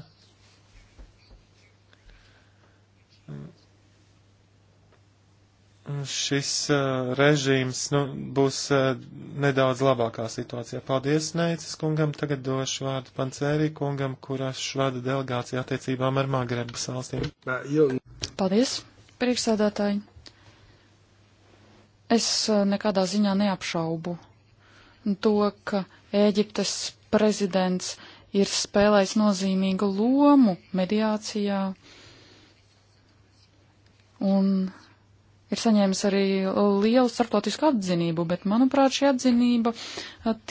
šis uh, režīms nu, būs uh, nedaudz labākā situācijā. Paldies, Neicis kungam. Tagad došu vārdu Pancērī kungam, kurš vada delegācija attiecībām ar Magrebas valstīm. Paldies, priekšsēdētāji. Es uh, nekādā ziņā neapšaubu to, ka Ēģiptes prezidents ir spēlējis nozīmīgu lomu mediācijā un ir saņēmis arī lielu starptautisku atzinību, bet, manuprāt, šī atzinība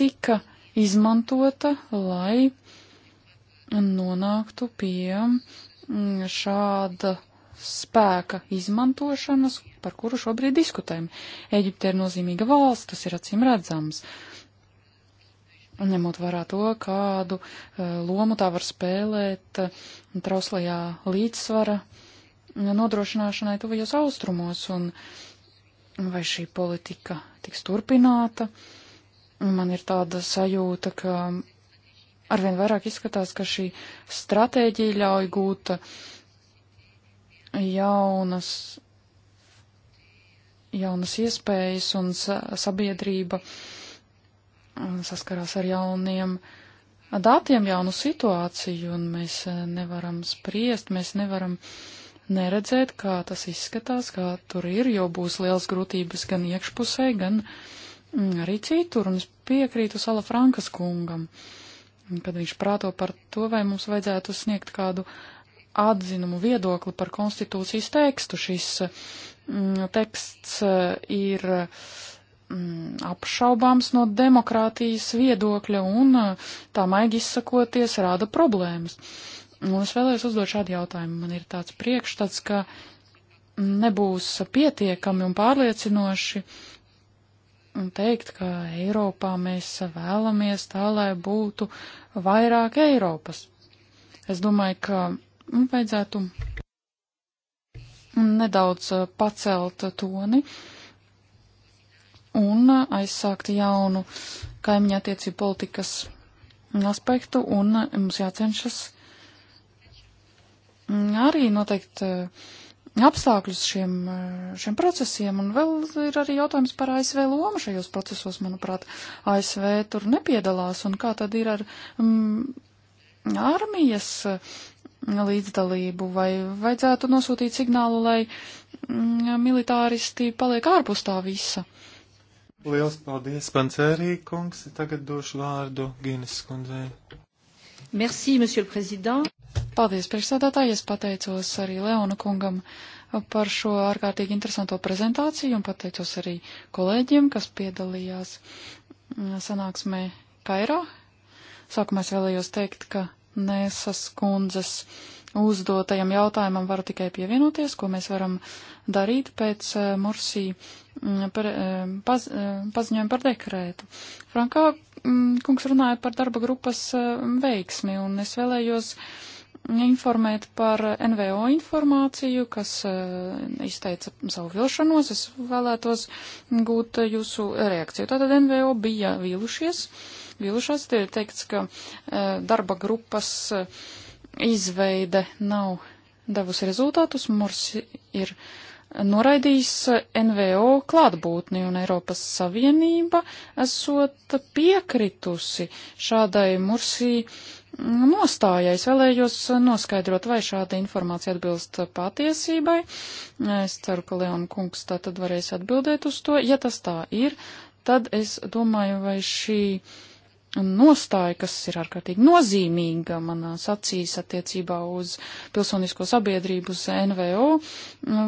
tika izmantota, lai nonāktu pie mm, šāda spēka izmantošanas, par kuru šobrīd diskutējam. Eģipte ir nozīmīga valsts, tas ir acīm redzams. Ņemot vērā to, kādu lomu tā var spēlēt trauslajā līdzsvara uh, nodrošināšanai tuvajos austrumos, un vai šī politika tiks turpināta. Man ir tāda sajūta, ka arvien vairāk izskatās, ka šī stratēģija ļauj gūt jaunas, jaunas iespējas un sabiedrība saskarās ar jauniem datiem, jaunu situāciju, un mēs nevaram spriest, mēs nevaram uh, neredzēt, kā tas izskatās, kā tur ir, jo būs liels grūtības gan iekšpusē, gan mm, arī citur, un es piekrītu Sala Frankas kungam, kad viņš prāto par to, vai mums vajadzētu sniegt kādu atzinumu viedokli par konstitūcijas tekstu. Šis mm, teksts eh, ir mm, apšaubāms no demokrātijas viedokļa un eh, tā maigi izsakoties rāda problēmas. Mm, Un nu, es vēlējos uzdot šādu jautājumu. Man ir tāds priekšstats, ka nebūs pietiekami un pārliecinoši un teikt, ka Eiropā mēs vēlamies tā, lai būtu vairāk Eiropas. Es domāju, ka nu, vajadzētu nedaudz pacelt toni un aizsākt jaunu kaimiņa attiecību politikas aspektu, un mums jācenšas arī noteikti eh, apstākļus šiem, eh, šiem procesiem, un vēl ir arī jautājums par ASV lomu šajos procesos, manuprāt, ASV tur nepiedalās, un kā tad ir ar mm, armijas eh, līdzdalību, vai vajadzētu nosūtīt signālu, lai mm, militāristi paliek ārpus tā visa. Liels paldies, Pancerī kungs, tagad došu vārdu Gīnes kundzei. Merci, monsieur le président. Paldies, priekšsēdētāji, es pateicos arī Leona kungam par šo ārkārtīgi interesanto prezentāciju un pateicos arī kolēģiem, kas piedalījās mm, sanāksmē Kairā. Sākumā es vēlējos teikt, ka Nēsas kundzes uzdotajam jautājumam varu tikai pievienoties, ko mēs varam darīt pēc eh, Mursī mm, par, eh, paz, eh, paziņojuma par dekrētu. Frankā mm, kungs runāja par darba grupas veiksmi, un es vēlējos uh, informēt par NVO informāciju, kas e, izteica savu vilšanos. Es vēlētos gūt jūsu reakciju. Tātad NVO bija vīlušies, vīlušās. Tie ir teikts, ka e, darba grupas e, izveide nav devusi rezultātus. Mors ir noraidījis NVO klātbūtni un Eiropas Savienība esot piekritusi šādai Mursī nostājai. Es vēlējos noskaidrot, vai šāda informācija atbilst patiesībai. Es ceru, ka Leona kungs tā tad varēs atbildēt uz to. Ja tas tā ir, tad es domāju, vai šī nostāja, kas ir ārkārtīgi nozīmīga manās acīs attiecībā uz pilsonisko sabiedrību, uz NVO,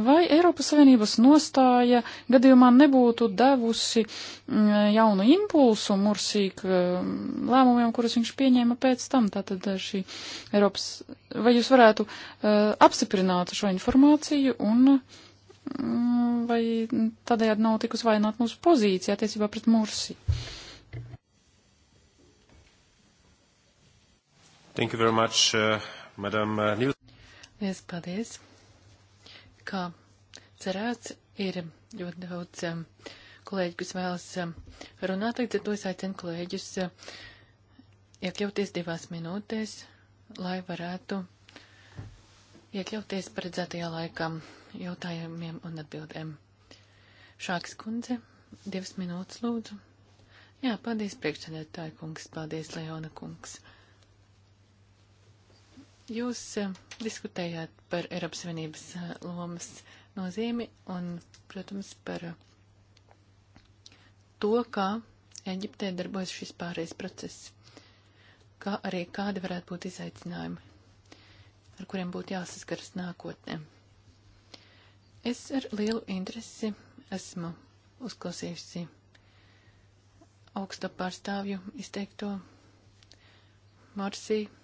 vai Eiropas Savienības nostāja gadījumā nebūtu devusi mm, jaunu impulsu mursīk mm, lēmumiem, kurus viņš pieņēma pēc tam. Tātad eh, šī Eiropas, vai jūs varētu eh, apstiprināt šo informāciju un mm, vai tādējādi nav tikus vainot mūsu pozīcija attiecībā pret mursīku? Thank you very much, uh, Madam uh, Nils. Lies paldies. Kā cerēts, ir ļoti daudz um, kolēģi, kas vēlas um, runāt, līdz ar to es aicinu kolēģus uh, iekļauties divās minūtēs, lai varētu iekļauties paredzētajā laikā jautājumiem un atbildēm. Šāks kundze, divas minūtes lūdzu. Jā, paldies priekšsēdētāji kungs, paldies Leona kungs. Uh, Jūs eh, diskutējāt par Eiropas Savienības eh, lomas nozīmi un, protams, par eh, to, kā Eģiptē darbojas šis pārējais process, kā arī kādi varētu būt izaicinājumi, ar kuriem būtu jāsaskaras nākotnē. Es ar lielu interesi esmu uzklausījusi augsto pārstāvju izteikto Marsiju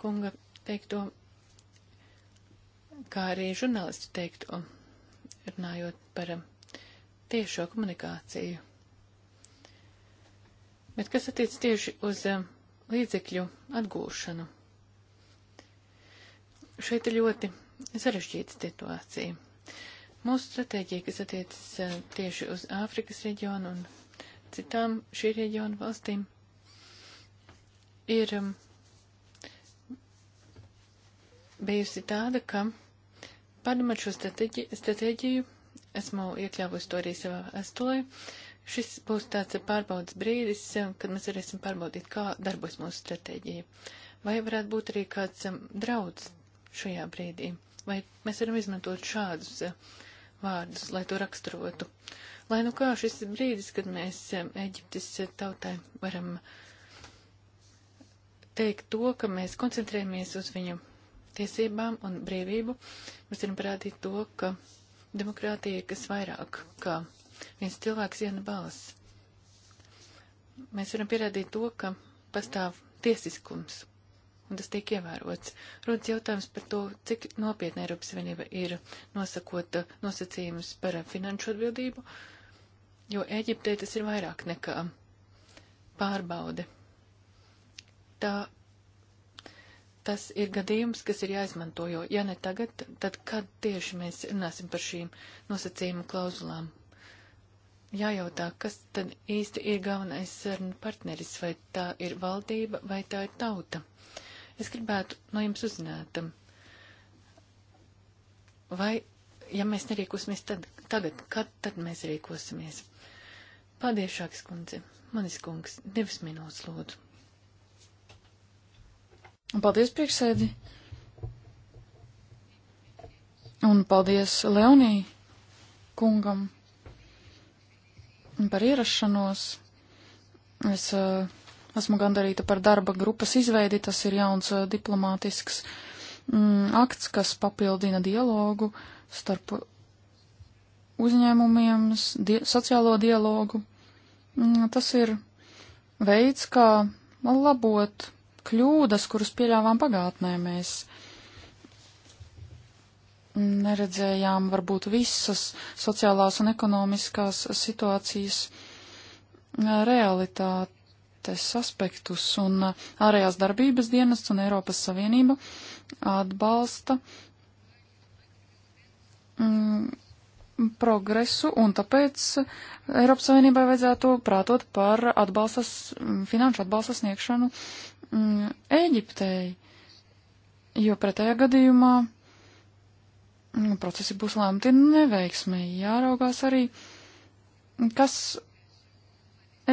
kunga teikto, kā arī žurnālistu teikto, runājot par um, tiešo komunikāciju. Bet kas attiec tieši uz um, līdzekļu atgūšanu? Šeit ir ļoti sarežģīta situācija. Mūsu stratēģija, kas attiecas uh, tieši uz Āfrikas reģionu un citām šī reģiona valstīm, ir um, bijusi tāda, ka pārdomāt šo stratēģiju, stratēģiju esmu iekļāvusi to arī savā vēstulē. Šis būs tāds pārbaudas brīdis, kad mēs varēsim pārbaudīt, kā darbojas mūsu stratēģija. Vai varētu būt arī kāds um, draudz šajā brīdī? Vai mēs varam izmantot šādus uh, vārdus, lai to raksturotu? Lai nu kā šis brīdis, kad mēs um, Eģiptes tautai varam teikt to, ka mēs koncentrējamies uz viņu tiesībām un brīvību, mums ir parādīt to, ka demokrātija ir kas vairāk, kā viens cilvēks viena balss. Mēs varam pierādīt to, ka pastāv tiesiskums, un tas tiek ievērots. Rodas jautājums par to, cik nopietna Eiropas Savienība ir nosakot nosacījumus par finanšu atbildību, jo Eģiptē tas ir vairāk nekā pārbaude. Tā tas ir gadījums, kas ir jāizmanto, jo ja ne tagad, tad kad tieši mēs runāsim par šīm nosacījuma klauzulām? Jājautā, kas tad īsti ir galvenais sarunu partneris, vai tā ir valdība, vai tā ir tauta? Es gribētu no jums uzzināt, vai, ja mēs nerīkosimies tad, tagad, kad tad mēs rīkosimies? Paldies, Šāks kundze, manis kungs, divas minūtes lūdzu. Paldies, priekšsēdi. Un paldies Leonī kungam par ierašanos. Es uh, esmu gandarīta par darba grupas izveidi. Tas ir jauns uh, diplomātisks mm, akts, kas papildina dialogu starp uzņēmumiem, die, sociālo dialogu. Mm, tas ir veids, kā labot kļūdas, kuras pieļāvām pagātnē. Mēs neredzējām varbūt visas sociālās un ekonomiskās situācijas realitātes aspektus, un ārējās darbības dienests un Eiropas Savienība atbalsta mm, progresu, un tāpēc Eiropas Savienībai vajadzētu prātot par atbalstas, finanšu atbalsta sniegšanu Mm, Ēģiptei, jo pretējā gadījumā mm, procesi būs lēmti neveiksmīgi. Jāraugās arī, kas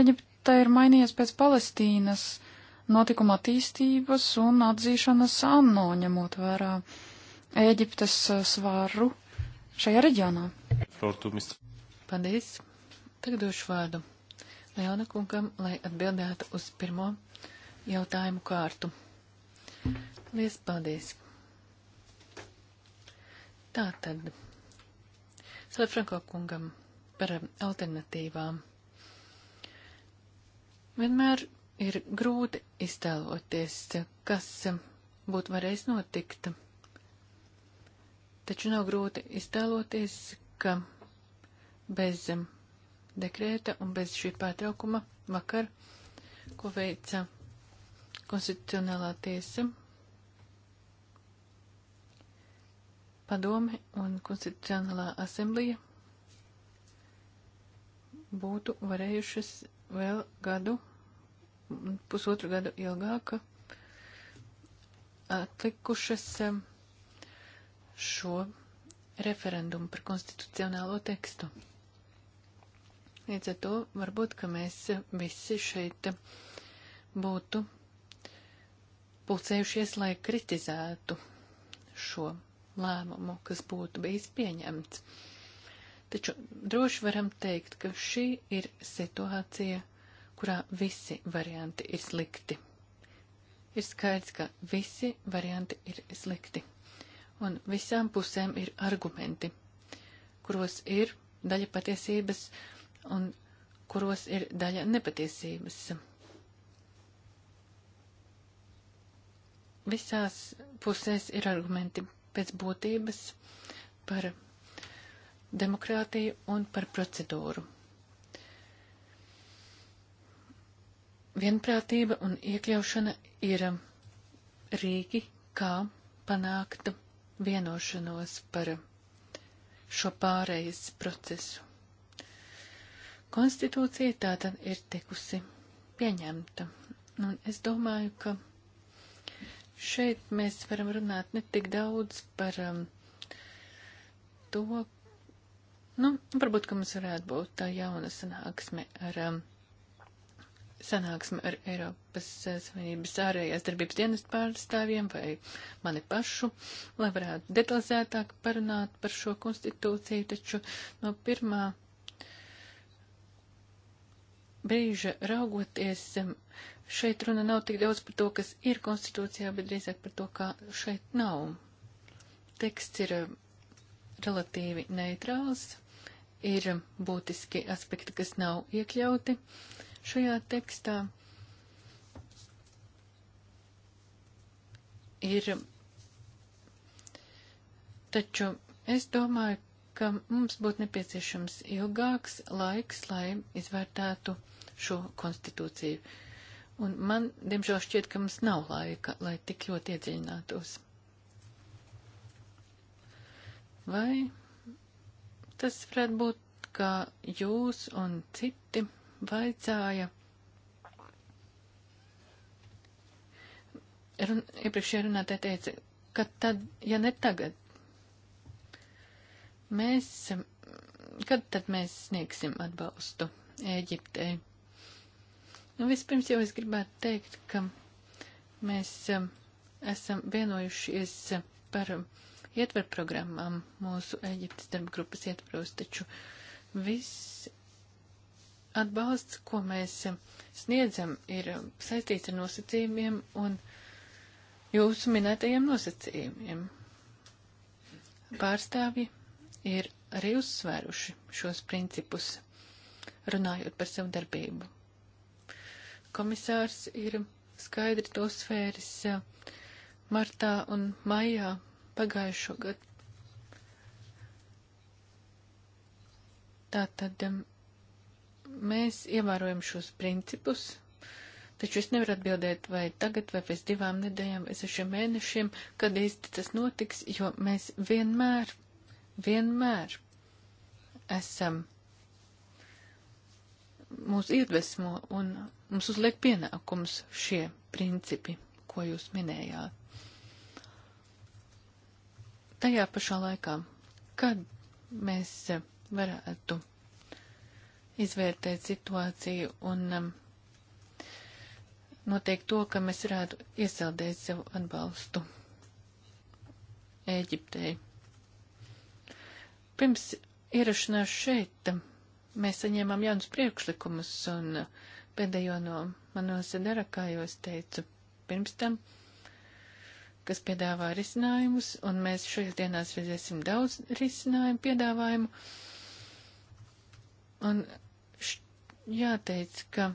Eģiptē ir mainījies pēc Palestīnas notikuma attīstības un atzīšanas anno, ņemot vērā Eģiptes eh, svāru šajā reģionā. Paldies! Tagad došu vārdu Leona kungam, lai atbildētu uz pirmo jautājumu kārtu. Lies paldies! Tātad, Salafranko kungam par um, alternatīvām. Vienmēr ir grūti iztēloties, kas um, būtu varējis notikt. Taču nav grūti iztēloties, ka bez um, dekrēta un bez šī pārtraukuma vakar, ko veica konstitucionālā tiesa, padome un konstitucionālā asemblija būtu varējušas vēl gadu, pusotru gadu ilgāk atlikušas um, šo referendumu par konstitucionālo tekstu. Līdz ar to varbūt, ka mēs visi šeit būtu pulcējušies, lai kritizētu šo lēmumu, kas būtu bijis pieņemts. Taču droši varam teikt, ka šī ir situācija, kurā visi varianti ir slikti. Ir skaidrs, ka visi varianti ir slikti, un visām pusēm ir argumenti, kuros ir daļa patiesības un kuros ir daļa nepatiesības. visās pusēs ir argumenti pēc būtības par demokrātiju un par procedūru. Vienprātība un iekļaušana ir rīki, kā panākt vienošanos par šo pārejas procesu. Konstitūcija tātad ir tikusi pieņemta, un es domāju, ka Šeit mēs varam runāt ne tik daudz par um, to, nu, varbūt, ka mums varētu būt tā jauna sanāksme ar um, sanāksme ar Eiropas Savienības ārējās darbības dienas pārstāvjiem vai mani pašu, lai varētu detalizētāk parunāt par šo konstitūciju, taču no pirmā brīža raugoties, šeit runa nav tik daudz par to, kas ir konstitūcijā, bet drīzāk par to, kā šeit nav. Teksts ir relatīvi neitrāls, ir būtiski aspekti, kas nav iekļauti šajā tekstā. Ir taču es domāju, ka mums būtu nepieciešams ilgāks laiks, lai izvērtētu šo konstitūciju. Un man, diemžēl, šķiet, ka mums nav laika, lai tik ļoti iedziļinātos. Vai tas varētu būt, ka jūs un citi vajadzāja Run, iepriekšējā runātē teica, ka tad, ja ne tagad, mēs, kad tad mēs sniegsim atbalstu Ēģiptei? Nu, vispirms jau es gribētu teikt, ka mēs um, esam vienojušies um, par um, ietver programmām mūsu Eģiptes darba grupas ietvaros, taču viss atbalsts, ko mēs sniedzam, ir saistīts ar nosacījumiem un jūsu minētajiem nosacījumiem. Pārstāvji ir arī uzsvēruši šos principus, runājot par savu darbību komisārs ir skaidri to sfēris eh, martā un maijā pagājušo gadu. Tātad mēs ievērojam šos principus, taču es nevaru atbildēt, vai tagad, vai pēc divām nedēļām, vai sešiem mēnešiem, kad īsti tas notiks, jo mēs vienmēr, vienmēr esam mūs iedvesmo un Mums uzliek pienākums šie principi, ko jūs minējāt. Tajā pašā laikā, kad mēs varētu izvērtēt situāciju un um, noteikti to, ka mēs varētu iesaldēt sev atbalstu Ēģiptei. Pirms ierašanās šeit um, mēs saņēmām jaunus priekšlikumus un uh, pēdējo no manos dara, kā jau es teicu pirms tam, kas piedāvā risinājumus, un mēs šajās dienās redzēsim daudz risinājumu piedāvājumu. Un jāteic, ka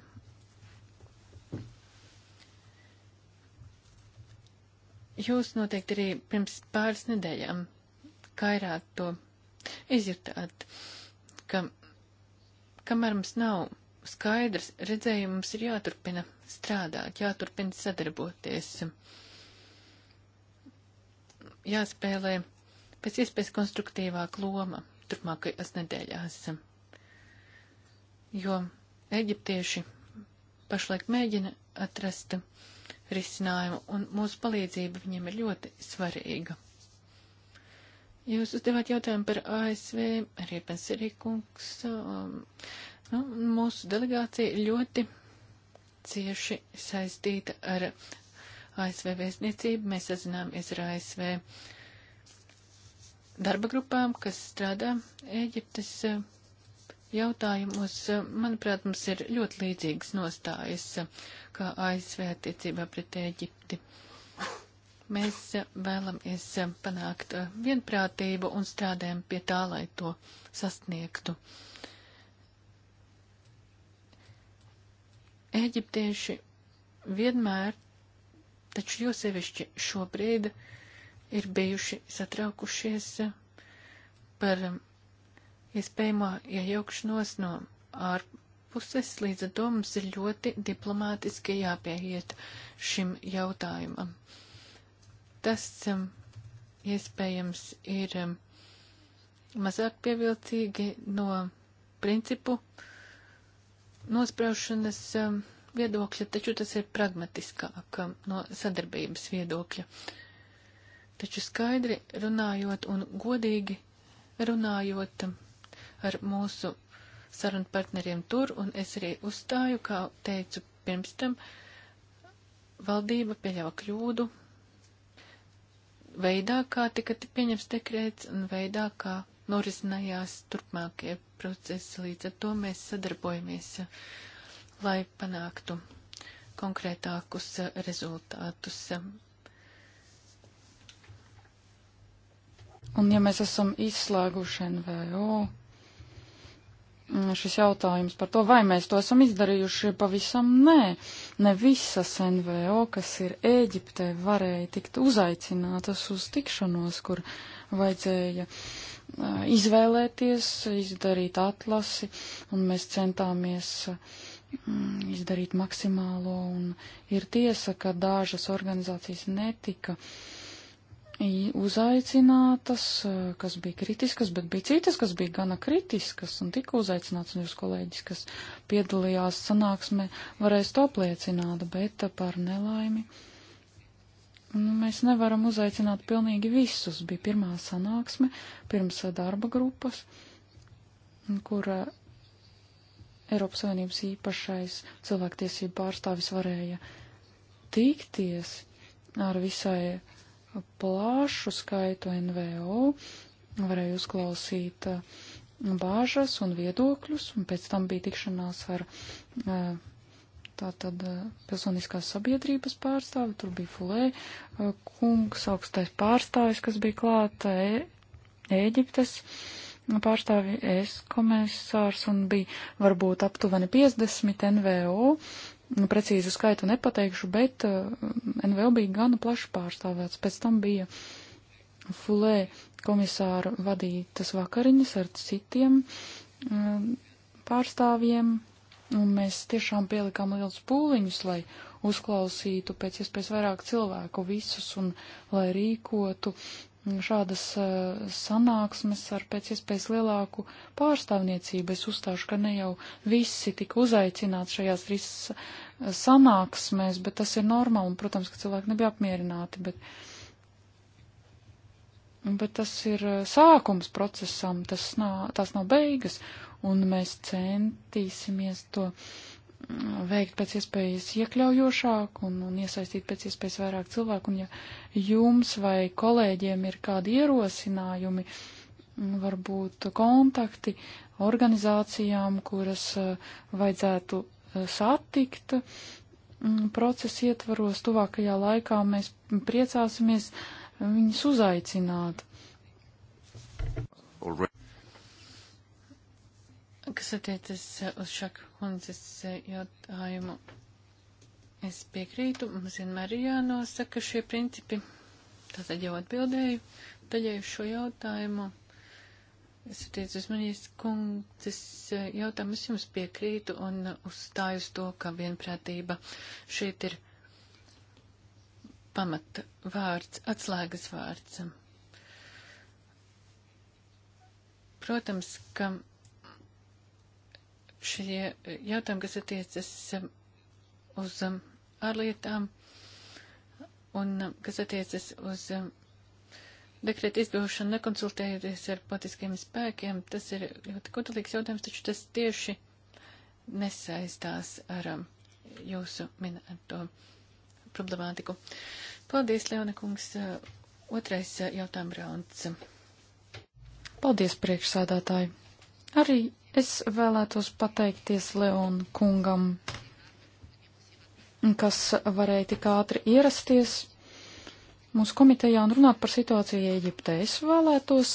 jūs noteikti arī pirms pāris nedēļām kairāk to izjutāt, ka kamēr mums nav skaidrs redzējums ir jāturpina strādāt, jāturpina sadarboties, jāspēlē pēc iespējas konstruktīvāk loma turpmākajās nedēļās, jo eģiptieši pašlaik mēģina atrast risinājumu, un mūsu palīdzība viņiem ir ļoti svarīga. Jūs uzdevāt jautājumu par ASV, arī Penserikungs. Um, Nu, mūsu delegācija ļoti cieši saistīta ar ASV vēstniecību. Mēs sazināmies ar ASV darba grupām, kas strādā Ēģiptes eh, jautājumos. Manuprāt, mums ir ļoti līdzīgas nostājas, eh, kā ASV attiecībā pret Ēģipti. Mēs eh, vēlamies panākt vienprātību un strādājam pie tā, lai to sasniegtu. Uh, Eģiptieši vienmēr, taču jo sevišķi šobrīd, ir bijuši satraukušies eh, par eh, iespējamo iejaukšanos no ārpuses, līdz ar to mums ir ļoti diplomātiski jāpieiet šim jautājumam. Tas eh, iespējams ir mazāk pievilcīgi no principu, uh, nospraušanas um, viedokļa, taču tas ir pragmatiskāk um, no sadarbības viedokļa. Taču skaidri runājot un godīgi runājot um, ar mūsu sarunu partneriem tur, un es arī uzstāju, kā teicu pirms tam, valdība pieļāva kļūdu veidā, kā tika pieņems dekrēts un veidā, kā norisinājās turpmākie process, līdz ar to mēs sadarbojamies, lai panāktu konkrētākus eh, rezultātus. Un ja mēs esam izslēguši NVO, mm, šis jautājums par to, vai mēs to esam izdarījuši, pavisam nē. Ne visas NVO, kas ir Ēģiptē, varēja tikt uzaicinātas uz tikšanos, kur vajadzēja izvēlēties, izdarīt atlasi, un mēs centāmies izdarīt maksimālo, un ir tiesa, ka dažas organizācijas netika uzaicinātas, kas bija kritiskas, bet bija citas, kas bija gana kritiskas un tika uzaicināts, un jūs kolēģis, kas piedalījās sanāksmē, varēs to apliecināt, bet par nelaimi. Uh, Nu, mēs nevaram uzaicināt pilnīgi visus. Bija pirmā sanāksme pirms darba grupas, kur eh, Eiropas Savienības īpašais cilvēktiesību pārstāvis varēja tikties ar visai plāšu skaitu NVO, varēja uzklausīt eh, bāžas un viedokļus, un pēc tam bija tikšanās ar uh, tātad eh, pilsoniskās sabiedrības pārstāvi, tur bija Fulē eh, kungs, augstais pārstāvis, kas bija klāta e Ēģiptes pārstāvi, es komisārs un bija varbūt aptuveni 50 NVO, nu, precīzu skaitu nepateikšu, bet eh, NVO bija gana plaši pārstāvēts. Pēc tam bija Fulē komisāra vadītas vakariņas ar citiem pārstāvjiem Un mēs tiešām pielikām lielus pūliņus, lai uzklausītu pēc iespējas vairāk cilvēku visus un lai rīkotu šādas uh, sanāksmes ar pēc iespējas lielāku pārstāvniecību. Es uzstāšu, ka ne jau visi tika uzaicināti šajās trīs eh, sanāksmēs, bet tas ir normāli un, protams, ka cilvēki nebija apmierināti, bet, bet tas ir eh, sākums procesam, tas nav, tas nav beigas un mēs centīsimies to mm, veikt pēc iespējas iekļaujošāk un, un iesaistīt pēc iespējas vairāk cilvēku. Un ja jums vai kolēģiem ir kādi ierosinājumi, mm, varbūt kontakti organizācijām, kuras eh, vajadzētu eh, satikt mm, procesa ietvaros, tuvākajā laikā mēs priecāsimies viņus uzaicināt. Already. Kas attiecas uz Šaka kundzes eh, jautājumu, es piekrītu, mums vienmēr ir jānosaka šie principi. Tātad jau atbildēju daļai uz šo jautājumu. Es attiecu uz manijas kundzes eh, jautājumu, es jums piekrītu un uzstāju uz to, ka vienprātība šeit ir pamata vārds, atslēgas vārds. Protams, ka šie eh, jautājumi, kas attiecas eh, uz eh, ārlietām un kas attiecas uz dekreta izdošanu, nekonsultējoties ar politiskiem spēkiem, tas ir ļoti kodolīgs jautājums, taču tas tieši nesaistās ar jūsu minēto problemātiku. Paldies, Leona kungs. Otrais jautājums rauns. Paldies, priekšsādātāji. Arī Es vēlētos pateikties Leon kungam, kas varēja tik ātri ierasties mūsu komitejā un runāt par situāciju Eģiptē. Es vēlētos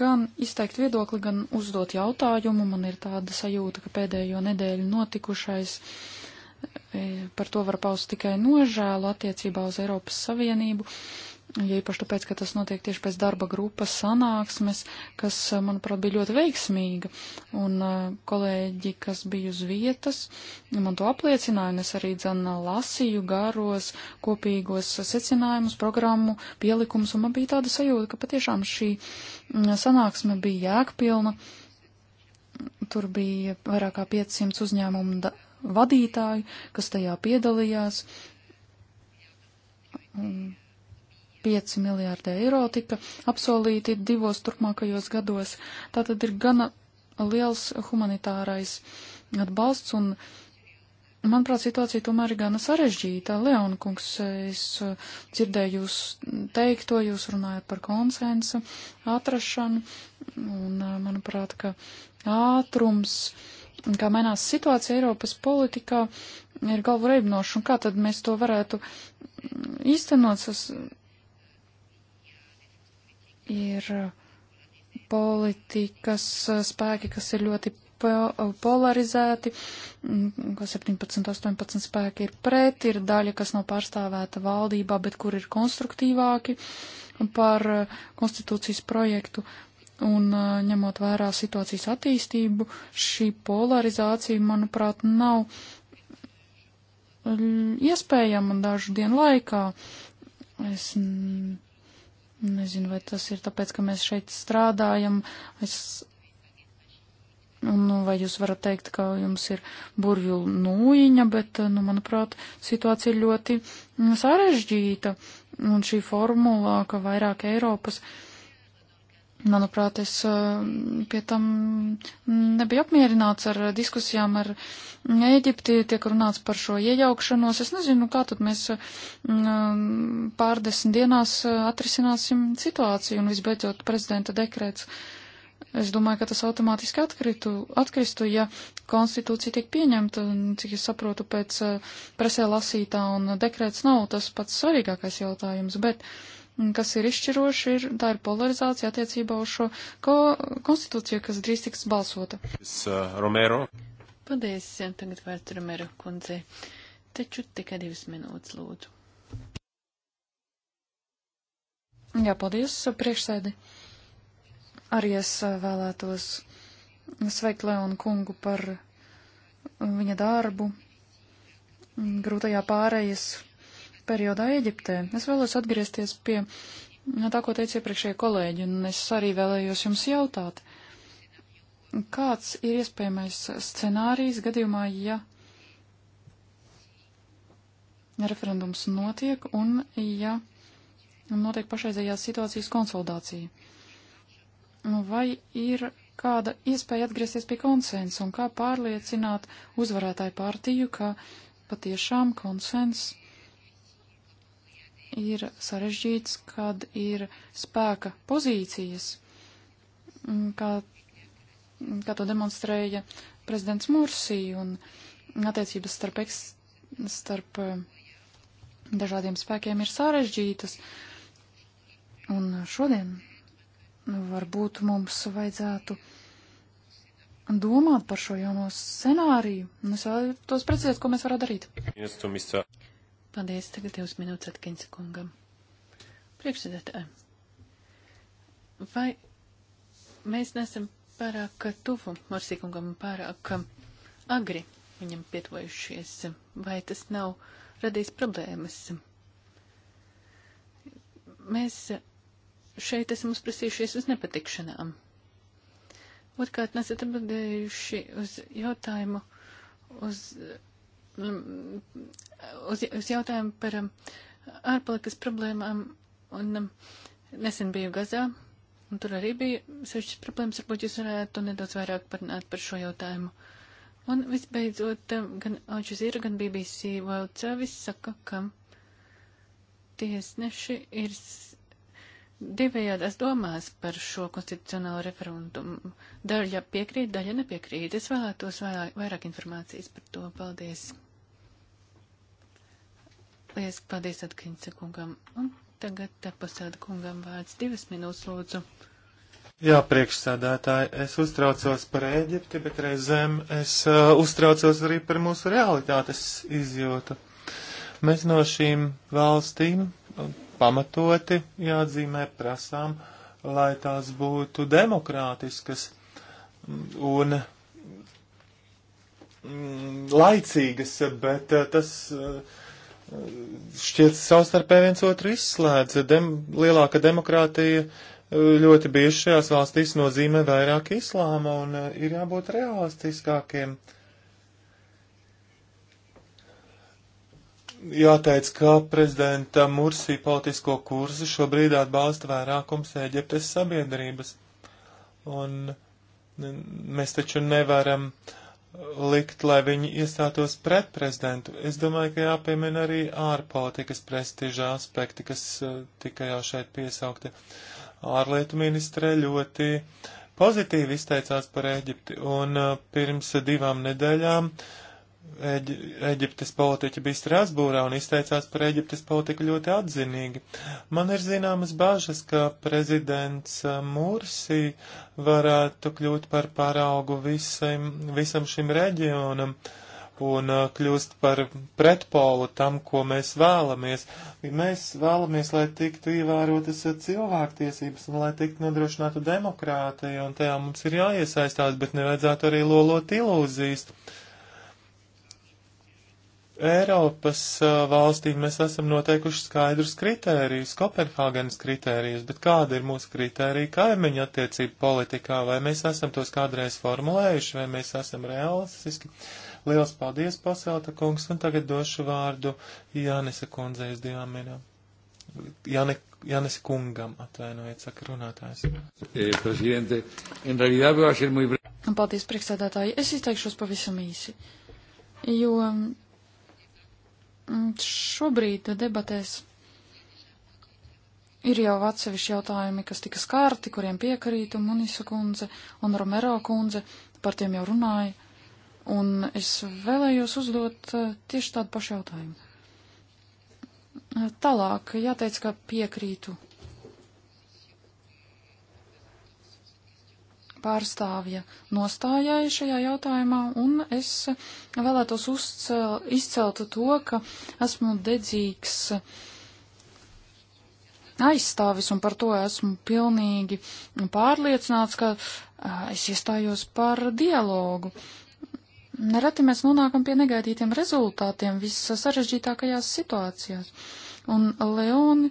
gan izteikt viedokli, gan uzdot jautājumu. Man ir tāda sajūta, ka pēdējo nedēļu notikušais e, par to var paust tikai nožēlu attiecībā uz Eiropas Savienību ja īpaši tāpēc, ka tas notiek tieši pēc darba grupas sanāksmes, kas, eh, manuprāt, bija ļoti veiksmīga. Un eh, kolēģi, kas bija uz vietas, man to apliecināja, un es arī dzen eh, lasīju garos kopīgos secinājumus, programmu, pielikumus, un man bija tāda sajūta, ka patiešām šī mm, sanāksme bija jēgpilna. Tur bija vairāk kā 500 uzņēmumu vadītāju, kas tajā piedalījās. Un 5 miljārdi eiro tika apsolīti divos turpmākajos gados. Tā tad ir gana liels humanitārais atbalsts un, manuprāt, situācija tomēr ir gana sarežģīta. Leona kungs, es eh, dzirdēju jūs teikto, jūs runājat par konsensu atrašanu un, eh, manuprāt, ka ātrums, kā mainās situācija Eiropas politikā, ir galvu reibinoši un kā tad mēs to varētu mm, īstenot. Es ir politikas spēki, kas ir ļoti polarizēti, ko 17, 18 spēki ir pret, ir daļa, kas nav pārstāvēta valdībā, bet kur ir konstruktīvāki par konstitūcijas projektu. Un ņemot vērā situācijas attīstību, šī polarizācija, manuprāt, nav iespējama dažu dienu laikā. Es Nezinu, vai tas ir tāpēc, ka mēs šeit strādājam. Es... Nu, vai jūs varat teikt, ka jums ir burvju nūjiņa, bet, nu, manuprāt, situācija ir ļoti mm, sarežģīta. Un šī formula, ka vairāk Eiropas, uh, Manuprāt, es eh, pie tam nebiju apmierināts ar diskusijām ar Ēģipti, tiek runāts par šo iejaukšanos. Es nezinu, kā tad mēs mm, eh, pārdesmit dienās eh, atrisināsim situāciju un visbeidzot prezidenta dekrets. Es domāju, ka tas automātiski atkritu, atkristu, ja konstitūcija tiek pieņemta, cik es saprotu, pēc presē lasītā un dekrets nav tas pats svarīgākais jautājums, bet. Uh, kas ir izšķiroši, ir, tā ir polarizācija attiecībā uz šo ko, konstitūciju, kas drīz tiks balsota. Es, uh, Romero. Paldies, tagad vērts Romero kundzei. Taču tikai divas minūtes lūdzu. Jā, paldies, priekšsēdi. Arī es uh, vēlētos sveikt Leonu kungu par viņa darbu grūtajā pārējas periodā Eģiptē. Es vēlos atgriezties pie tā, ko teica iepriekšējie kolēģi, un es arī vēlējos jums jautāt, kāds ir iespējamais scenārijs gadījumā, ja referendums notiek un ja notiek pašreizējās situācijas konsolidācija. Nu, vai ir kāda iespēja atgriezties pie konsensa un kā pārliecināt uzvarētāju partiju, ka patiešām konsens ir sarežģīts, kad ir spēka pozīcijas, mm, kā, kā to demonstrēja prezidents Mursī un attiecības starp, eks, starp eh, dažādiem spēkiem ir sarežģītas. Un šodien varbūt mums vajadzētu domāt par šo jauno scenāriju. Un es vēlētos precizēt, ko mēs varam darīt. Paldies, tagad divas minūtes Atkins kungam. Priekšsēdētāji, vai mēs nesam pārāk tuvu Morsīkungam un pārāk agri viņam pietuvojušies, vai tas nav radījis problēmas? Mēs šeit esam uzprasījušies uz nepatikšanām. Otkārt, nesat atbildējuši uz jautājumu, uz Mm, uz, uz jautājumu par um, ārpolitikas problēmām. Un um, nesen biju Gazā, un tur arī bija sevišķas problēmas, varbūt jūs varētu nedaudz vairāk parunāt par šo jautājumu. Un visbeidzot, um, gan Alžīra, gan BBC vēl cavis saka, ka tiesneši ir divējādās domās par šo konstitucionālo referendumu. Daļa piekrīt, daļa nepiekrīt. Es vēlētos vairāk, vairāk informācijas par to. Paldies! Lies paldies Atkinsa kungam. Un tagad tapasēda kungam vārds divas minūtes lūdzu. Jā, priekšsādātāji, es uztraucos par Ēģipti, bet reizēm es uh, uztraucos arī par mūsu realitātes izjūtu. Mēs no šīm valstīm uh, pamatoti jāatzīmē prasām, lai tās būtu demokrātiskas mm, un mm, laicīgas, bet uh, tas. Uh, šķiet savstarpēji viens otru izslēdz. Dem, lielāka demokrātija e, ļoti bieži šajās valstīs nozīmē vairāk islāma un e, ir jābūt realistiskākiem. Jāteic, ka prezidenta Mursī politisko kursu šobrīd atbalsta vairākums Eģiptes sabiedrības. Un mēs taču nevaram uh, likt, lai viņi iestātos pret prezidentu. Es domāju, ka jāpiemina arī ārpolitikas prestiža aspekti, kas eh, tika jau šeit piesaukti. Ārlietu ministre ļoti pozitīvi izteicās par Eģipti, un eh, pirms divām nedēļām uh, Eģi, Eģiptes politiķi bija Strasbūrā un izteicās par Eģiptes politiku ļoti atzinīgi. Man ir zināmas bažas, ka prezidents eh, Mursi varētu kļūt par paraugu visam, visam šim reģionam un eh, kļūst par pretpolu tam, ko mēs vēlamies. Mēs vēlamies, lai tiktu ievērotas eh, cilvēktiesības un lai tiktu nodrošināta demokrātija, un tajā mums ir jāiesaistās, bet nevajadzētu arī lolot ilūzijas. Eiropas uh, valstīm mēs esam noteikuši skaidrus kritērijus, Kopenhāgenes kritērijus, bet kāda ir mūsu kritērija kaimiņu attiecību politikā, vai mēs esam tos kādreiz formulējuši, vai mēs esam realistiski. Liels paldies, Paselta kungs, un tagad došu vārdu Jānisa kundzei uz divām minūtēm. Jāne, Jānis kungam atvainojiet, saka runātājs. Eh, paldies, priekšsēdētāji. Es izteikšos pavisam īsi, jo Šobrīd debatēs ir jau atsevišķi jautājumi, kas tika skārti, kuriem piekrītu Munisa kundze un Romero kundze, par tiem jau runāja, un es vēlējos uzdot eh, tieši tādu pašu jautājumu. Tālāk jāteic, ka piekrītu pārstāvja nostājai šajā jautājumā, un es vēlētos uzcel, izcelt to, ka esmu dedzīgs aizstāvis, un par to esmu pilnīgi pārliecināts, ka es iestājos par dialogu. Nereti mēs nonākam pie negaidītiem rezultātiem vissarežģītākajās situācijās. Un Leoni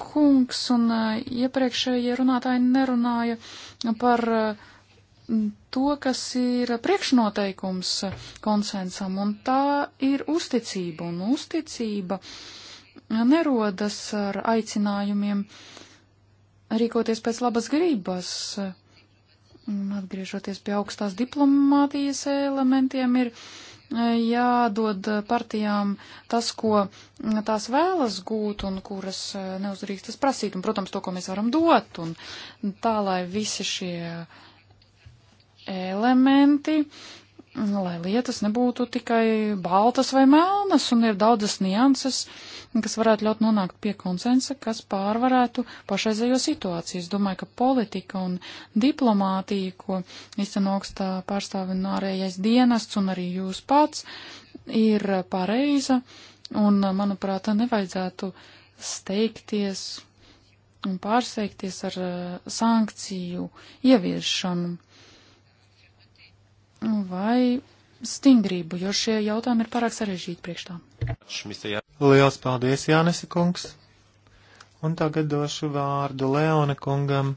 kungs un eh, iepriekšējie runātāji nerunāja par eh, to, kas ir priekšnoteikums konsensam, un tā ir uzticība, un uzticība nerodas ar aicinājumiem rīkoties pēc labas gribas. Atgriežoties pie augstās diplomātijas elementiem, ir jādod partijām tas, ko tās vēlas gūt un kuras eh, neuzdrīkstas prasīt, un, protams, to, ko mēs varam dot, un tā, lai visi šie elementi lai lietas nebūtu tikai baltas vai melnas, un ir daudzas nianses, kas varētu ļaut nonākt pie konsensa, kas pārvarētu pašreizējo situāciju. Es domāju, ka politika un diplomātija, ko īstenībā augstā pārstāvi un ārējais dienests un arī jūs pats, ir pareiza, un, manuprāt, nevajadzētu steigties un pārsteigties ar eh, sankciju ieviešanu vai stingrību, jo šie jautājumi ir pārāk sarežģīti priekš tā. Lielas paldies, Jānesa kungs! Un tagad došu vārdu Leona kungam,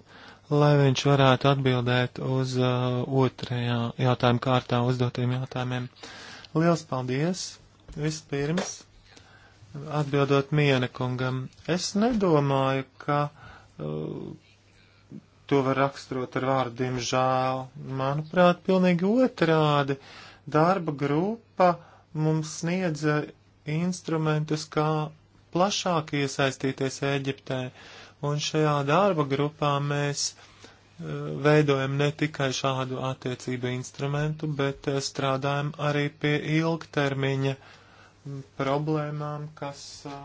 lai viņš varētu atbildēt uz uh, otrajā jautājuma kārtā uzdotiem jautājumiem. Lielas paldies! Vispirms, atbildot Miena kungam, es nedomāju, ka uh, to var raksturot ar vārdiem žēl. Manuprāt, pilnīgi otrādi. Darba grupa mums sniedza instrumentus, kā plašāk iesaistīties Eģiptē, un šajā darba grupā mēs eh, veidojam ne tikai šādu attiecību instrumentu, bet eh, strādājam arī pie ilgtermiņa problēmām, kas uh,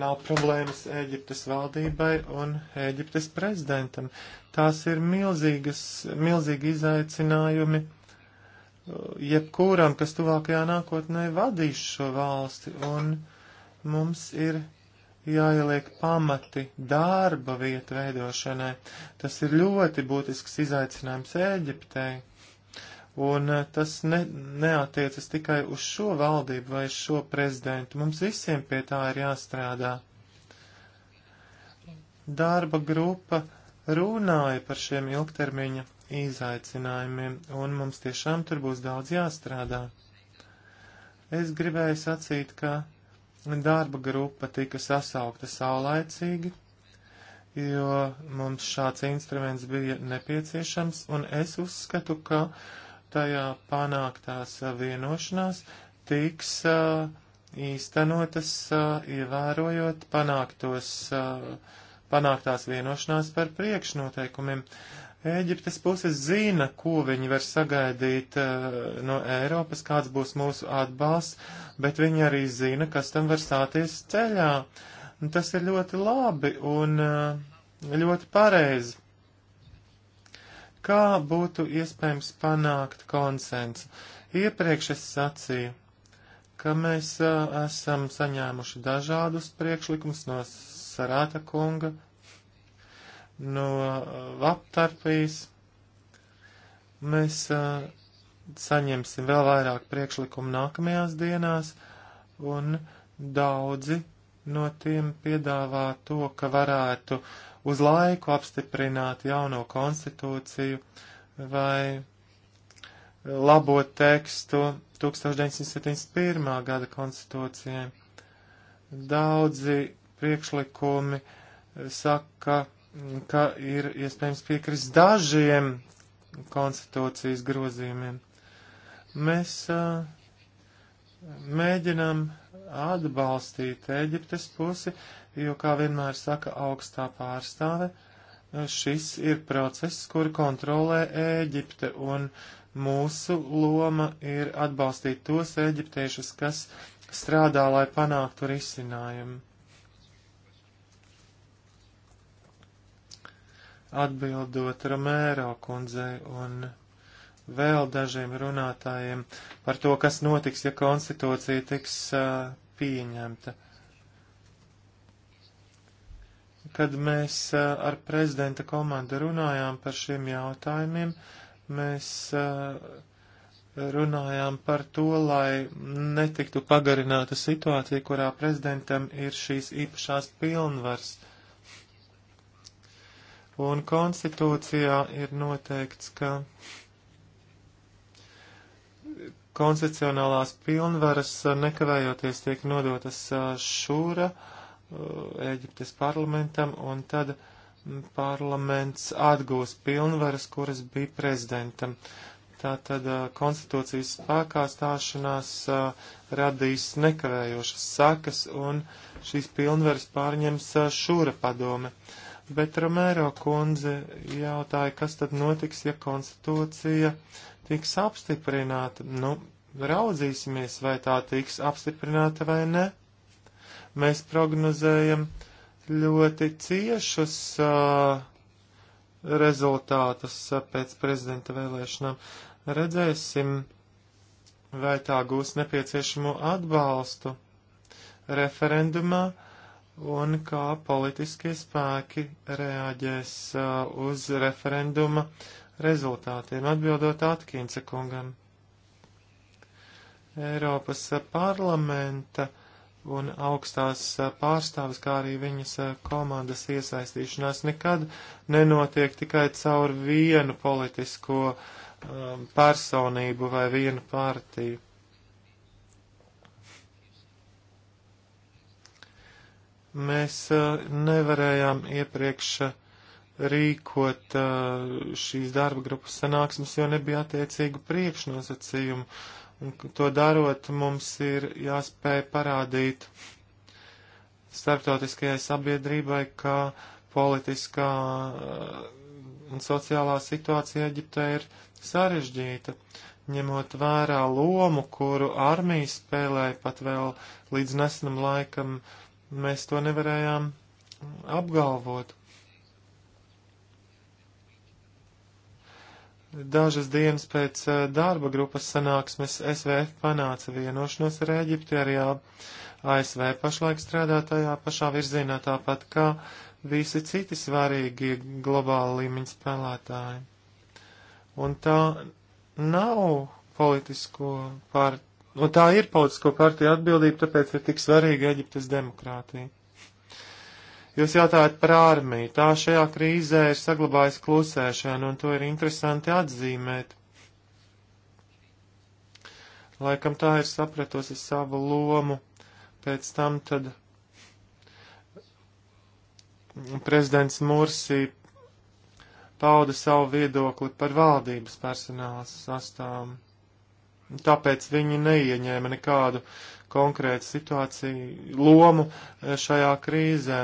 nav problēmas Ēģiptes valdībai un Ēģiptes prezidentam. Tās ir milzīgas, milzīgi izaicinājumi jebkuram, kas tuvākajā nākotnē vadīs šo valsti, un mums ir jāieliek pamati darba vietu veidošanai. Tas ir ļoti būtisks izaicinājums Ēģiptei. Un eh, tas ne, neatiecas tikai uz šo valdību vai šo prezidentu. Mums visiem pie tā ir jāstrādā. Darba grupa runāja par šiem ilgtermiņa izaicinājumiem, un mums tiešām tur būs daudz jāstrādā. Es gribēju sacīt, ka darba grupa tika sasaukta saulaicīgi, jo mums šāds instruments bija nepieciešams, un es uzskatu, ka tajā panāktās vienošanās tiks īstenotas, ievērojot panāktos, panāktās vienošanās par priekšnoteikumiem. Ēģiptes puses zina, ko viņi var sagaidīt no Eiropas, kāds būs mūsu atbalsts, bet viņi arī zina, kas tam var stāties ceļā. Tas ir ļoti labi un ļoti pareizi kā būtu iespējams panākt konsensu. Iepriekš es sacīju, ka mēs a, esam saņēmuši dažādus priekšlikumus no Sarāta kunga, no Vaptarpijas. Mēs a, saņemsim vēl vairāk priekšlikumu nākamajās dienās, un daudzi no tiem piedāvā to, ka varētu uz laiku apstiprināt jauno konstitūciju vai labot tekstu 1971. gada konstitūcijai. Daudzi priekšlikumi saka, ka ir iespējams piekrist dažiem konstitūcijas grozījumiem. Mēs uh, mēģinām atbalstīt Eģiptes pusi, jo, kā vienmēr saka augstā pārstāve, šis ir process, kur kontrolē Eģipte, un mūsu loma ir atbalstīt tos eģiptiešus, kas strādā, lai panāktu risinājumu. Atbildot Romēro kundzei un vēl dažiem runātājiem par to, kas notiks, ja konstitūcija tiks uh, pieņemta. Kad mēs uh, ar prezidenta komandu runājām par šiem jautājumiem, mēs uh, runājām par to, lai netiktu pagarināta situācija, kurā prezidentam ir šīs īpašās pilnvars. Un konstitūcijā ir noteikts, ka koncepcionālās pilnvaras eh, nekavējoties tiek nodotas eh, šūra eh, Ēģiptes parlamentam, un tad mm, parlaments atgūs pilnvaras, kuras bija prezidentam. Tātad konstitūcijas spēkā stāšanās radīs nekavējošas sakas, un šīs pilnvaras pārņems šūra padome. Bet Romēro kundze jautāja, kas tad notiks, ja konstitūcija tiks apstiprināta. Nu, raudzīsimies, vai tā tiks apstiprināta vai ne. Mēs prognozējam ļoti ciešus uh, rezultātus uh, pēc prezidenta vēlēšanām. Redzēsim, vai tā gūs nepieciešamo atbalstu referendumā un kā politiskie spēki reaģēs uh, uz referenduma uh, rezultātiem, atbildot Atkinsa kungam. Eiropas parlamenta un augstās pārstāvis, kā arī viņas komandas iesaistīšanās nekad nenotiek tikai caur vienu politisko um, personību vai vienu partiju. Mēs uh, nevarējām iepriekš uh, rīkot šīs darba grupas sanāksmes, jo nebija attiecīgu priekšnosacījumu. Un to darot, mums ir jāspēj parādīt starptautiskajai sabiedrībai, ka politiskā un sociālā situācija Eģiptē ir sarežģīta, ņemot vērā lomu, kuru armija spēlēja pat vēl līdz nesenam laikam, mēs to nevarējām apgalvot. Dažas dienas pēc eh, darba grupas sanāksmes SVF panāca vienošanos ar Eģipti, arī ASV pašlaik strādā tajā pašā virzienā tāpat kā visi citi svarīgi globāli līmeņa spēlētāji. Un tā nav politisko partiju, un tā ir politisko partiju atbildība, tāpēc ir tik svarīga Eģiptes demokrātija. Jūs jautājat par armiju. Tā šajā krīzē ir saglabājis klusēšanu, un to ir interesanti atzīmēt. Laikam tā ir sapratusi savu lomu. Pēc tam tad prezidents Mursī pauda savu viedokli par valdības personāla sastāvu. Tāpēc viņi neieņēma nekādu konkrētu situāciju lomu eh, šajā krīzē.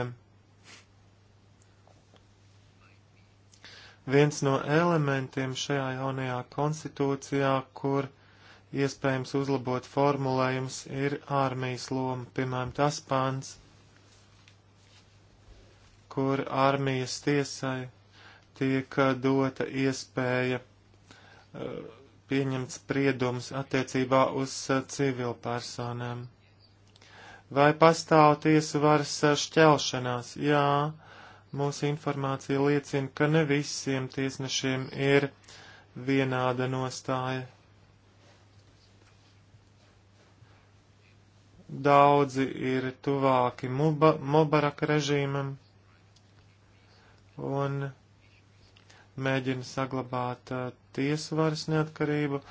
viens no elementiem šajā jaunajā konstitūcijā, kur iespējams uzlabot formulējums, ir armijas loma, piemēram, tas pāns, kur armijas tiesai tiek uh, dota iespēja uh, pieņemt spriedumus attiecībā uz uh, civilpersonām. Vai pastāv tiesu varas uh, šķelšanās? Jā, mūsu informācija liecina, ka ne visiem tiesnešiem ir vienāda nostāja. Daudzi ir tuvāki muba, Mubaraka režīmam un mēģina saglabāt uh, tiesvaras neatkarību,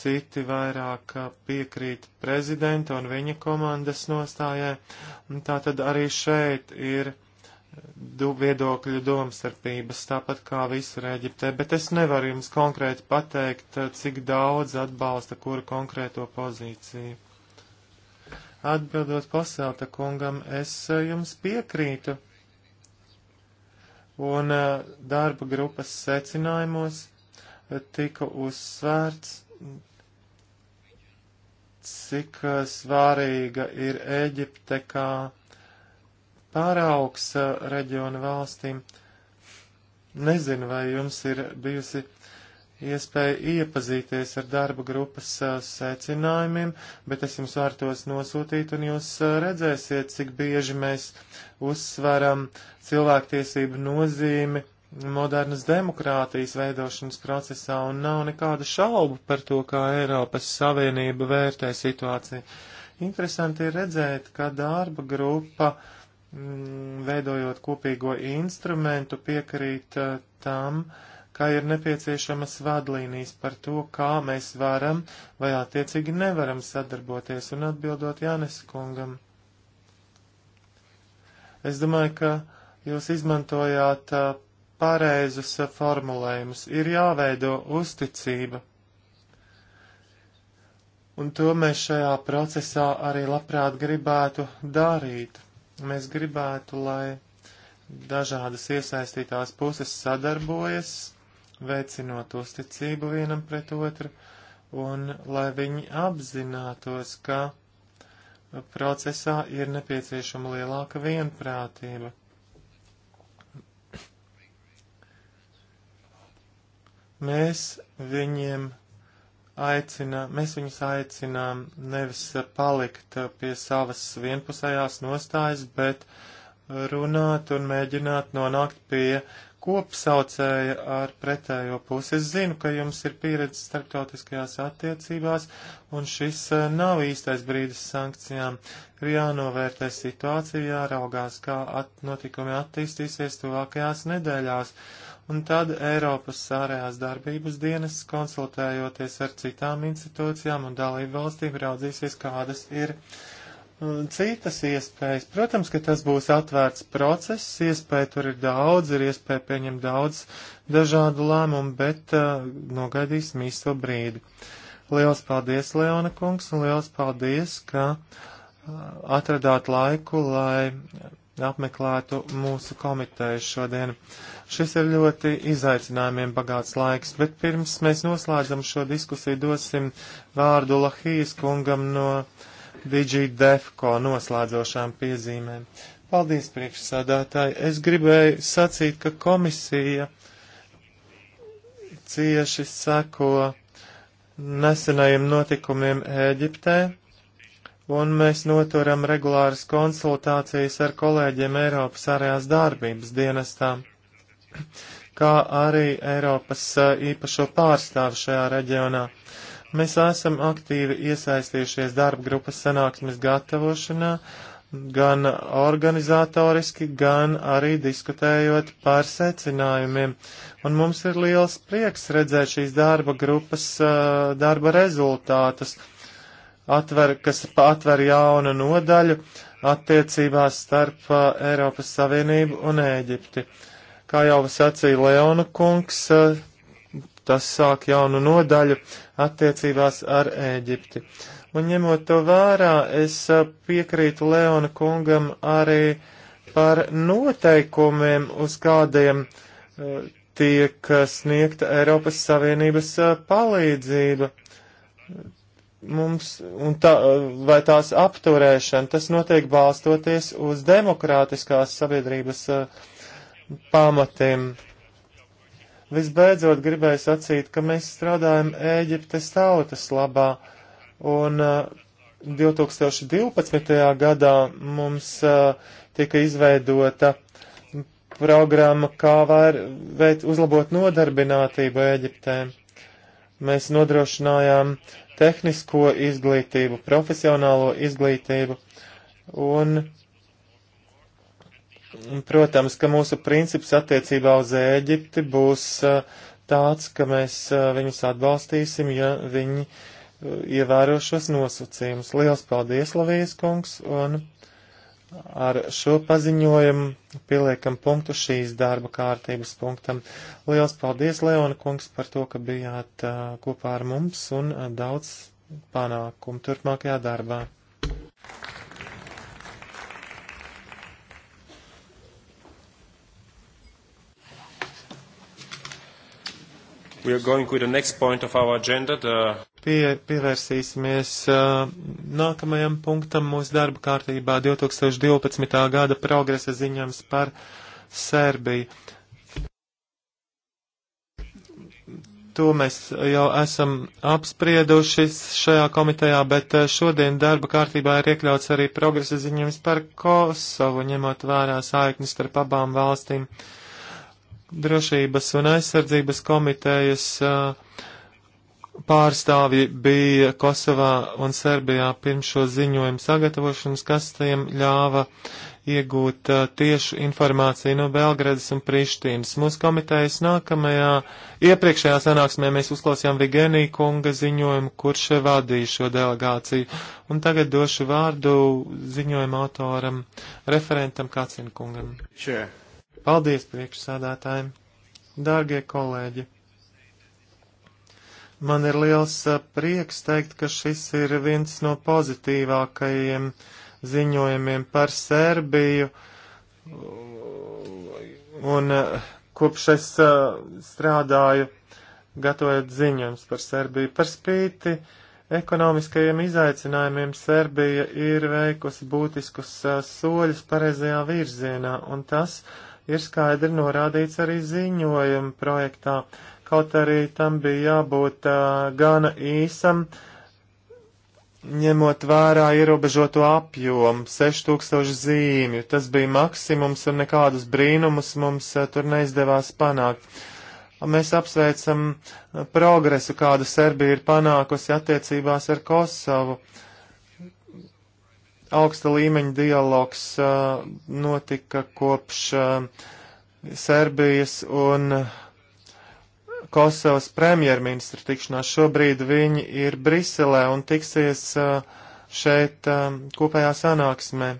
citi vairāk uh, piekrīt prezidenta un viņa komandas nostājai, un tā tad arī šeit ir du viedokļu domstarpības, tāpat kā visur Eģiptē, bet es nevaru jums konkrēti pateikt, eh, cik daudz atbalsta kuru konkrēto pozīciju. Atbildot pasēlta kungam, es eh, jums piekrītu. Un eh, darba grupas secinājumos tika uzsvērts, cik svārīga ir Eģipte kā pāraugs uh, reģionu valstīm. Nezinu, vai jums ir bijusi iespēja iepazīties ar darba grupas uh, secinājumiem, bet es jums varu tos nosūtīt, un jūs uh, redzēsiet, cik bieži mēs uzsveram cilvēktiesību nozīmi modernas demokrātijas veidošanas procesā, un nav nekādu šaubu par to, kā Eiropas Savienība vērtē situāciju. Interesanti ir redzēt, ka darba grupa uh, Mm, veidojot kopīgo instrumentu, piekrīt eh, tam, ka ir nepieciešamas vadlīnijas par to, kā mēs varam vai attiecīgi nevaram sadarboties un atbildot Jānis kungam. Es domāju, ka jūs izmantojāt eh, pareizus eh, formulējumus. Ir jāveido uzticība. Un to mēs šajā procesā arī labprāt gribētu darīt. Mēs gribētu, lai dažādas iesaistītās puses sadarbojas, veicinot uzticību vienam pret otru, un lai viņi apzinātos, ka procesā ir nepieciešama lielāka vienprātība. Mēs viņiem aicina, mēs viņus aicinām nevis palikt pie savas vienpusējās nostājas, bet runāt un mēģināt nonākt pie kopsaucēja ar pretējo pusi. Es zinu, ka jums ir pieredze starptautiskajās attiecībās, un šis eh, nav īstais brīdis sankcijām. Ir jānovērtē situācija, jāraugās, kā at notikumi attīstīsies tuvākajās nedēļās. Uh, un tad Eiropas ārējās darbības dienas, konsultējoties ar citām institūcijām un dalību valstīm, raudzīsies, kādas ir mm, citas iespējas. Protams, ka tas būs atvērts process, iespēja tur ir daudz, ir iespēja pieņemt daudz dažādu lēmumu, bet uh, nogaidīsim īsto brīdi. Liels paldies, Leona kungs, un liels paldies, ka mm, atradāt laiku, lai apmeklētu mūsu komiteju šodien. Šis ir ļoti izaicinājumiem bagāts laiks, bet pirms mēs noslēdzam šo diskusiju, dosim vārdu Lahijas kungam no DigiDefko noslēdzošām piezīmēm. Paldies, priekšsādātāji. Es gribēju sacīt, ka komisija cieši seko nesenajiem notikumiem Ēģiptē un mēs noturam regulāras konsultācijas ar kolēģiem Eiropas ārējās darbības dienestām, kā arī Eiropas eh, īpašo pārstāvu šajā reģionā. Mēs esam aktīvi iesaistījušies darba grupas sanāksmes gatavošanā, gan organizatoriski, gan arī diskutējot par secinājumiem. Un mums ir liels prieks redzēt šīs darba grupas eh, darba rezultātus atver, kas atver jaunu nodaļu attiecībās starp uh, Eiropas Savienību un Ēģipti. Kā jau sacīja Leona kungs, uh, tas sāk jaunu nodaļu attiecībās ar Ēģipti. Un ņemot to vērā, es uh, piekrītu Leona kungam arī par noteikumiem, uz kādiem uh, tiek sniegta Eiropas Savienības uh, palīdzība mums, un tā, vai tās apturēšana, tas notiek balstoties uz demokrātiskās sabiedrības uh, pamatiem. Visbeidzot, gribēju sacīt, ka mēs strādājam Ēģiptes tautas labā, un uh, eh, 2012. gadā mums uh, tika izveidota programma, kā var veikt uzlabot nodarbinātību Ēģiptē. Mēs nodrošinājām uh, tehnisko izglītību, profesionālo izglītību. Un, protams, ka mūsu princips attiecībā uz Ēģipti būs uh, tāds, ka mēs uh, viņus atbalstīsim, ja viņi uh, ievēro šos nosacījumus. Liels paldies, Lavijas kungs! Un Ar šo paziņojumu pieliekam punktu šīs darba kārtības punktam. Liels paldies, Leona kungs, par to, ka bijāt uh, kopā ar mums un uh, daudz panākumu turpmākajā darbā. We are going with the next point of our agenda. The pie, pievērsīsimies uh, nākamajam punktam mūsu darba kārtībā 2012. gada progresa ziņams par Serbiju. To mēs jau esam apsprieduši šajā komitejā, bet uh, šodien darba kārtībā ir iekļauts arī progresa ziņojums par Kosovu, ņemot vērā saiknis starp abām valstīm. Drošības un aizsardzības komitejas uh, pārstāvji bija Kosovā un Serbijā pirms šo ziņojumu sagatavošanas, kas tiem ļāva iegūt uh, tiešu informāciju no Belgradas un Prištīnas. Mūsu komitejas nākamajā, iepriekšējā sanāksmē mēs uzklausījām Vigenī kunga ziņojumu, kurš vadīja šo delegāciju. Un tagad došu vārdu ziņojuma autoram, referentam Kacin kungam. Čē. Paldies priekšsādātājiem. Dārgie kolēģi! Man ir liels prieks teikt, ka šis ir viens no pozitīvākajiem ziņojumiem par Serbiju. Un kopš es strādāju, gatavojot ziņojums par Serbiju, par spīti ekonomiskajiem izaicinājumiem Serbija ir veikusi būtiskus soļus pareizajā virzienā, un tas ir skaidri norādīts arī ziņojuma projektā kaut arī tam bija jābūt uh, gana īsam, ņemot vērā ierobežoto apjomu - 6000 zīmju. Tas bija maksimums un nekādus brīnumus mums uh, tur neizdevās panākt. Mēs apsveicam progresu, kādu Serbija ir panākusi attiecībās ar Kosovu. Augsta līmeņa dialogs uh, notika kopš uh, Serbijas un uh, Kosovas premjerministra tikšanās. Šobrīd viņi ir Briselē un tiksies uh, šeit um, kopējā sanāksmē.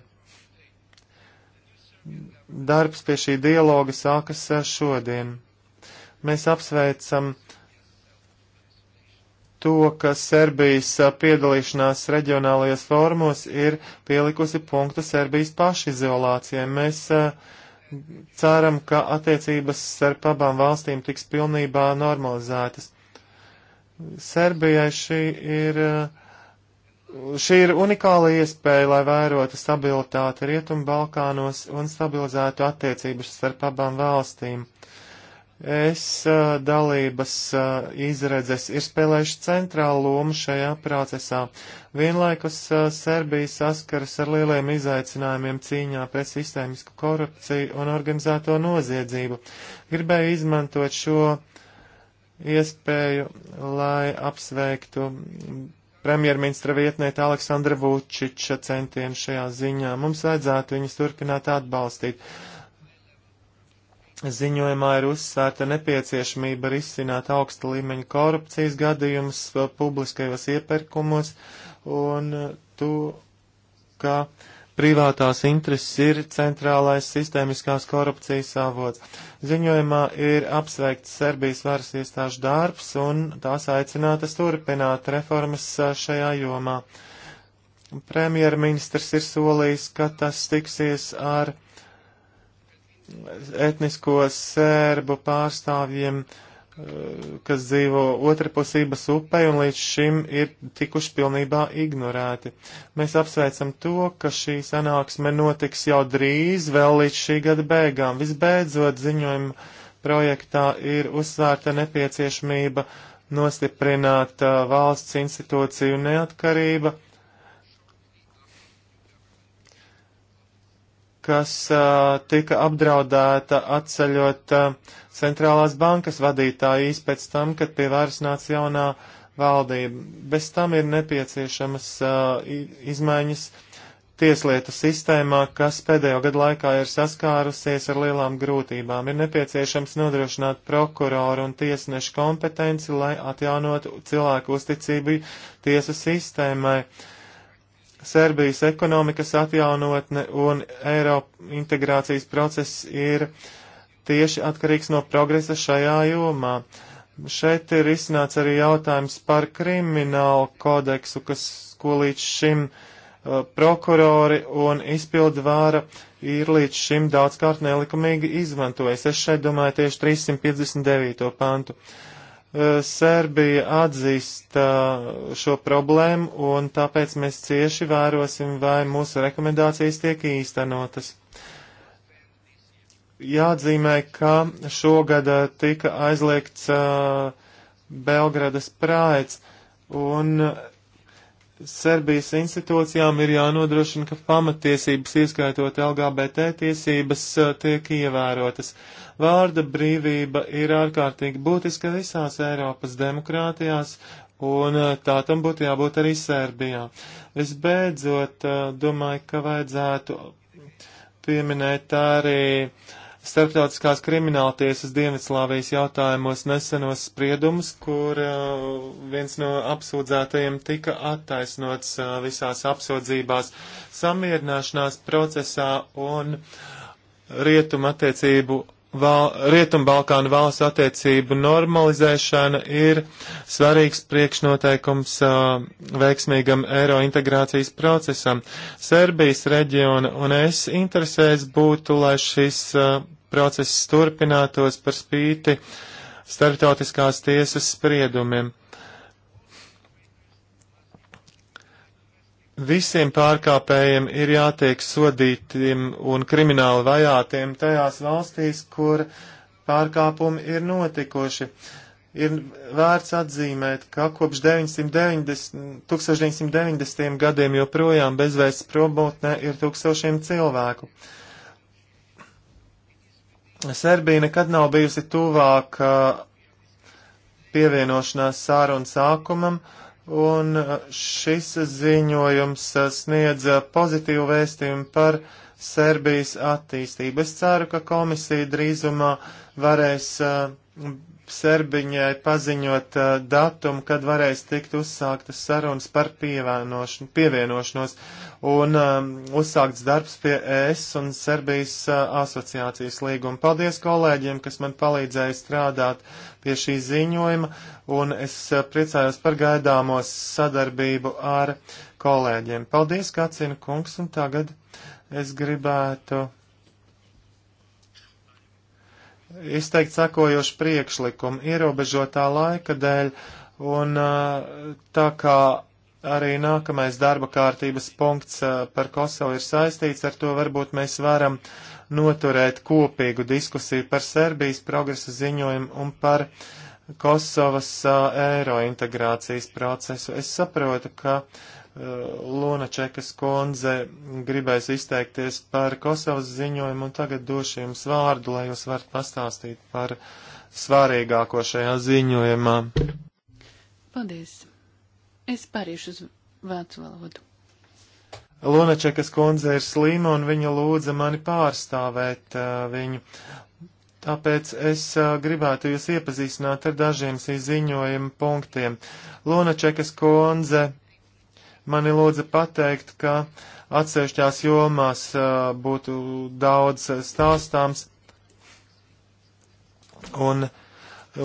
Darbs pie šī dialoga sākas uh, šodien. Mēs apsveicam to, ka Serbijas uh, piedalīšanās reģionālajos formos ir pielikusi punktu Serbijas pašizolācijai. Mēs uh, ceram, ka attiecības starp abām valstīm tiks pilnībā normalizētas. Serbijai šī ir, šī ir unikāla iespēja, lai vērotu stabilitāti Rietumbalkānos un stabilizētu attiecības starp abām valstīm es eh, dalības eh, izredzes ir spēlējuši centrālu lomu šajā procesā. Vienlaikus eh, Serbija saskaras ar lieliem izaicinājumiem cīņā pret sistēmisku korupciju un organizēto noziedzību. Gribēju izmantot šo iespēju, lai apsveiktu premjerministra vietnieta Aleksandra Vučiča centienu šajā ziņā. Mums vajadzētu viņus turpināt atbalstīt. Uh, Ziņojumā ir uzsvērta nepieciešamība risināt augsta līmeņa korupcijas gadījumus publiskajos iepirkumos un to, ka privātās intereses ir centrālais sistēmiskās korupcijas avots. Ziņojumā ir apsveikts Serbijas varas iestāžu darbs un tās aicinātas turpināt reformas šajā jomā. Premjerministrs ir solījis, ka tas tiksies ar etnisko sērbu pārstāvjiem, eh, kas dzīvo otrpusības upē un līdz šim ir tikuši pilnībā ignorēti. Mēs apsveicam to, ka šī sanāksme notiks jau drīz, vēl līdz šī gada beigām. Visbeidzot, ziņojuma projektā ir uzsvērta nepieciešamība nostiprināt eh, valsts institūciju neatkarība kas uh, tika apdraudēta atceļot uh, centrālās bankas vadītāju īs pēc tam, kad pie varas nāca jaunā valdība. Bez tam ir nepieciešamas uh, izmaiņas tieslietu sistēmā, kas pēdējo gadu laikā ir saskārusies ar lielām grūtībām. Ir nepieciešams nodrošināt prokuroru un tiesnešu kompetenci, lai atjaunotu cilvēku uzticību tiesu sistēmai. Uh, Serbijas ekonomikas atjaunotne un Eiropa integrācijas process ir tieši atkarīgs no progresa šajā jomā. Šeit ir izsnāts arī jautājums par kriminālu kodeksu, kas, ko līdz šim uh, prokurori un izpildu vāra ir līdz šim daudzkārt nelikumīgi izmantojis. Es šeit domāju tieši 359. pantu. Uh, Eh, Serbija atzīst eh, šo problēmu, un tāpēc mēs cieši vērosim, vai mūsu rekomendācijas tiek īstenotas. Jāatzīmē, ka šogad eh, tika aizliegts Belgradas prāts, un Serbijas institūcijām ir jānodrošina, ka pamatiesības, ieskaitot LGBT tiesības, tiek ievērotas. Vārda brīvība ir ārkārtīgi būtiska visās Eiropas demokrātijās, un tā tam būtu jābūt arī Serbijā. Visbeidzot, domāju, ka vajadzētu pieminēt arī uh, starptautiskās krimināltiesas Dienvidslāvijas jautājumos nesenos spriedumus, kur uh, viens no apsūdzētajiem tika attaisnots uh, visās apsūdzībās samierināšanās procesā un rietuma attiecību val, Rietumbalkānu valsts attiecību normalizēšana ir svarīgs priekšnoteikums uh, veiksmīgam eiro integrācijas procesam. Serbijas reģiona un es interesēs būtu, lai šis uh, process turpinātos par spīti starptautiskās tiesas spriedumiem. Visiem pārkāpējiem ir jātiek sodītiem un krimināli vajātiem tajās valstīs, kur pārkāpumi ir notikuši. Ir vērts atzīmēt, ka kopš 990, 1990. gadiem joprojām bezvēsts probūtnē ir tūkstošiem cilvēku. Serbija nekad nav bijusi tuvāk uh, pievienošanās sārunu sākumam, uh, un šis ziņojums sniedza pozitīvu vēstījumu par Serbijas attīstību. Es ceru, ka komisija drīzumā varēs uh, Serbiņai paziņot uh, datumu, kad varēs tikt uzsāktas sarunas par pievienošanos un um, uzsākts darbs pie ES un Serbijas uh, asociācijas līguma. Paldies kolēģiem, kas man palīdzēja strādāt pie šī ziņojuma, un es uh, priecājos par gaidāmo sadarbību ar kolēģiem. Paldies, Kacina kungs, un tagad es gribētu izteikt sakojošu priekšlikumu ierobežotā laika dēļ, un uh, tā kā Arī nākamais darba kārtības punkts uh, par Kosovu ir saistīts ar to, varbūt mēs varam noturēt kopīgu diskusiju par Serbijas progresa ziņojumu un par Kosovas uh, eiro integrācijas procesu. Es saprotu, ka uh, Lunačekas kundze gribēs izteikties par Kosovas ziņojumu un tagad došu jums vārdu, lai jūs varat pastāstīt par svarīgāko šajā ziņojumā. Paldies! Es pāriešu uz vācu valodu. Lunačekas kundze ir slima un viņa lūdza mani pārstāvēt uh, viņu. Tāpēc es uh, gribētu jūs iepazīstināt ar dažiem ziņojuma punktiem. Lunačekas kundze mani lūdza pateikt, ka atsevišķās jomās uh, būtu daudz stāstāms. Un uh,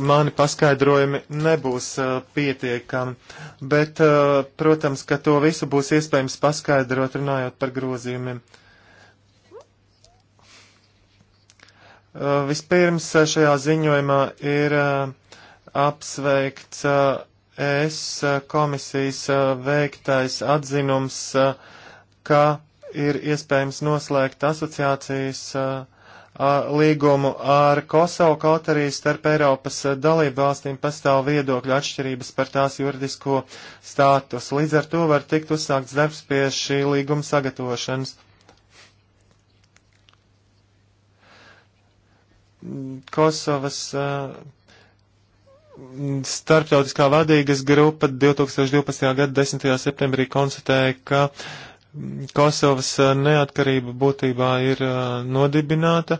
mani paskaidrojumi nebūs uh, pietiekami, bet, uh, protams, ka to visu būs iespējams paskaidrot runājot par grozījumiem. Uh, vispirms šajā ziņojumā ir apsveikts es komisijas veiktais atzinums, ka ir iespējams noslēgt asociācijas uh, līgumu ar Kosovu, kaut arī starp Eiropas dalību valstīm pastāv viedokļu atšķirības par tās juridisko status. Līdz ar to var tikt uzsākts darbs pie šī līguma sagatavošanas. Kosovas uh, starptautiskā vadīgas grupa 2012. gada 10. septembrī konstatēja, ka uh, Kosovas eh, neatkarība būtībā ir eh, nodibināta,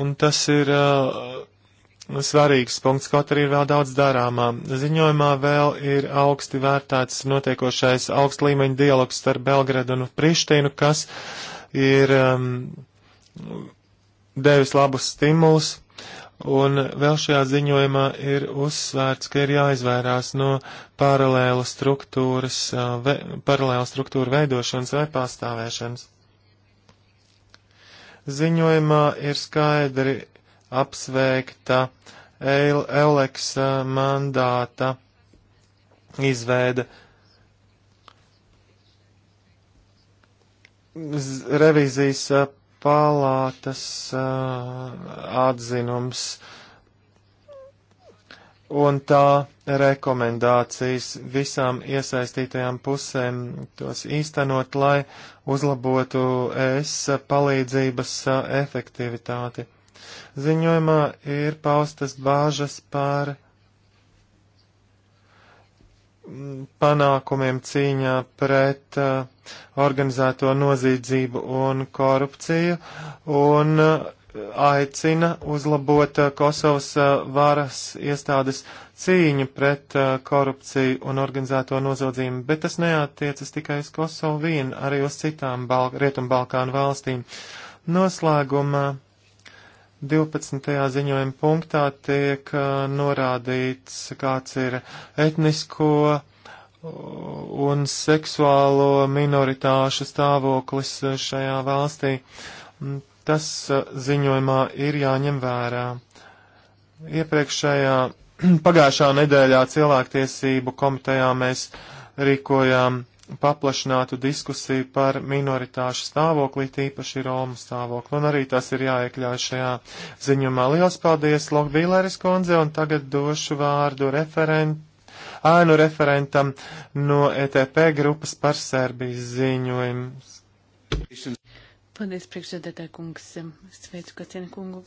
un tas ir eh, svarīgs punkts, kaut arī ir vēl daudz darāmā. Ziņojumā vēl ir augsti vērtēts notiekošais augst līmeņa dialogs starp Belgradu un Prištīnu, kas ir um, devis labus stimulus Un vēl šajā ziņojumā ir uzsvērts, ka ir jāizvairās no paralēla struktūras, ve, paralēla struktūra veidošanas vai pastāvēšanas. Ziņojumā ir skaidri apsveikta Euleks mandāta izveida. Revīzijas palātas uh, atzinums un tā rekomendācijas visām iesaistītajām pusēm tos īstenot, lai uzlabotu es palīdzības efektivitāti. Ziņojumā ir paustas bāžas par panākumiem cīņā pret uh, organizēto noziedzību un korupciju un uh, aicina uzlabot uh, Kosovas uh, varas iestādes cīņu pret uh, korupciju un organizēto noziedzību, bet tas neatiecas tikai uz Kosovu vien, arī uz citām Balk Rietumbalkānu valstīm. Noslēgumā 12. ziņojuma punktā tiek uh, norādīts, kāds ir etnisko uh, un seksuālo minoritāšu stāvoklis uh, šajā valstī. Mm, tas ziņojumā ir jāņem vērā. Iepriekšējā [CLEARS THROAT] pagājušā nedēļā cilvēktiesību komitejā mēs rīkojām paplašinātu diskusiju par minoritāšu stāvokli, tīpaši Romu stāvokli, un arī tas ir jāiekļauj šajā ziņumā. Liels paldies, Lokbīlēris kundze, un tagad došu vārdu referent, ēnu referentam no ETP grupas par Serbijas ziņojumu. Paldies, priekšsēdētāj kungs, sveicu Kacina kungu,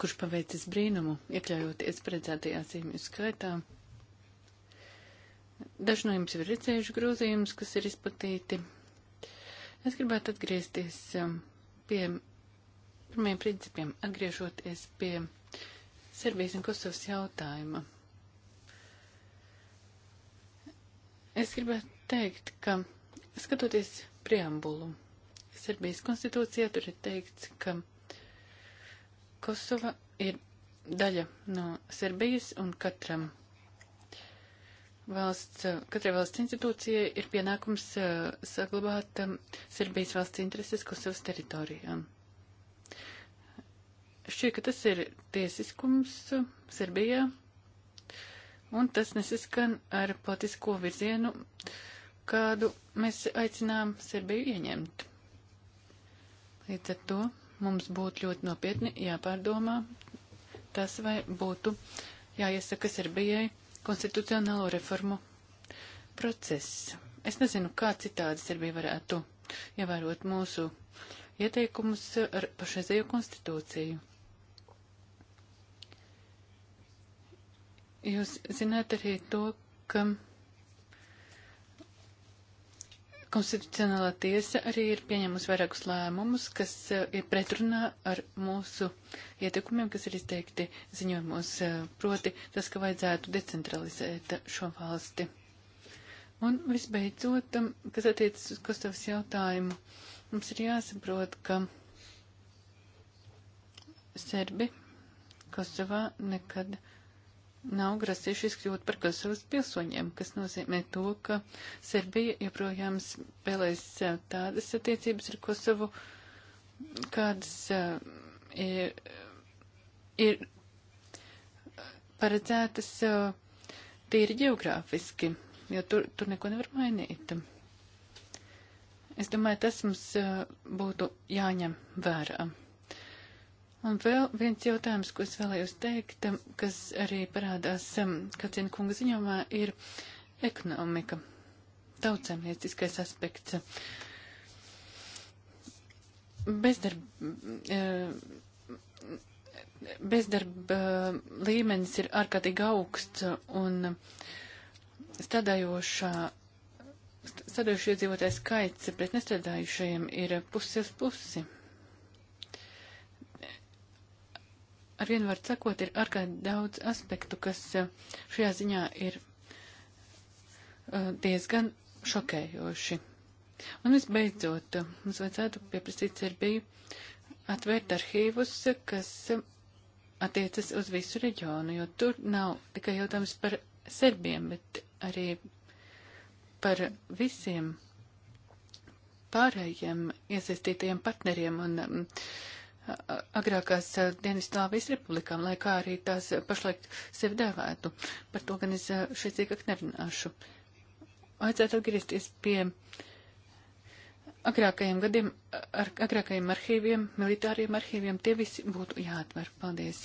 kurš paveicis brīnumu, iekļaujoties paredzētajā zīmju skaitā. Daži no jums ir redzējuši grozījumus, kas ir izplatīti. Es gribētu atgriezties um, pie pirmiem principiem, atgriežoties pie Serbijas un Kosovas jautājuma. Es gribētu teikt, ka skatoties preambulu Serbijas konstitūcijā, tur ir teikts, ka Kosova ir daļa no Serbijas un katram valsts, katrai valsts institūcijai ir pienākums eh, saglabāt eh, Serbijas valsts intereses Kosovas teritorijā. Šķiet, ka tas ir tiesiskums eh, Serbijā, un tas nesaskan ar politisko virzienu, kādu mēs aicinām Serbiju ieņemt. Līdz ar to mums būtu ļoti nopietni jāpārdomā tas, vai būtu jāiesaka Serbijai konstitucionālo reformu process. Es nezinu, kā citādi Serbija varētu ievērot mūsu ieteikumus ar pašreizējo konstitūciju. Jūs zināt arī to, ka Konstitucionālā tiesa arī ir pieņemusi vairākus lēmumus, kas eh, ir pretrunā ar mūsu ieteikumiem, kas ir izteikti ziņojumos, eh, proti tas, ka vajadzētu decentralizēt šo valsti. Un visbeidzot, um, kas attiecas uz Kostovas jautājumu, mums ir jāsaprot, ka serbi Kosovā nekad nav grasījušies kļūt par Kosovas pilsoņiem, kas nozīmē to, ka Serbija joprojām spēlēs tādas attiecības ar Kosovu, kādas ir, ir paredzētas tīri geogrāfiski, jo tur, tur neko nevar mainīt. Es domāju, tas mums būtu jāņem vērā. Un vēl viens jautājums, ko es vēlējos teikt, kas arī parādās um, Kacina kunga ziņojumā, ir ekonomika, tautsēmnieciskais aspekts. Bezdarba, uh, bezdarba līmenis ir ārkārtīgi augsts un strādājošā, strādājošie iedzīvotāji skaits pret nestrādājušajiem ir puses pusi. pusi arvien var sakot, ir ārkārt daudz aspektu, kas eh, šajā ziņā ir eh, diezgan šokējoši. Un visbeidzot, eh, mums vajadzētu pieprasīt Serbiju atvērt arhīvus, kas attiecas uz visu reģionu, jo tur nav tikai jautājums par serbiem, bet arī par visiem pārējiem iesaistītajiem partneriem un um, agrākās eh, Dienvidslāvijas republikām, lai kā arī tās pašlaik sevi dēvētu. Par to gan es eh, šeit cīkāk nerunāšu. Aicētu atgriezties pie agrākajiem gadiem, ar, agrākajiem arhīviem, militāriem arhīviem. Tie visi būtu jāatver. Paldies!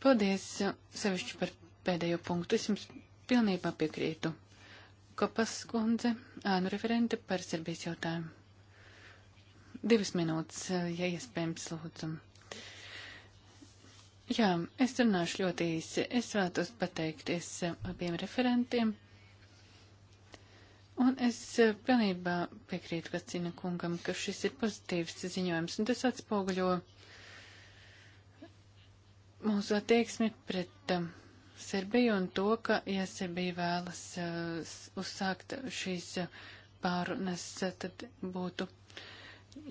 Paldies eh, sevišķi par pēdējo punktu. Es jums pilnībā piekrītu. Kopas kundze, ānu referente par Serbijas jautājumu. Divas minūtes, eh, ja iespējams, lūdzu. Jā, es runāšu ļoti īsi. Es vēlētos pateikties eh, abiem referentiem. Un es eh, pilnībā piekrītu Kacina kungam, ka šis ir pozitīvs ziņojums, un tas atspoguļo mūsu attieksmi pret uh, Serbiju un to, ka, ja Serbija vēlas uh, uzsākt šīs pārunas, tad būtu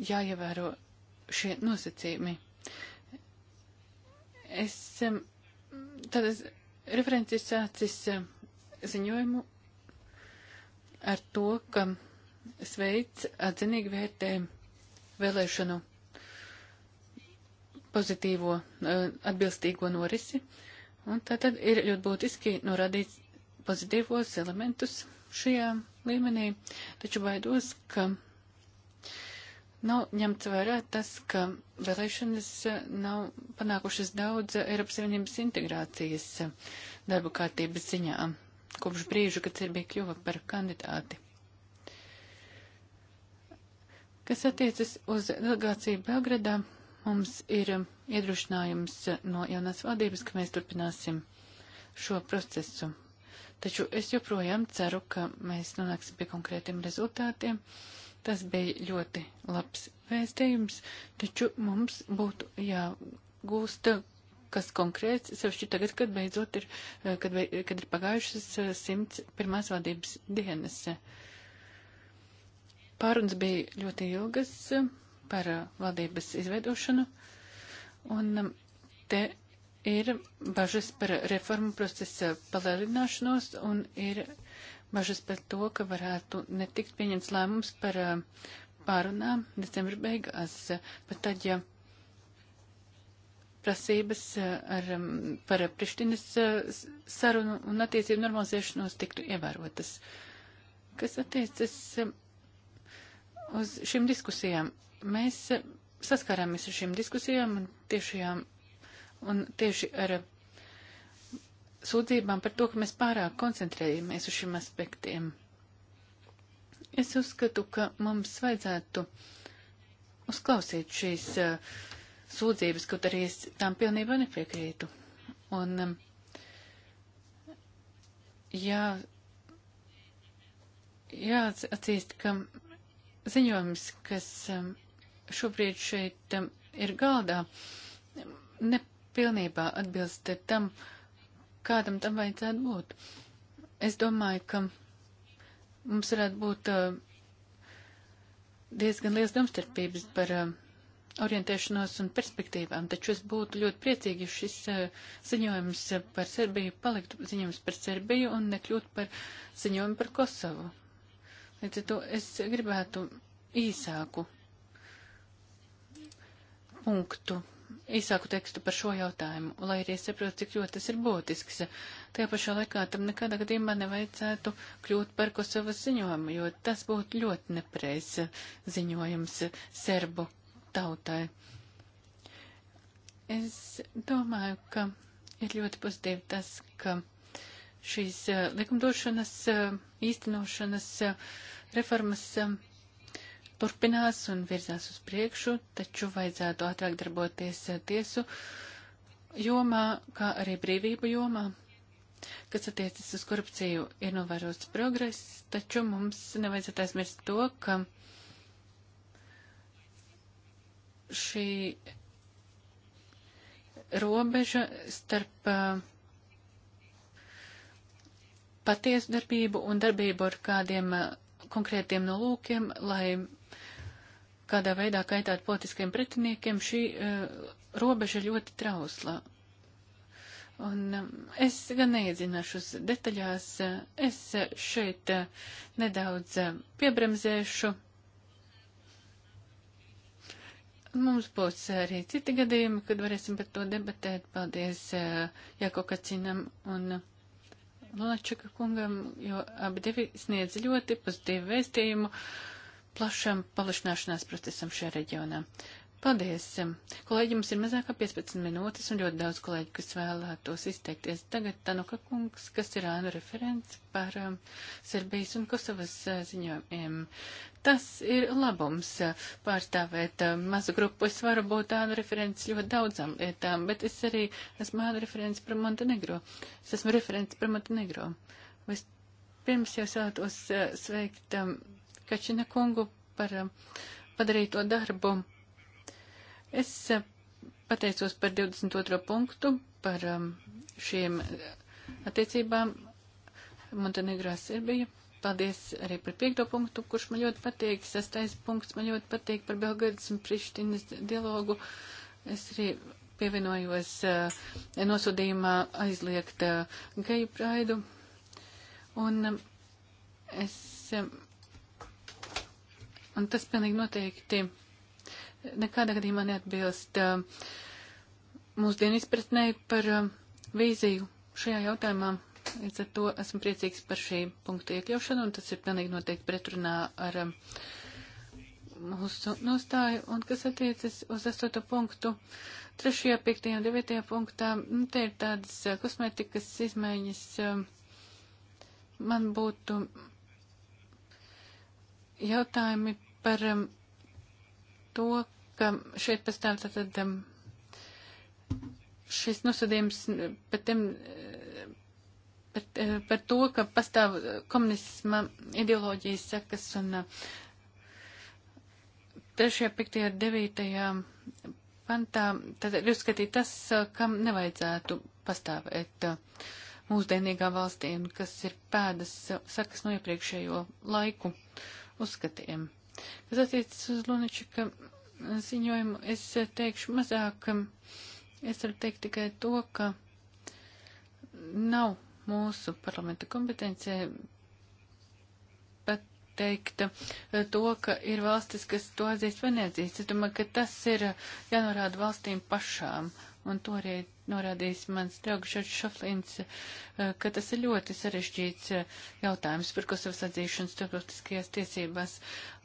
jāievēro šie nosacījumi. Es tādas references sācis ziņojumu ar to, ka Sveic atzinīgi vērtē vēlēšanu pozitīvo e, atbilstīgo norisi, un tātad ir ļoti būtiski norādīt pozitīvos elementus šajā līmenī, taču baidos, ka nav nu, ņemts vērā tas, ka vēlēšanas eh, nav panākušas daudz eh, Eiropas Savienības integrācijas eh, darba kārtības ziņā kopš brīža, kad Serbija kļuva par kandidāti. Kas attiecas uz delegāciju Belgradā, mums ir iedrošinājums no jaunās valdības, ka mēs turpināsim šo procesu. Taču es joprojām ceru, ka mēs nonāksim pie konkrētiem rezultātiem. Uh, Tas bija ļoti labs vēstījums, taču mums būtu jāgūst eh, kas konkrēts, sevišķi tagad, kad beidzot ir, eh, kad, kad ir pagājušas eh, simts pirmās vadības dienas. Pārunas bija ļoti ilgas par valdības izveidošanu, un te ir bažas par reformu procesa palielināšanos, un ir uh, bažas par to, ka varētu netikt pieņemts lēmums par eh, pārunām decembra beigās, pat tad, ja prasības eh, ar, par Prištinas eh, sarunu un attiecību normalizēšanos tiktu ievērotas. Kas attiecas uz šīm diskusijām? Mēs saskārāmies ar šīm diskusijām un tiešajām un tieši ar sūdzībām par to, ka mēs pārāk koncentrējamies uz šiem aspektiem. Es uzskatu, ka mums vajadzētu uzklausīt šīs uh, sūdzības, kaut arī es tām pilnībā nepiekrītu. Un, um, jā, jāatzīst, ka ziņojums, kas um, šobrīd šeit um, ir galdā, nepilnībā atbilst tam, uh, kādam tam vajadzētu būt. Es domāju, ka mums varētu būt eh, diezgan liels domstarpības par eh, orientēšanos un perspektīvām, taču es būtu ļoti priecīgi, ja šis eh, ziņojums par Serbiju paliktu ziņojums par Serbiju un nekļūtu par ziņojumu par Kosovu. Līdz ar to es gribētu īsāku punktu īsāku tekstu par šo jautājumu, lai arī es saprotu, cik ļoti tas ir būtisks. Tajā pašā laikā tam nekādā gadījumā nevajadzētu kļūt par Kosovas ziņojumu, jo tas būtu ļoti nepreizs ziņojums serbu tautai. Es domāju, ka ir ļoti pozitīvi tas, ka šīs eh, likumdošanas eh, īstenošanas eh, reformas turpinās un virzās uz priekšu, taču vajadzētu ātrāk darboties tiesu jomā, kā arī brīvību jomā. Kas attiecas uz korupciju, ir novērots progress, taču mums nevajadzētu aizmirst to, ka šī robeža starp uh, patiesu darbību un darbību ar kādiem uh, konkrētiem nolūkiem, lai kādā veidā kaitāt politiskiem pretiniekiem, šī uh, robeža ļoti trausla. Un um, es gan neiedzināšos detaļās, eh, es šeit uh, nedaudz uh, piebremzēšu. Mums būs arī citi gadījumi, kad varēsim par to debatēt. Paldies Jāko Kacinam un Lunačaka kungam, jo abi divi sniedz ļoti pozitīvu vēstījumu. Uh, plašam paplašināšanās procesam šajā reģionā. Paldies! Kolēģi, mums ir mazākā 15 minūtes un ļoti daudz kolēģi, kas vēlētos izteikties. Tagad Tanuka kungs, kas ir ānu referents par um, Serbijas un Kosovas uh, ziņojumiem. Tas ir labums uh, pārstāvēt uh, mazu grupu. Es varu būt ānu referents ļoti daudzām lietām, bet es arī esmu ānu referents par Montenegro. Es esmu referents par Montenegro. Vispirms jau sātos uh, sveikt. Um, Kačina kungu par um, padarīto darbu. Es uh, pateicos par 22. punktu, par um, šiem attiecībām Montenegrā Serbija. Paldies arī par piekto punktu, kurš man ļoti patīk. Sastais punkts man ļoti patīk par Belgradas un Prištinas dialogu. Es arī pievienojos uh, nosodījumā aizliegt uh, geju praidu. Un um, es Un tas pilnīgi noteikti nekādā gadījumā neatbilst uh, mūsdienu izpratnē par uh, vīziju šajā jautājumā. Līdz ar to esmu priecīgs par šī punktu iekļaušanu, un tas ir pilnīgi noteikti pretrunā ar um, mūsu nostāju. Un kas attiecas uz astoto punktu, trešajā, piektajā un devietajā punktā, nu, te ir tādas uh, kosmētikas izmaiņas. Um, man būtu jautājumi par um, to, ka šeit pastāv tātad um, šis nosodījums par, tiem, par, eh, par to, ka pastāv komunisma ideoloģijas sekas un uh, 3., 5., 9. pantā, tad ir uzskatīt tas, eh, kam nevajadzētu pastāvēt eh, mūsdienīgā valstī un kas ir pēdas sakas no iepriekšējo laiku uzskatiem. Kas attiecas uz Lunačika ziņojumu, es teikšu mazāk, es varu teikt tikai to, ka nav mūsu parlamenta kompetencē pateikt to, ka ir valstis, kas to atzīst vai neatzīst. Es domāju, ka tas ir jānorāda valstīm pašām, un to arī norādījis mans draugs Šards Šaflins, ka tas ir ļoti sarežģīts jautājums par Kosovas atzīšanu starptautiskajās tiesībās.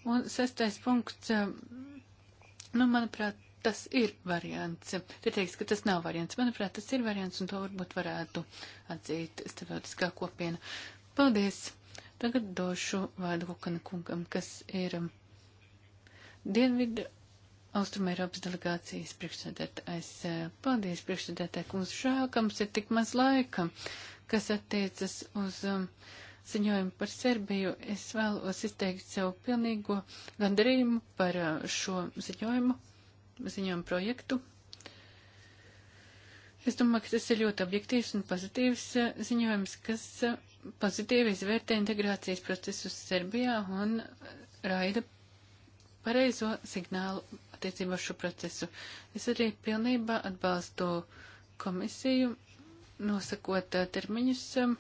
Un sestais punkts, um, nu, manuprāt, tas ir variants. Te teiks, ka tas nav variants. Manuprāt, tas ir variants, un to varbūt varētu atzīt starptautiskā kopiena. Paldies! Tagad došu vārdu Kukana kungam, kas ir um, Dienvidu Austrum Eiropas delegācijas priekšsēdētājs. Paldies, priekšsēdētāji, kungs, šākams ir tik maz laika, kas attiecas uz. Um, ziņojumu par Serbiju, es vēlos izteikt sev pilnīgo gandarījumu par uh, šo ziņojumu, ziņojumu projektu. Es domāju, ka tas ir ļoti objektīvs un pozitīvs uh, ziņojums, kas uh, pozitīvi izvērtē integrācijas procesus Serbijā un raida pareizo signālu attiecībā uz šo procesu. Es arī pilnībā atbalstu komisiju, nosakot termiņus um,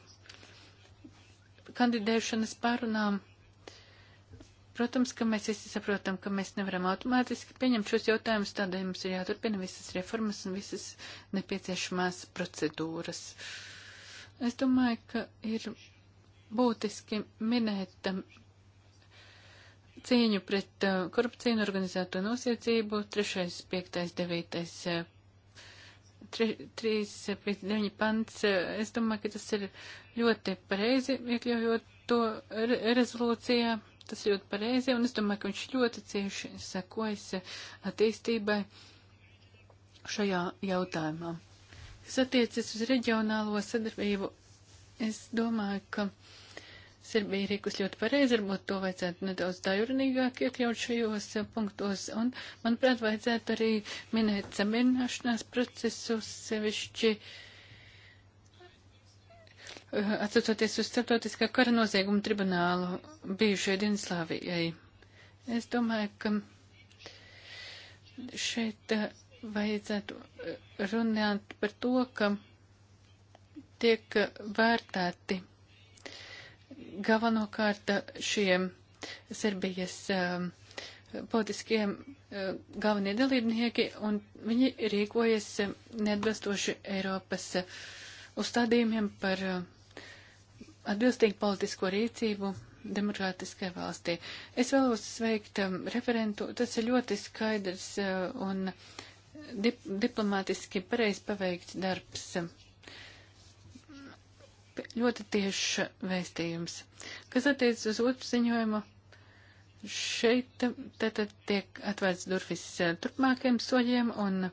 kandidēšanas pārunām. Protams, ka mēs visi saprotam, ka mēs nevaram automātiski pieņemt šos jautājumus, tādēļ mums ir jāturpina visas reformas un visas nepieciešamās procedūras. Es domāju, ka ir būtiski minēt tam um, cīņu pret uh, korupciju un organizēto nosiecību, 3., 5., 9. 359 pants, es domāju, ka tas ir ļoti pareizi, iekļaujot to re rezolūcijā. Tas ir ļoti pareizi, un es domāju, ka viņš ļoti cieši sekojas attīstībai šajā jautājumā. Kas attiecas uz reģionālo sadarbību, es domāju, ka Serbija rīkus ļoti pareizi, varbūt to vajadzētu nedaudz daļurnīgāk iekļaut šajos eh, punktos, un, manuprāt, vajadzētu arī minēt samierināšanās procesus sevišķi. Eh, Atcaucoties uz starptautiskā kara nozieguma tribunālu bijušajai Dienaslāvijai, es domāju, ka šeit eh, vajadzētu runāt par to, ka tiek vērtēti galvenokārt šiem Serbijas um, politiskiem um, galvenie dalībnieki, un viņi rīkojas um, neatbilstoši Eiropas uh, uzstādījumiem par uh, atbilstīgu politisko rīcību demokrātiskai valstī. Es vēlos sveikt um, referentu, tas ir ļoti skaidrs uh, un dip diplomātiski pareizi paveikts darbs ļoti tieši vēstījums. Kas attiecas uz otru ziņojumu, šeit tātad tiek atvērts durvis eh, turpmākiem soļiem un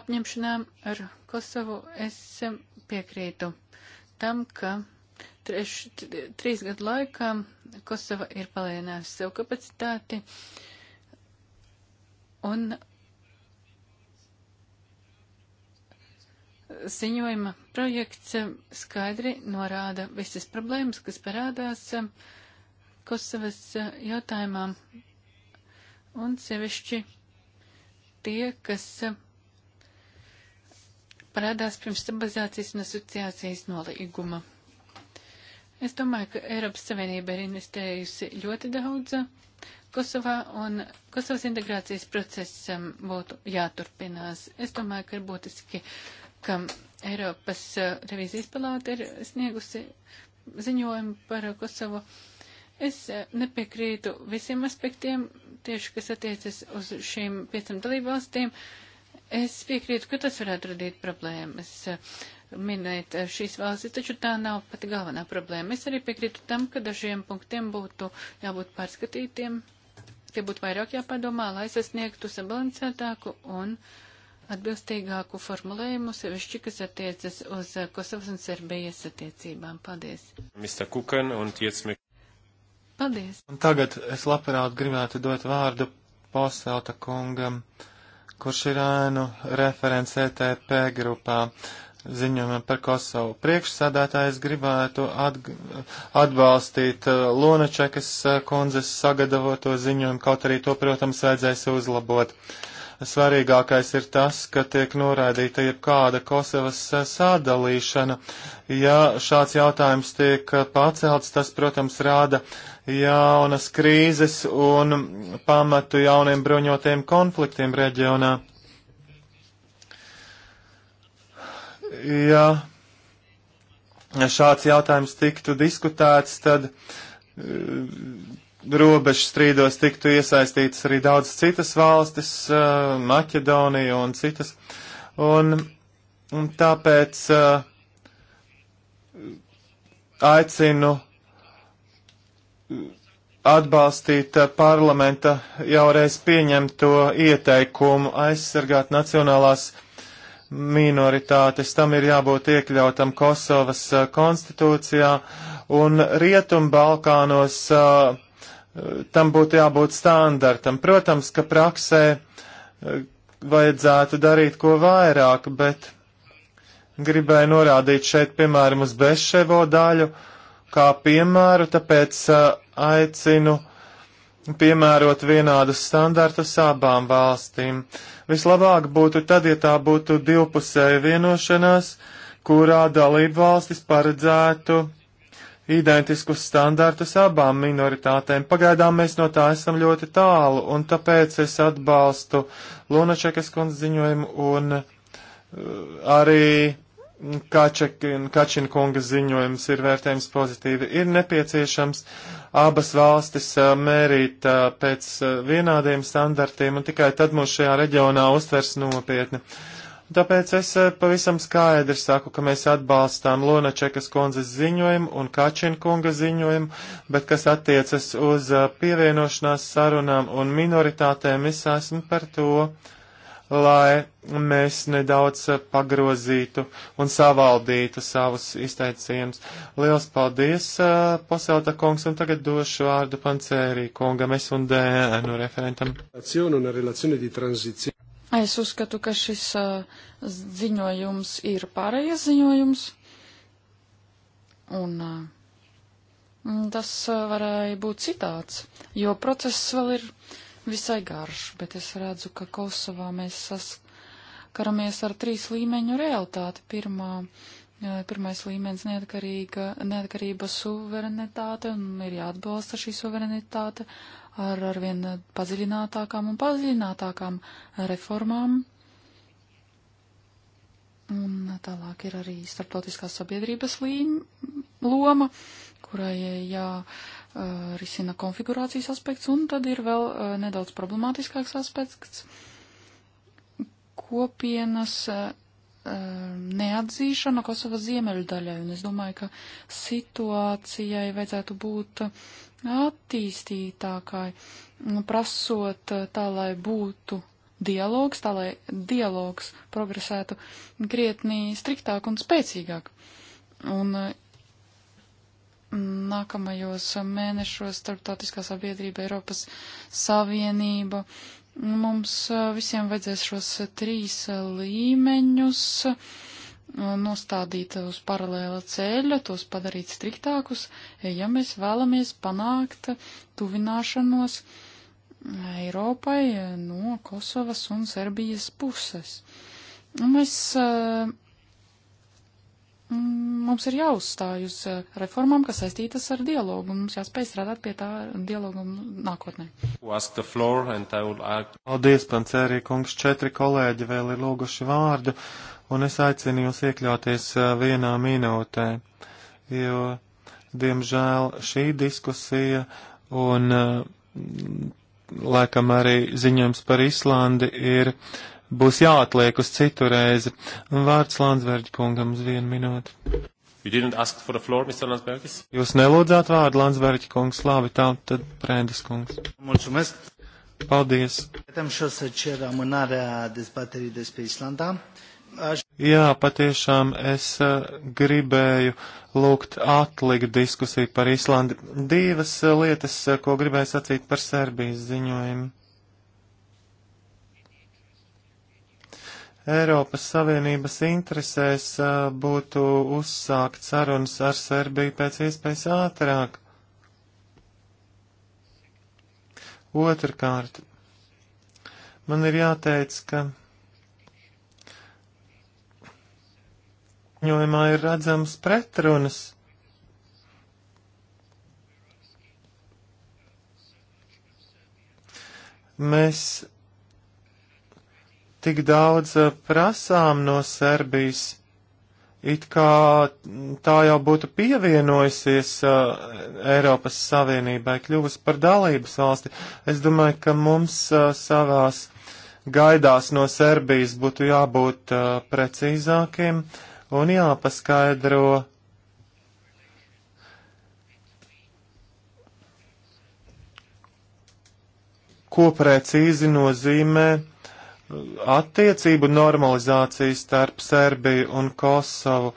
apņemšanām ar Kosovu. Es piekrītu tam, ka treš, trīs gadu laikā Kosova ir palielinājusi sev kapacitāti un ziņojuma projekts skaidri norāda visas problēmas, kas parādās Kosovas jautājumā, un sevišķi tie, kas parādās pirms stabilizācijas un asociācijas nolīguma. Es domāju, ka Eiropas Savienība ir investējusi ļoti daudz Kosovā un Kosovas integrācijas procesam būtu jāturpinās. Es domāju, ka ir būtiski uh, kam Eiropas uh, revīzijas palāta ir sniegusi ziņojumu par Kosovu. Es uh, nepiekrītu visiem aspektiem, tieši kas attiecas uz šīm piecam dalībvalstīm. Es piekrītu, ka tas varētu radīt problēmas uh, minēt šīs valstis, taču tā nav pati galvenā problēma. Es arī piekrītu tam, ka dažiem punktiem būtu jābūt pārskatītiem, tie būtu vairāk jāpadomā, lai sasniegtu sabalansētāku un uh, atbilstīgāku formulējumu, sevišķi, kas attiecas uz eh, Kosovas un Serbijas attiecībām. Paldies. Mr. Kukan un Tiecmi. Paldies. Un tagad es labprāt gribētu dot vārdu Poselta kungam, kurš ir ēnu referents ETP grupā ziņojumam par Kosovu. Priekšsādātājs gribētu atbalstīt eh, Lunačekas eh, kundzes sagatavoto ziņojumu, kaut arī to, protams, vajadzēs uzlabot. Uh, Svarīgākais ir tas, ka tiek noraidīta jebkāda Kosovas eh, sadalīšana. Ja šāds jautājums tiek eh, pacelts, tas, protams, rāda jaunas krīzes un pamatu jauniem bruņotiem konfliktiem reģionā. Ja šāds jautājums tiktu diskutēts, tad eh, robežu strīdos tiktu iesaistītas arī daudz citas valstis, Maķedonija un citas. Un, un tāpēc aicinu atbalstīt parlamenta jaureiz pieņemto ieteikumu aizsargāt nacionālās minoritātes. Tam ir jābūt iekļautam Kosovas konstitūcijā un Rietumbalkānos uh, tam būtu jābūt standartam. Protams, ka praksē eh, vajadzētu darīt ko vairāk, bet gribēju norādīt šeit, piemēram, uz Beševo daļu kā piemēru, tāpēc eh, aicinu piemērot vienādus standartus abām valstīm. Vislabāk būtu tad, ja tā būtu divpusēja vienošanās, kurā dalību valstis paredzētu identiskus standartus abām minoritātēm. Pagaidām mēs no tā esam ļoti tālu, un tāpēc es atbalstu Lunačekas kundz ziņojumu un uh, arī Kačina kunga ziņojums ir vērtējums pozitīvi. Ir nepieciešams abas valstis uh, mērīt uh, pēc vienādiem standartiem, un tikai tad mūs šajā reģionā uztvers nopietni. Uh, Tāpēc es eh, pavisam skaidri saku, ka mēs atbalstām Lunačekas kundzes ziņojumu un Kačina kunga ziņojumu, bet kas attiecas uz eh, pievienošanās sarunām un minoritātēm, es esmu par to, lai mēs nedaudz eh, pagrozītu un savaldītu savus izteicienus. Liels paldies, Poselta kungs, un tagad došu vārdu Pancērī kungam, es un Dēnu referentam. Es uzskatu, ka šis ziņojums ir pārējais ziņojums, un tas varēja būt citāds, jo process vēl ir visai garš, bet es redzu, ka Kosovā mēs saskaramies ar trīs līmeņu realitāti. Pirmā, pirmais līmenis neatkarīga, neatkarība suverenitāte, un ir jāatbalsta šī suverenitāte ar arvien padziļinātākām un padziļinātākām reformām. Un tālāk ir arī starptautiskās sabiedrības līm, loma, kurai jārisina konfigurācijas aspekts, un tad ir vēl nedaudz problemātiskāks aspekts kopienas neatzīšana Kosovas ziemeļu daļai, un es domāju, ka situācijai vajadzētu būt attīstītākai, nu, prasot eh, tā, lai būtu dialogs, tā, lai dialogs progresētu krietnī striktāk un spēcīgāk. Un eh, nākamajos mēnešos starptautiskā sabiedrība, Eiropas Savienība, mums eh, visiem vajadzēs šos trīs līmeņus Uh, nostādīt uz paralēla ceļa, tos padarīt striktākus, eh, ja mēs vēlamies panākt tuvināšanos eh, Eiropai eh, no Kosovas un Serbijas puses. Un mēs Mm, mums ir jāuzstāj uz eh, reformām, kas saistītas ar dialogu, un mums jāspēj strādāt pie tā dialogu nākotnē. Paldies, Pancērī kungs, četri kolēģi vēl ir lūguši vārdu, un es aicinu jūs iekļauties eh, vienā minūtē, jo, diemžēl, šī diskusija un, eh, laikam, arī ziņojums par Islandi ir būs jāatliek uz citu reizi. Vārds Landsbergi kungam uz vienu minūti. Floor, Jūs nelūdzāt vārdu Landsbergi kungs, labi, tā tad Prēdas kungs. Mulțumesc. Paldies. Šo să cer amânarea dezbaterii despre Islanda. Aš... Jā, patiešām es uh, gribēju lūgt atlikt diskusiju par Islandi. Divas uh, lietas, uh, ko gribēju sacīt par Serbijas ziņojumu. Eiropas Savienības interesēs būtu uzsākt sarunas ar Serbiju pēc iespējas ātrāk. Otrkārt, man ir jāteic, ka ziņojumā ir redzams pretrunas. Mēs tik daudz eh, prasām no Serbijas, it kā tā jau būtu pievienojusies uh, Eiropas Savienībai, kļuvusi par dalības valsti. Es domāju, ka mums uh, savās gaidās no Serbijas būtu jābūt uh, precīzākiem un jāpaskaidro. Ko precīzi nozīmē attiecību normalizāciju starp Serbiju un Kosovu.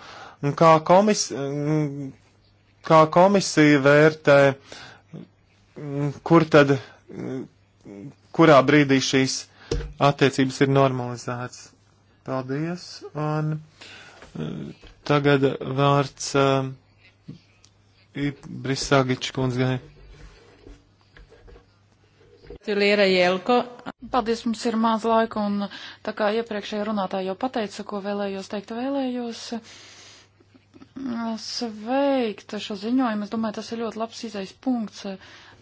Kā, komis, kā komisija vērtē, kur tad, kurā brīdī šīs attiecības ir normalizētas? Paldies, un tagad vārds uh, Brisagiča kundzgai. Liera Jelko. Paldies, mums ir maz laika, un tā kā iepriekšējā runātāja jau pateica, ko vēlējos teikt, vēlējos mm, sveikt šo ziņojumu. Es domāju, tas ir ļoti labs izais punkts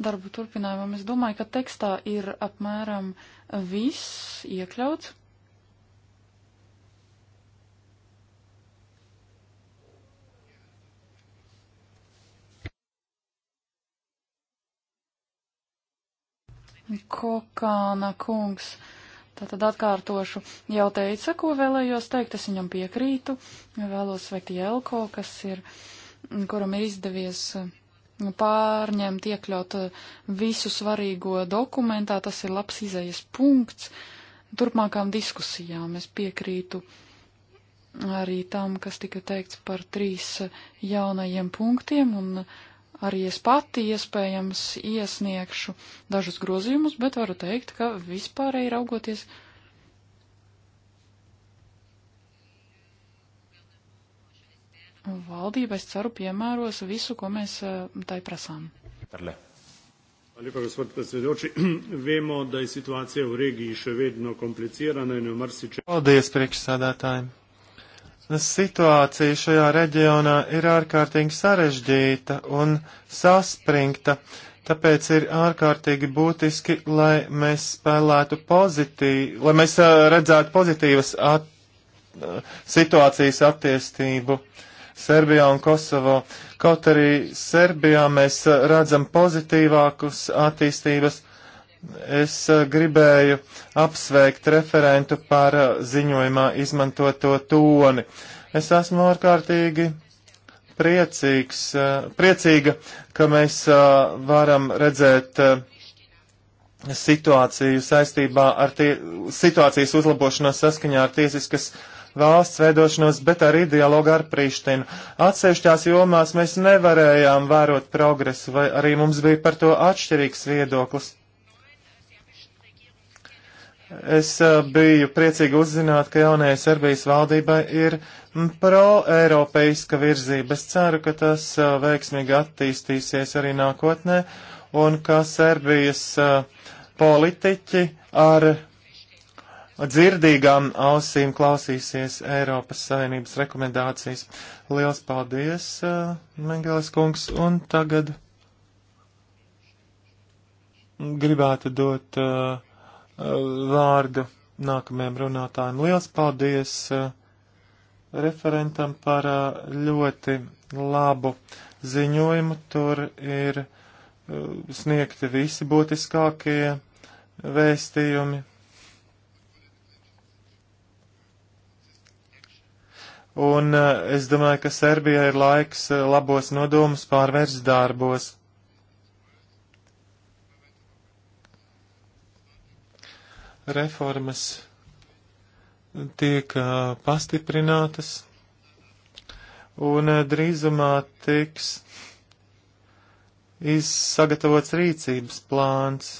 darbu turpinājumam. Es domāju, ka tekstā ir apmēram viss iekļauts. Kokāna kungs. Tātad atkārtošu, jau teica, ko vēlējos teikt, es viņam piekrītu, vēlos sveikt Jelko, kas ir, kuram ir izdevies uh, pārņemt, iekļaut uh, visu svarīgo dokumentā, tas ir labs izējas punkts turpmākām diskusijām. Es piekrītu arī tam, kas tika teikts par trīs uh, jaunajiem punktiem, un arī es pati iespējams iesniegšu dažus grozījumus, bet varu teikt, ka vispārēji raugoties. Valdība, es ceru, piemēros visu, ko mēs eh, tai prasām. Tarle. Lepa, gospod predsedujoči. [CLEARS THROAT] Vemo, da je situacija v regiji še vedno komplicirana in v marsičem. Paldies, priekšsādātājiem situācija šajā reģionā ir ārkārtīgi sarežģīta un saspringta, tāpēc ir ārkārtīgi būtiski, lai mēs spēlētu pozitīvi, lai mēs uh, redzētu pozitīvas at, uh, situācijas attiestību Serbijā un Kosovo. Kaut arī Serbijā mēs redzam pozitīvākus attīstības es eh, gribēju apsveikt referentu par eh, ziņojumā izmantoto toni. Es esmu ārkārtīgi priecīgs, eh, priecīga, ka mēs varam redzēt situāciju saistībā ar tie, situācijas uzlabošanos saskaņā ar tiesiskas valsts veidošanos, bet arī dialogu ar Prīštinu. Atsevišķās jomās mēs nevarējām vērot progresu, vai arī mums bija par to atšķirīgs viedoklis. Es biju priecīgi uzzināt, ka jaunajai Serbijas valdībai ir pro-eiropeiska virzība. Es ceru, ka tas veiksmīgi attīstīsies arī nākotnē un ka Serbijas politiķi ar dzirdīgām ausīm klausīsies Eiropas Savienības rekomendācijas. Liels paldies, Mengeles kungs, un tagad gribētu dot uh, vārdu nākamajam runātājam. Liels paldies eh, referentam par eh, ļoti labu ziņojumu. Tur ir eh, sniegti visi būtiskākie vēstījumi. Un es domāju, ka Serbijai ir laiks labos nodomus pārvērst darbos. reformas tiek pastiprinātas un drīzumā tiks izsagatavots rīcības plāns.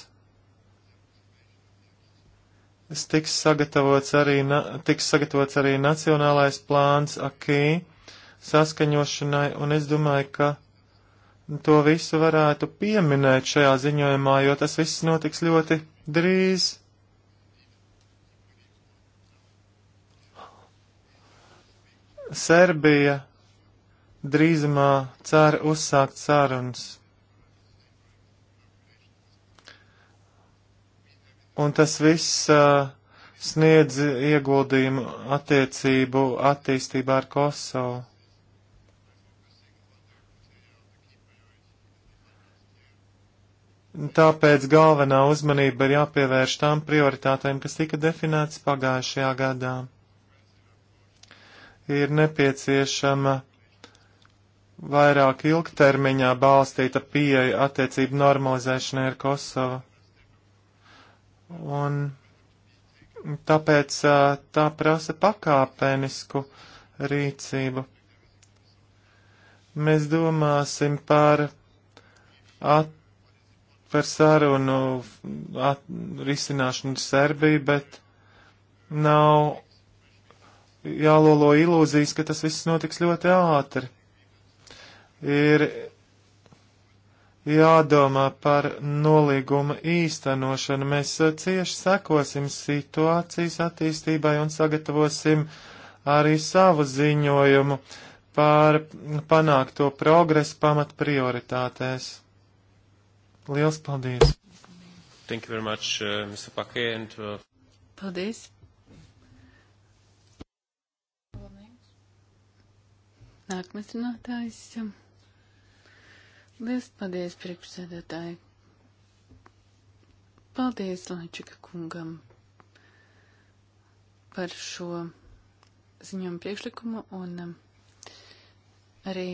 Es tiks sagatavots arī, na, tiks sagatavots arī nacionālais plāns akī saskaņošanai, un es domāju, ka to visu varētu pieminēt šajā ziņojumā, jo tas viss notiks ļoti drīz. Serbija drīzumā cer uzsākt sarunas. Un tas viss uh, sniedz ieguldījumu attiecību attīstībā ar Kosovu. Tāpēc galvenā uzmanība ir jāpievērš tām prioritātēm, kas tika definētas pagājušajā gadā ir nepieciešama vairāk ilgtermiņā balstīta pieeja attiecību normalizēšanai ar Kosovu. Un tāpēc tā prasa pakāpenisku rīcību. Mēs domāsim par, at, par sarunu at, risināšanu Serbiju, bet nav jālolo ilūzijas, ka tas viss notiks ļoti ātri. Ir jādomā par nolīguma īstenošanu. Mēs uh, cieši sekosim situācijas attīstībai un sagatavosim arī savu ziņojumu par panākto progresu pamat prioritātēs. Liels paldies! Thank you very much, uh, Mr. Pake, and, uh... Paldies, Nākamais runātājs. Liels paldies priekšsēdētāji. Paldies Lančika kungam par šo ziņojumu priekšlikumu un um, arī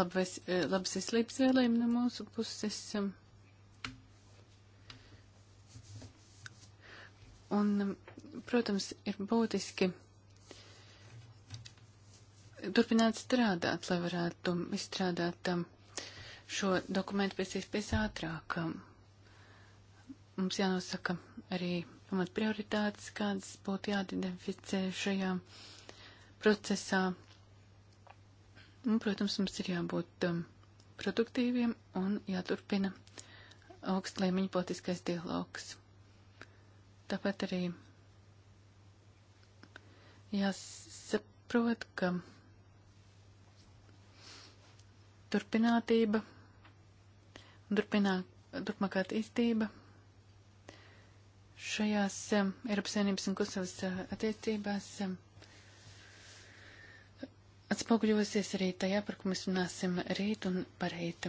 labas, eh, labas izslības vēlējumu no mūsu puses. Um. Un, um, protams, ir būtiski turpināt strādāt, lai varētu izstrādāt um, šo dokumentu pēc iespējas ātrāk. Um, mums jānosaka arī pamat prioritātes, kādas būtu jāidentificē šajā procesā. Un, protams, mums ir jābūt um, produktīviem un jāturpina augstlīmeņa politiskais dialogs. Tāpat arī jāsaprot, ka turpinātība, turpinā, turpmākā attīstība šajās um, Eiropas Savienības un Kosovas uh, attiecībās um, atspoguļosies arī tajā, par ko mēs runāsim rīt un parīt.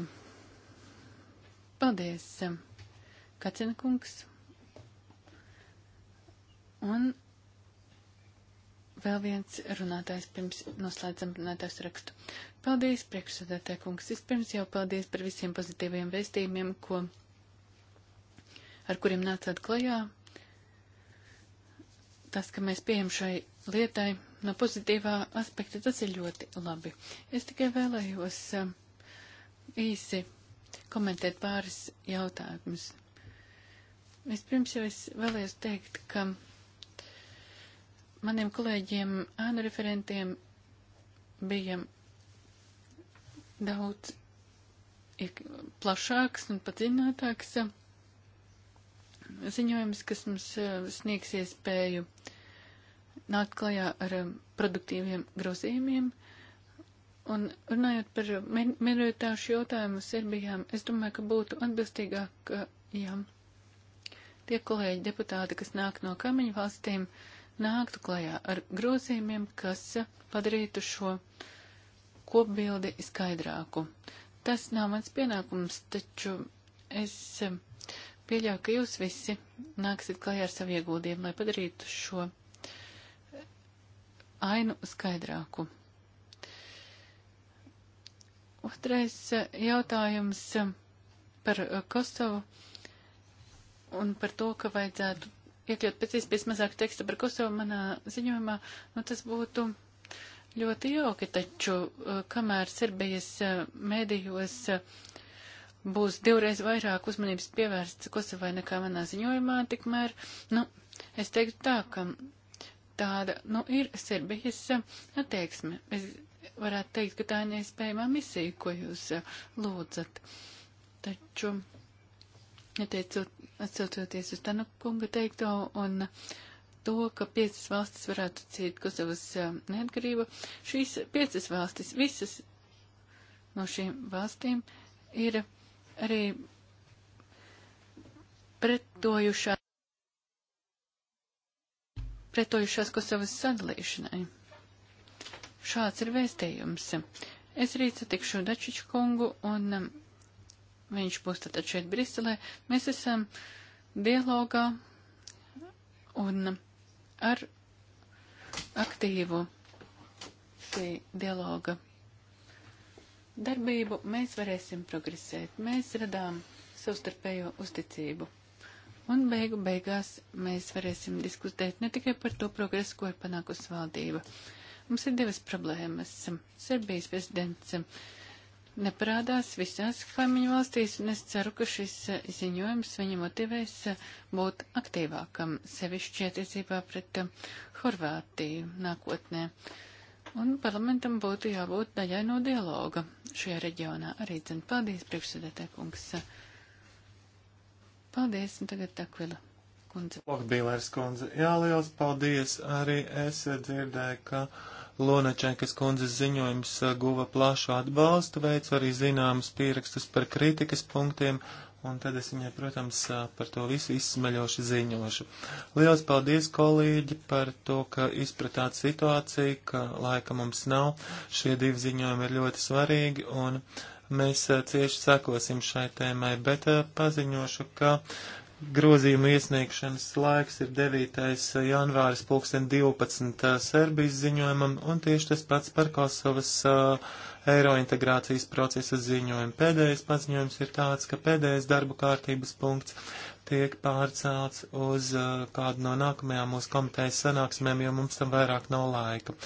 Paldies, um, Kacina kungs. Un vēl viens runātājs pirms noslēdzam runātājs rakstu. Paldies, priekšsēdētē kungs. Vispirms jau paldies par visiem pozitīviem vēstījumiem, ko, ar kuriem nācāt klajā. Tas, ka mēs pieejam šai lietai no pozitīvā aspekta, tas ir ļoti labi. Es tikai vēlējos um, īsi komentēt pāris jautājumus. Vispirms jau es vēlējos teikt, ka maniem kolēģiem, ānu referentiem bija daudz plašāks un padziļinātāks eh, ziņojums, kas mums eh, sniegs iespēju nākt klajā ar eh, produktīviem grozījumiem. Un runājot par minoritāšu jautājumu Serbijām, es domāju, ka būtu atbilstīgāk, ja tie kolēģi deputāti, kas nāk no kaimiņu valstīm, nāktu klajā ar grozījumiem, kas padarītu šo uh, kopbildi skaidrāku. Tas nav mans pienākums, taču es eh, pieļauju, ka jūs visi nāksiet klajā ar savu ieguldījumu, lai padarītu šo eh, ainu skaidrāku. Otrais eh, jautājums par Kosovu un par to, ka vajadzētu iekļaut pēc iespējas mazāk teksta par Kosovu manā ziņojumā, nu tas būtu Ļoti jauki, taču eh, kamēr Serbijas eh, medijos eh, būs divreiz vairāk uzmanības pievērsts Kosovai nekā manā ziņojumā, tikmēr, nu, es teiktu tā, ka tāda, nu, ir Serbijas attieksme. Es varētu teikt, ka tā ir neiespējamā misija, ko jūs lūdzat. Taču, attiecot, atsaucoties uz Tanakunga teikto un to, ka piecas valstis varētu ciet Kosovas neatkarību. Šīs piecas valstis, visas no šīm valstīm ir arī pretojušā, pretojušās Kosovas sadalīšanai. Šāds ir vēstījums. Es arī satikšu Dačiču kungu, un viņš būs tad šeit Briselē. Mēs esam dialogā, un ar aktīvu dialoga darbību mēs varēsim progresēt. Mēs radām savstarpējo uzticību. Un beigu beigās mēs varēsim diskutēt ne tikai par to progresu, ko ir panākusi valdība. Mums ir divas problēmas. Serbijas prezidents neparādās visās kaimiņu valstīs, un es ceru, ka šis eh, ziņojums viņu motivēs eh, būt aktīvākam, sevišķi attiecībā pret eh, Horvātiju nākotnē. Un parlamentam būtu jābūt daļai no dialoga šajā reģionā. Arī dzen paldies, priekšsēdētāj kungs. Paldies, un tagad Takvila kundze. Lokbīlērs kundze, jā, liels paldies. Arī es dzirdēju, ka. Uh, Lunačekas kundzes ziņojums uh, guva plašu atbalstu, veids arī zināmas pierakstus par kritikas punktiem, un tad es viņai, protams, uh, par to visu izsmeļoši ziņošu. Lielas paldies, kolēģi, par to, ka izpratāt situāciju, ka laika mums nav. Šie divi ziņojumi ir ļoti svarīgi, un mēs uh, cieši sekosim šai tēmai, bet paziņošu, ka Grozījuma iesniegšanas laiks ir 9. janvāris 2012. Serbijas ziņojumam, un tieši tas pats par Kosovas uh, eirointegrācijas procesa ziņojumu. Pēdējais paziņojums ir tāds, ka pēdējais darbu kārtības punkts tiek pārcelts uz uh, kādu no nākamajām mūsu komitejas sanāksmēm, jo mums tam vairāk nav laika.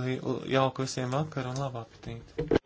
Li jauku visiem vakaru un labu apetīti!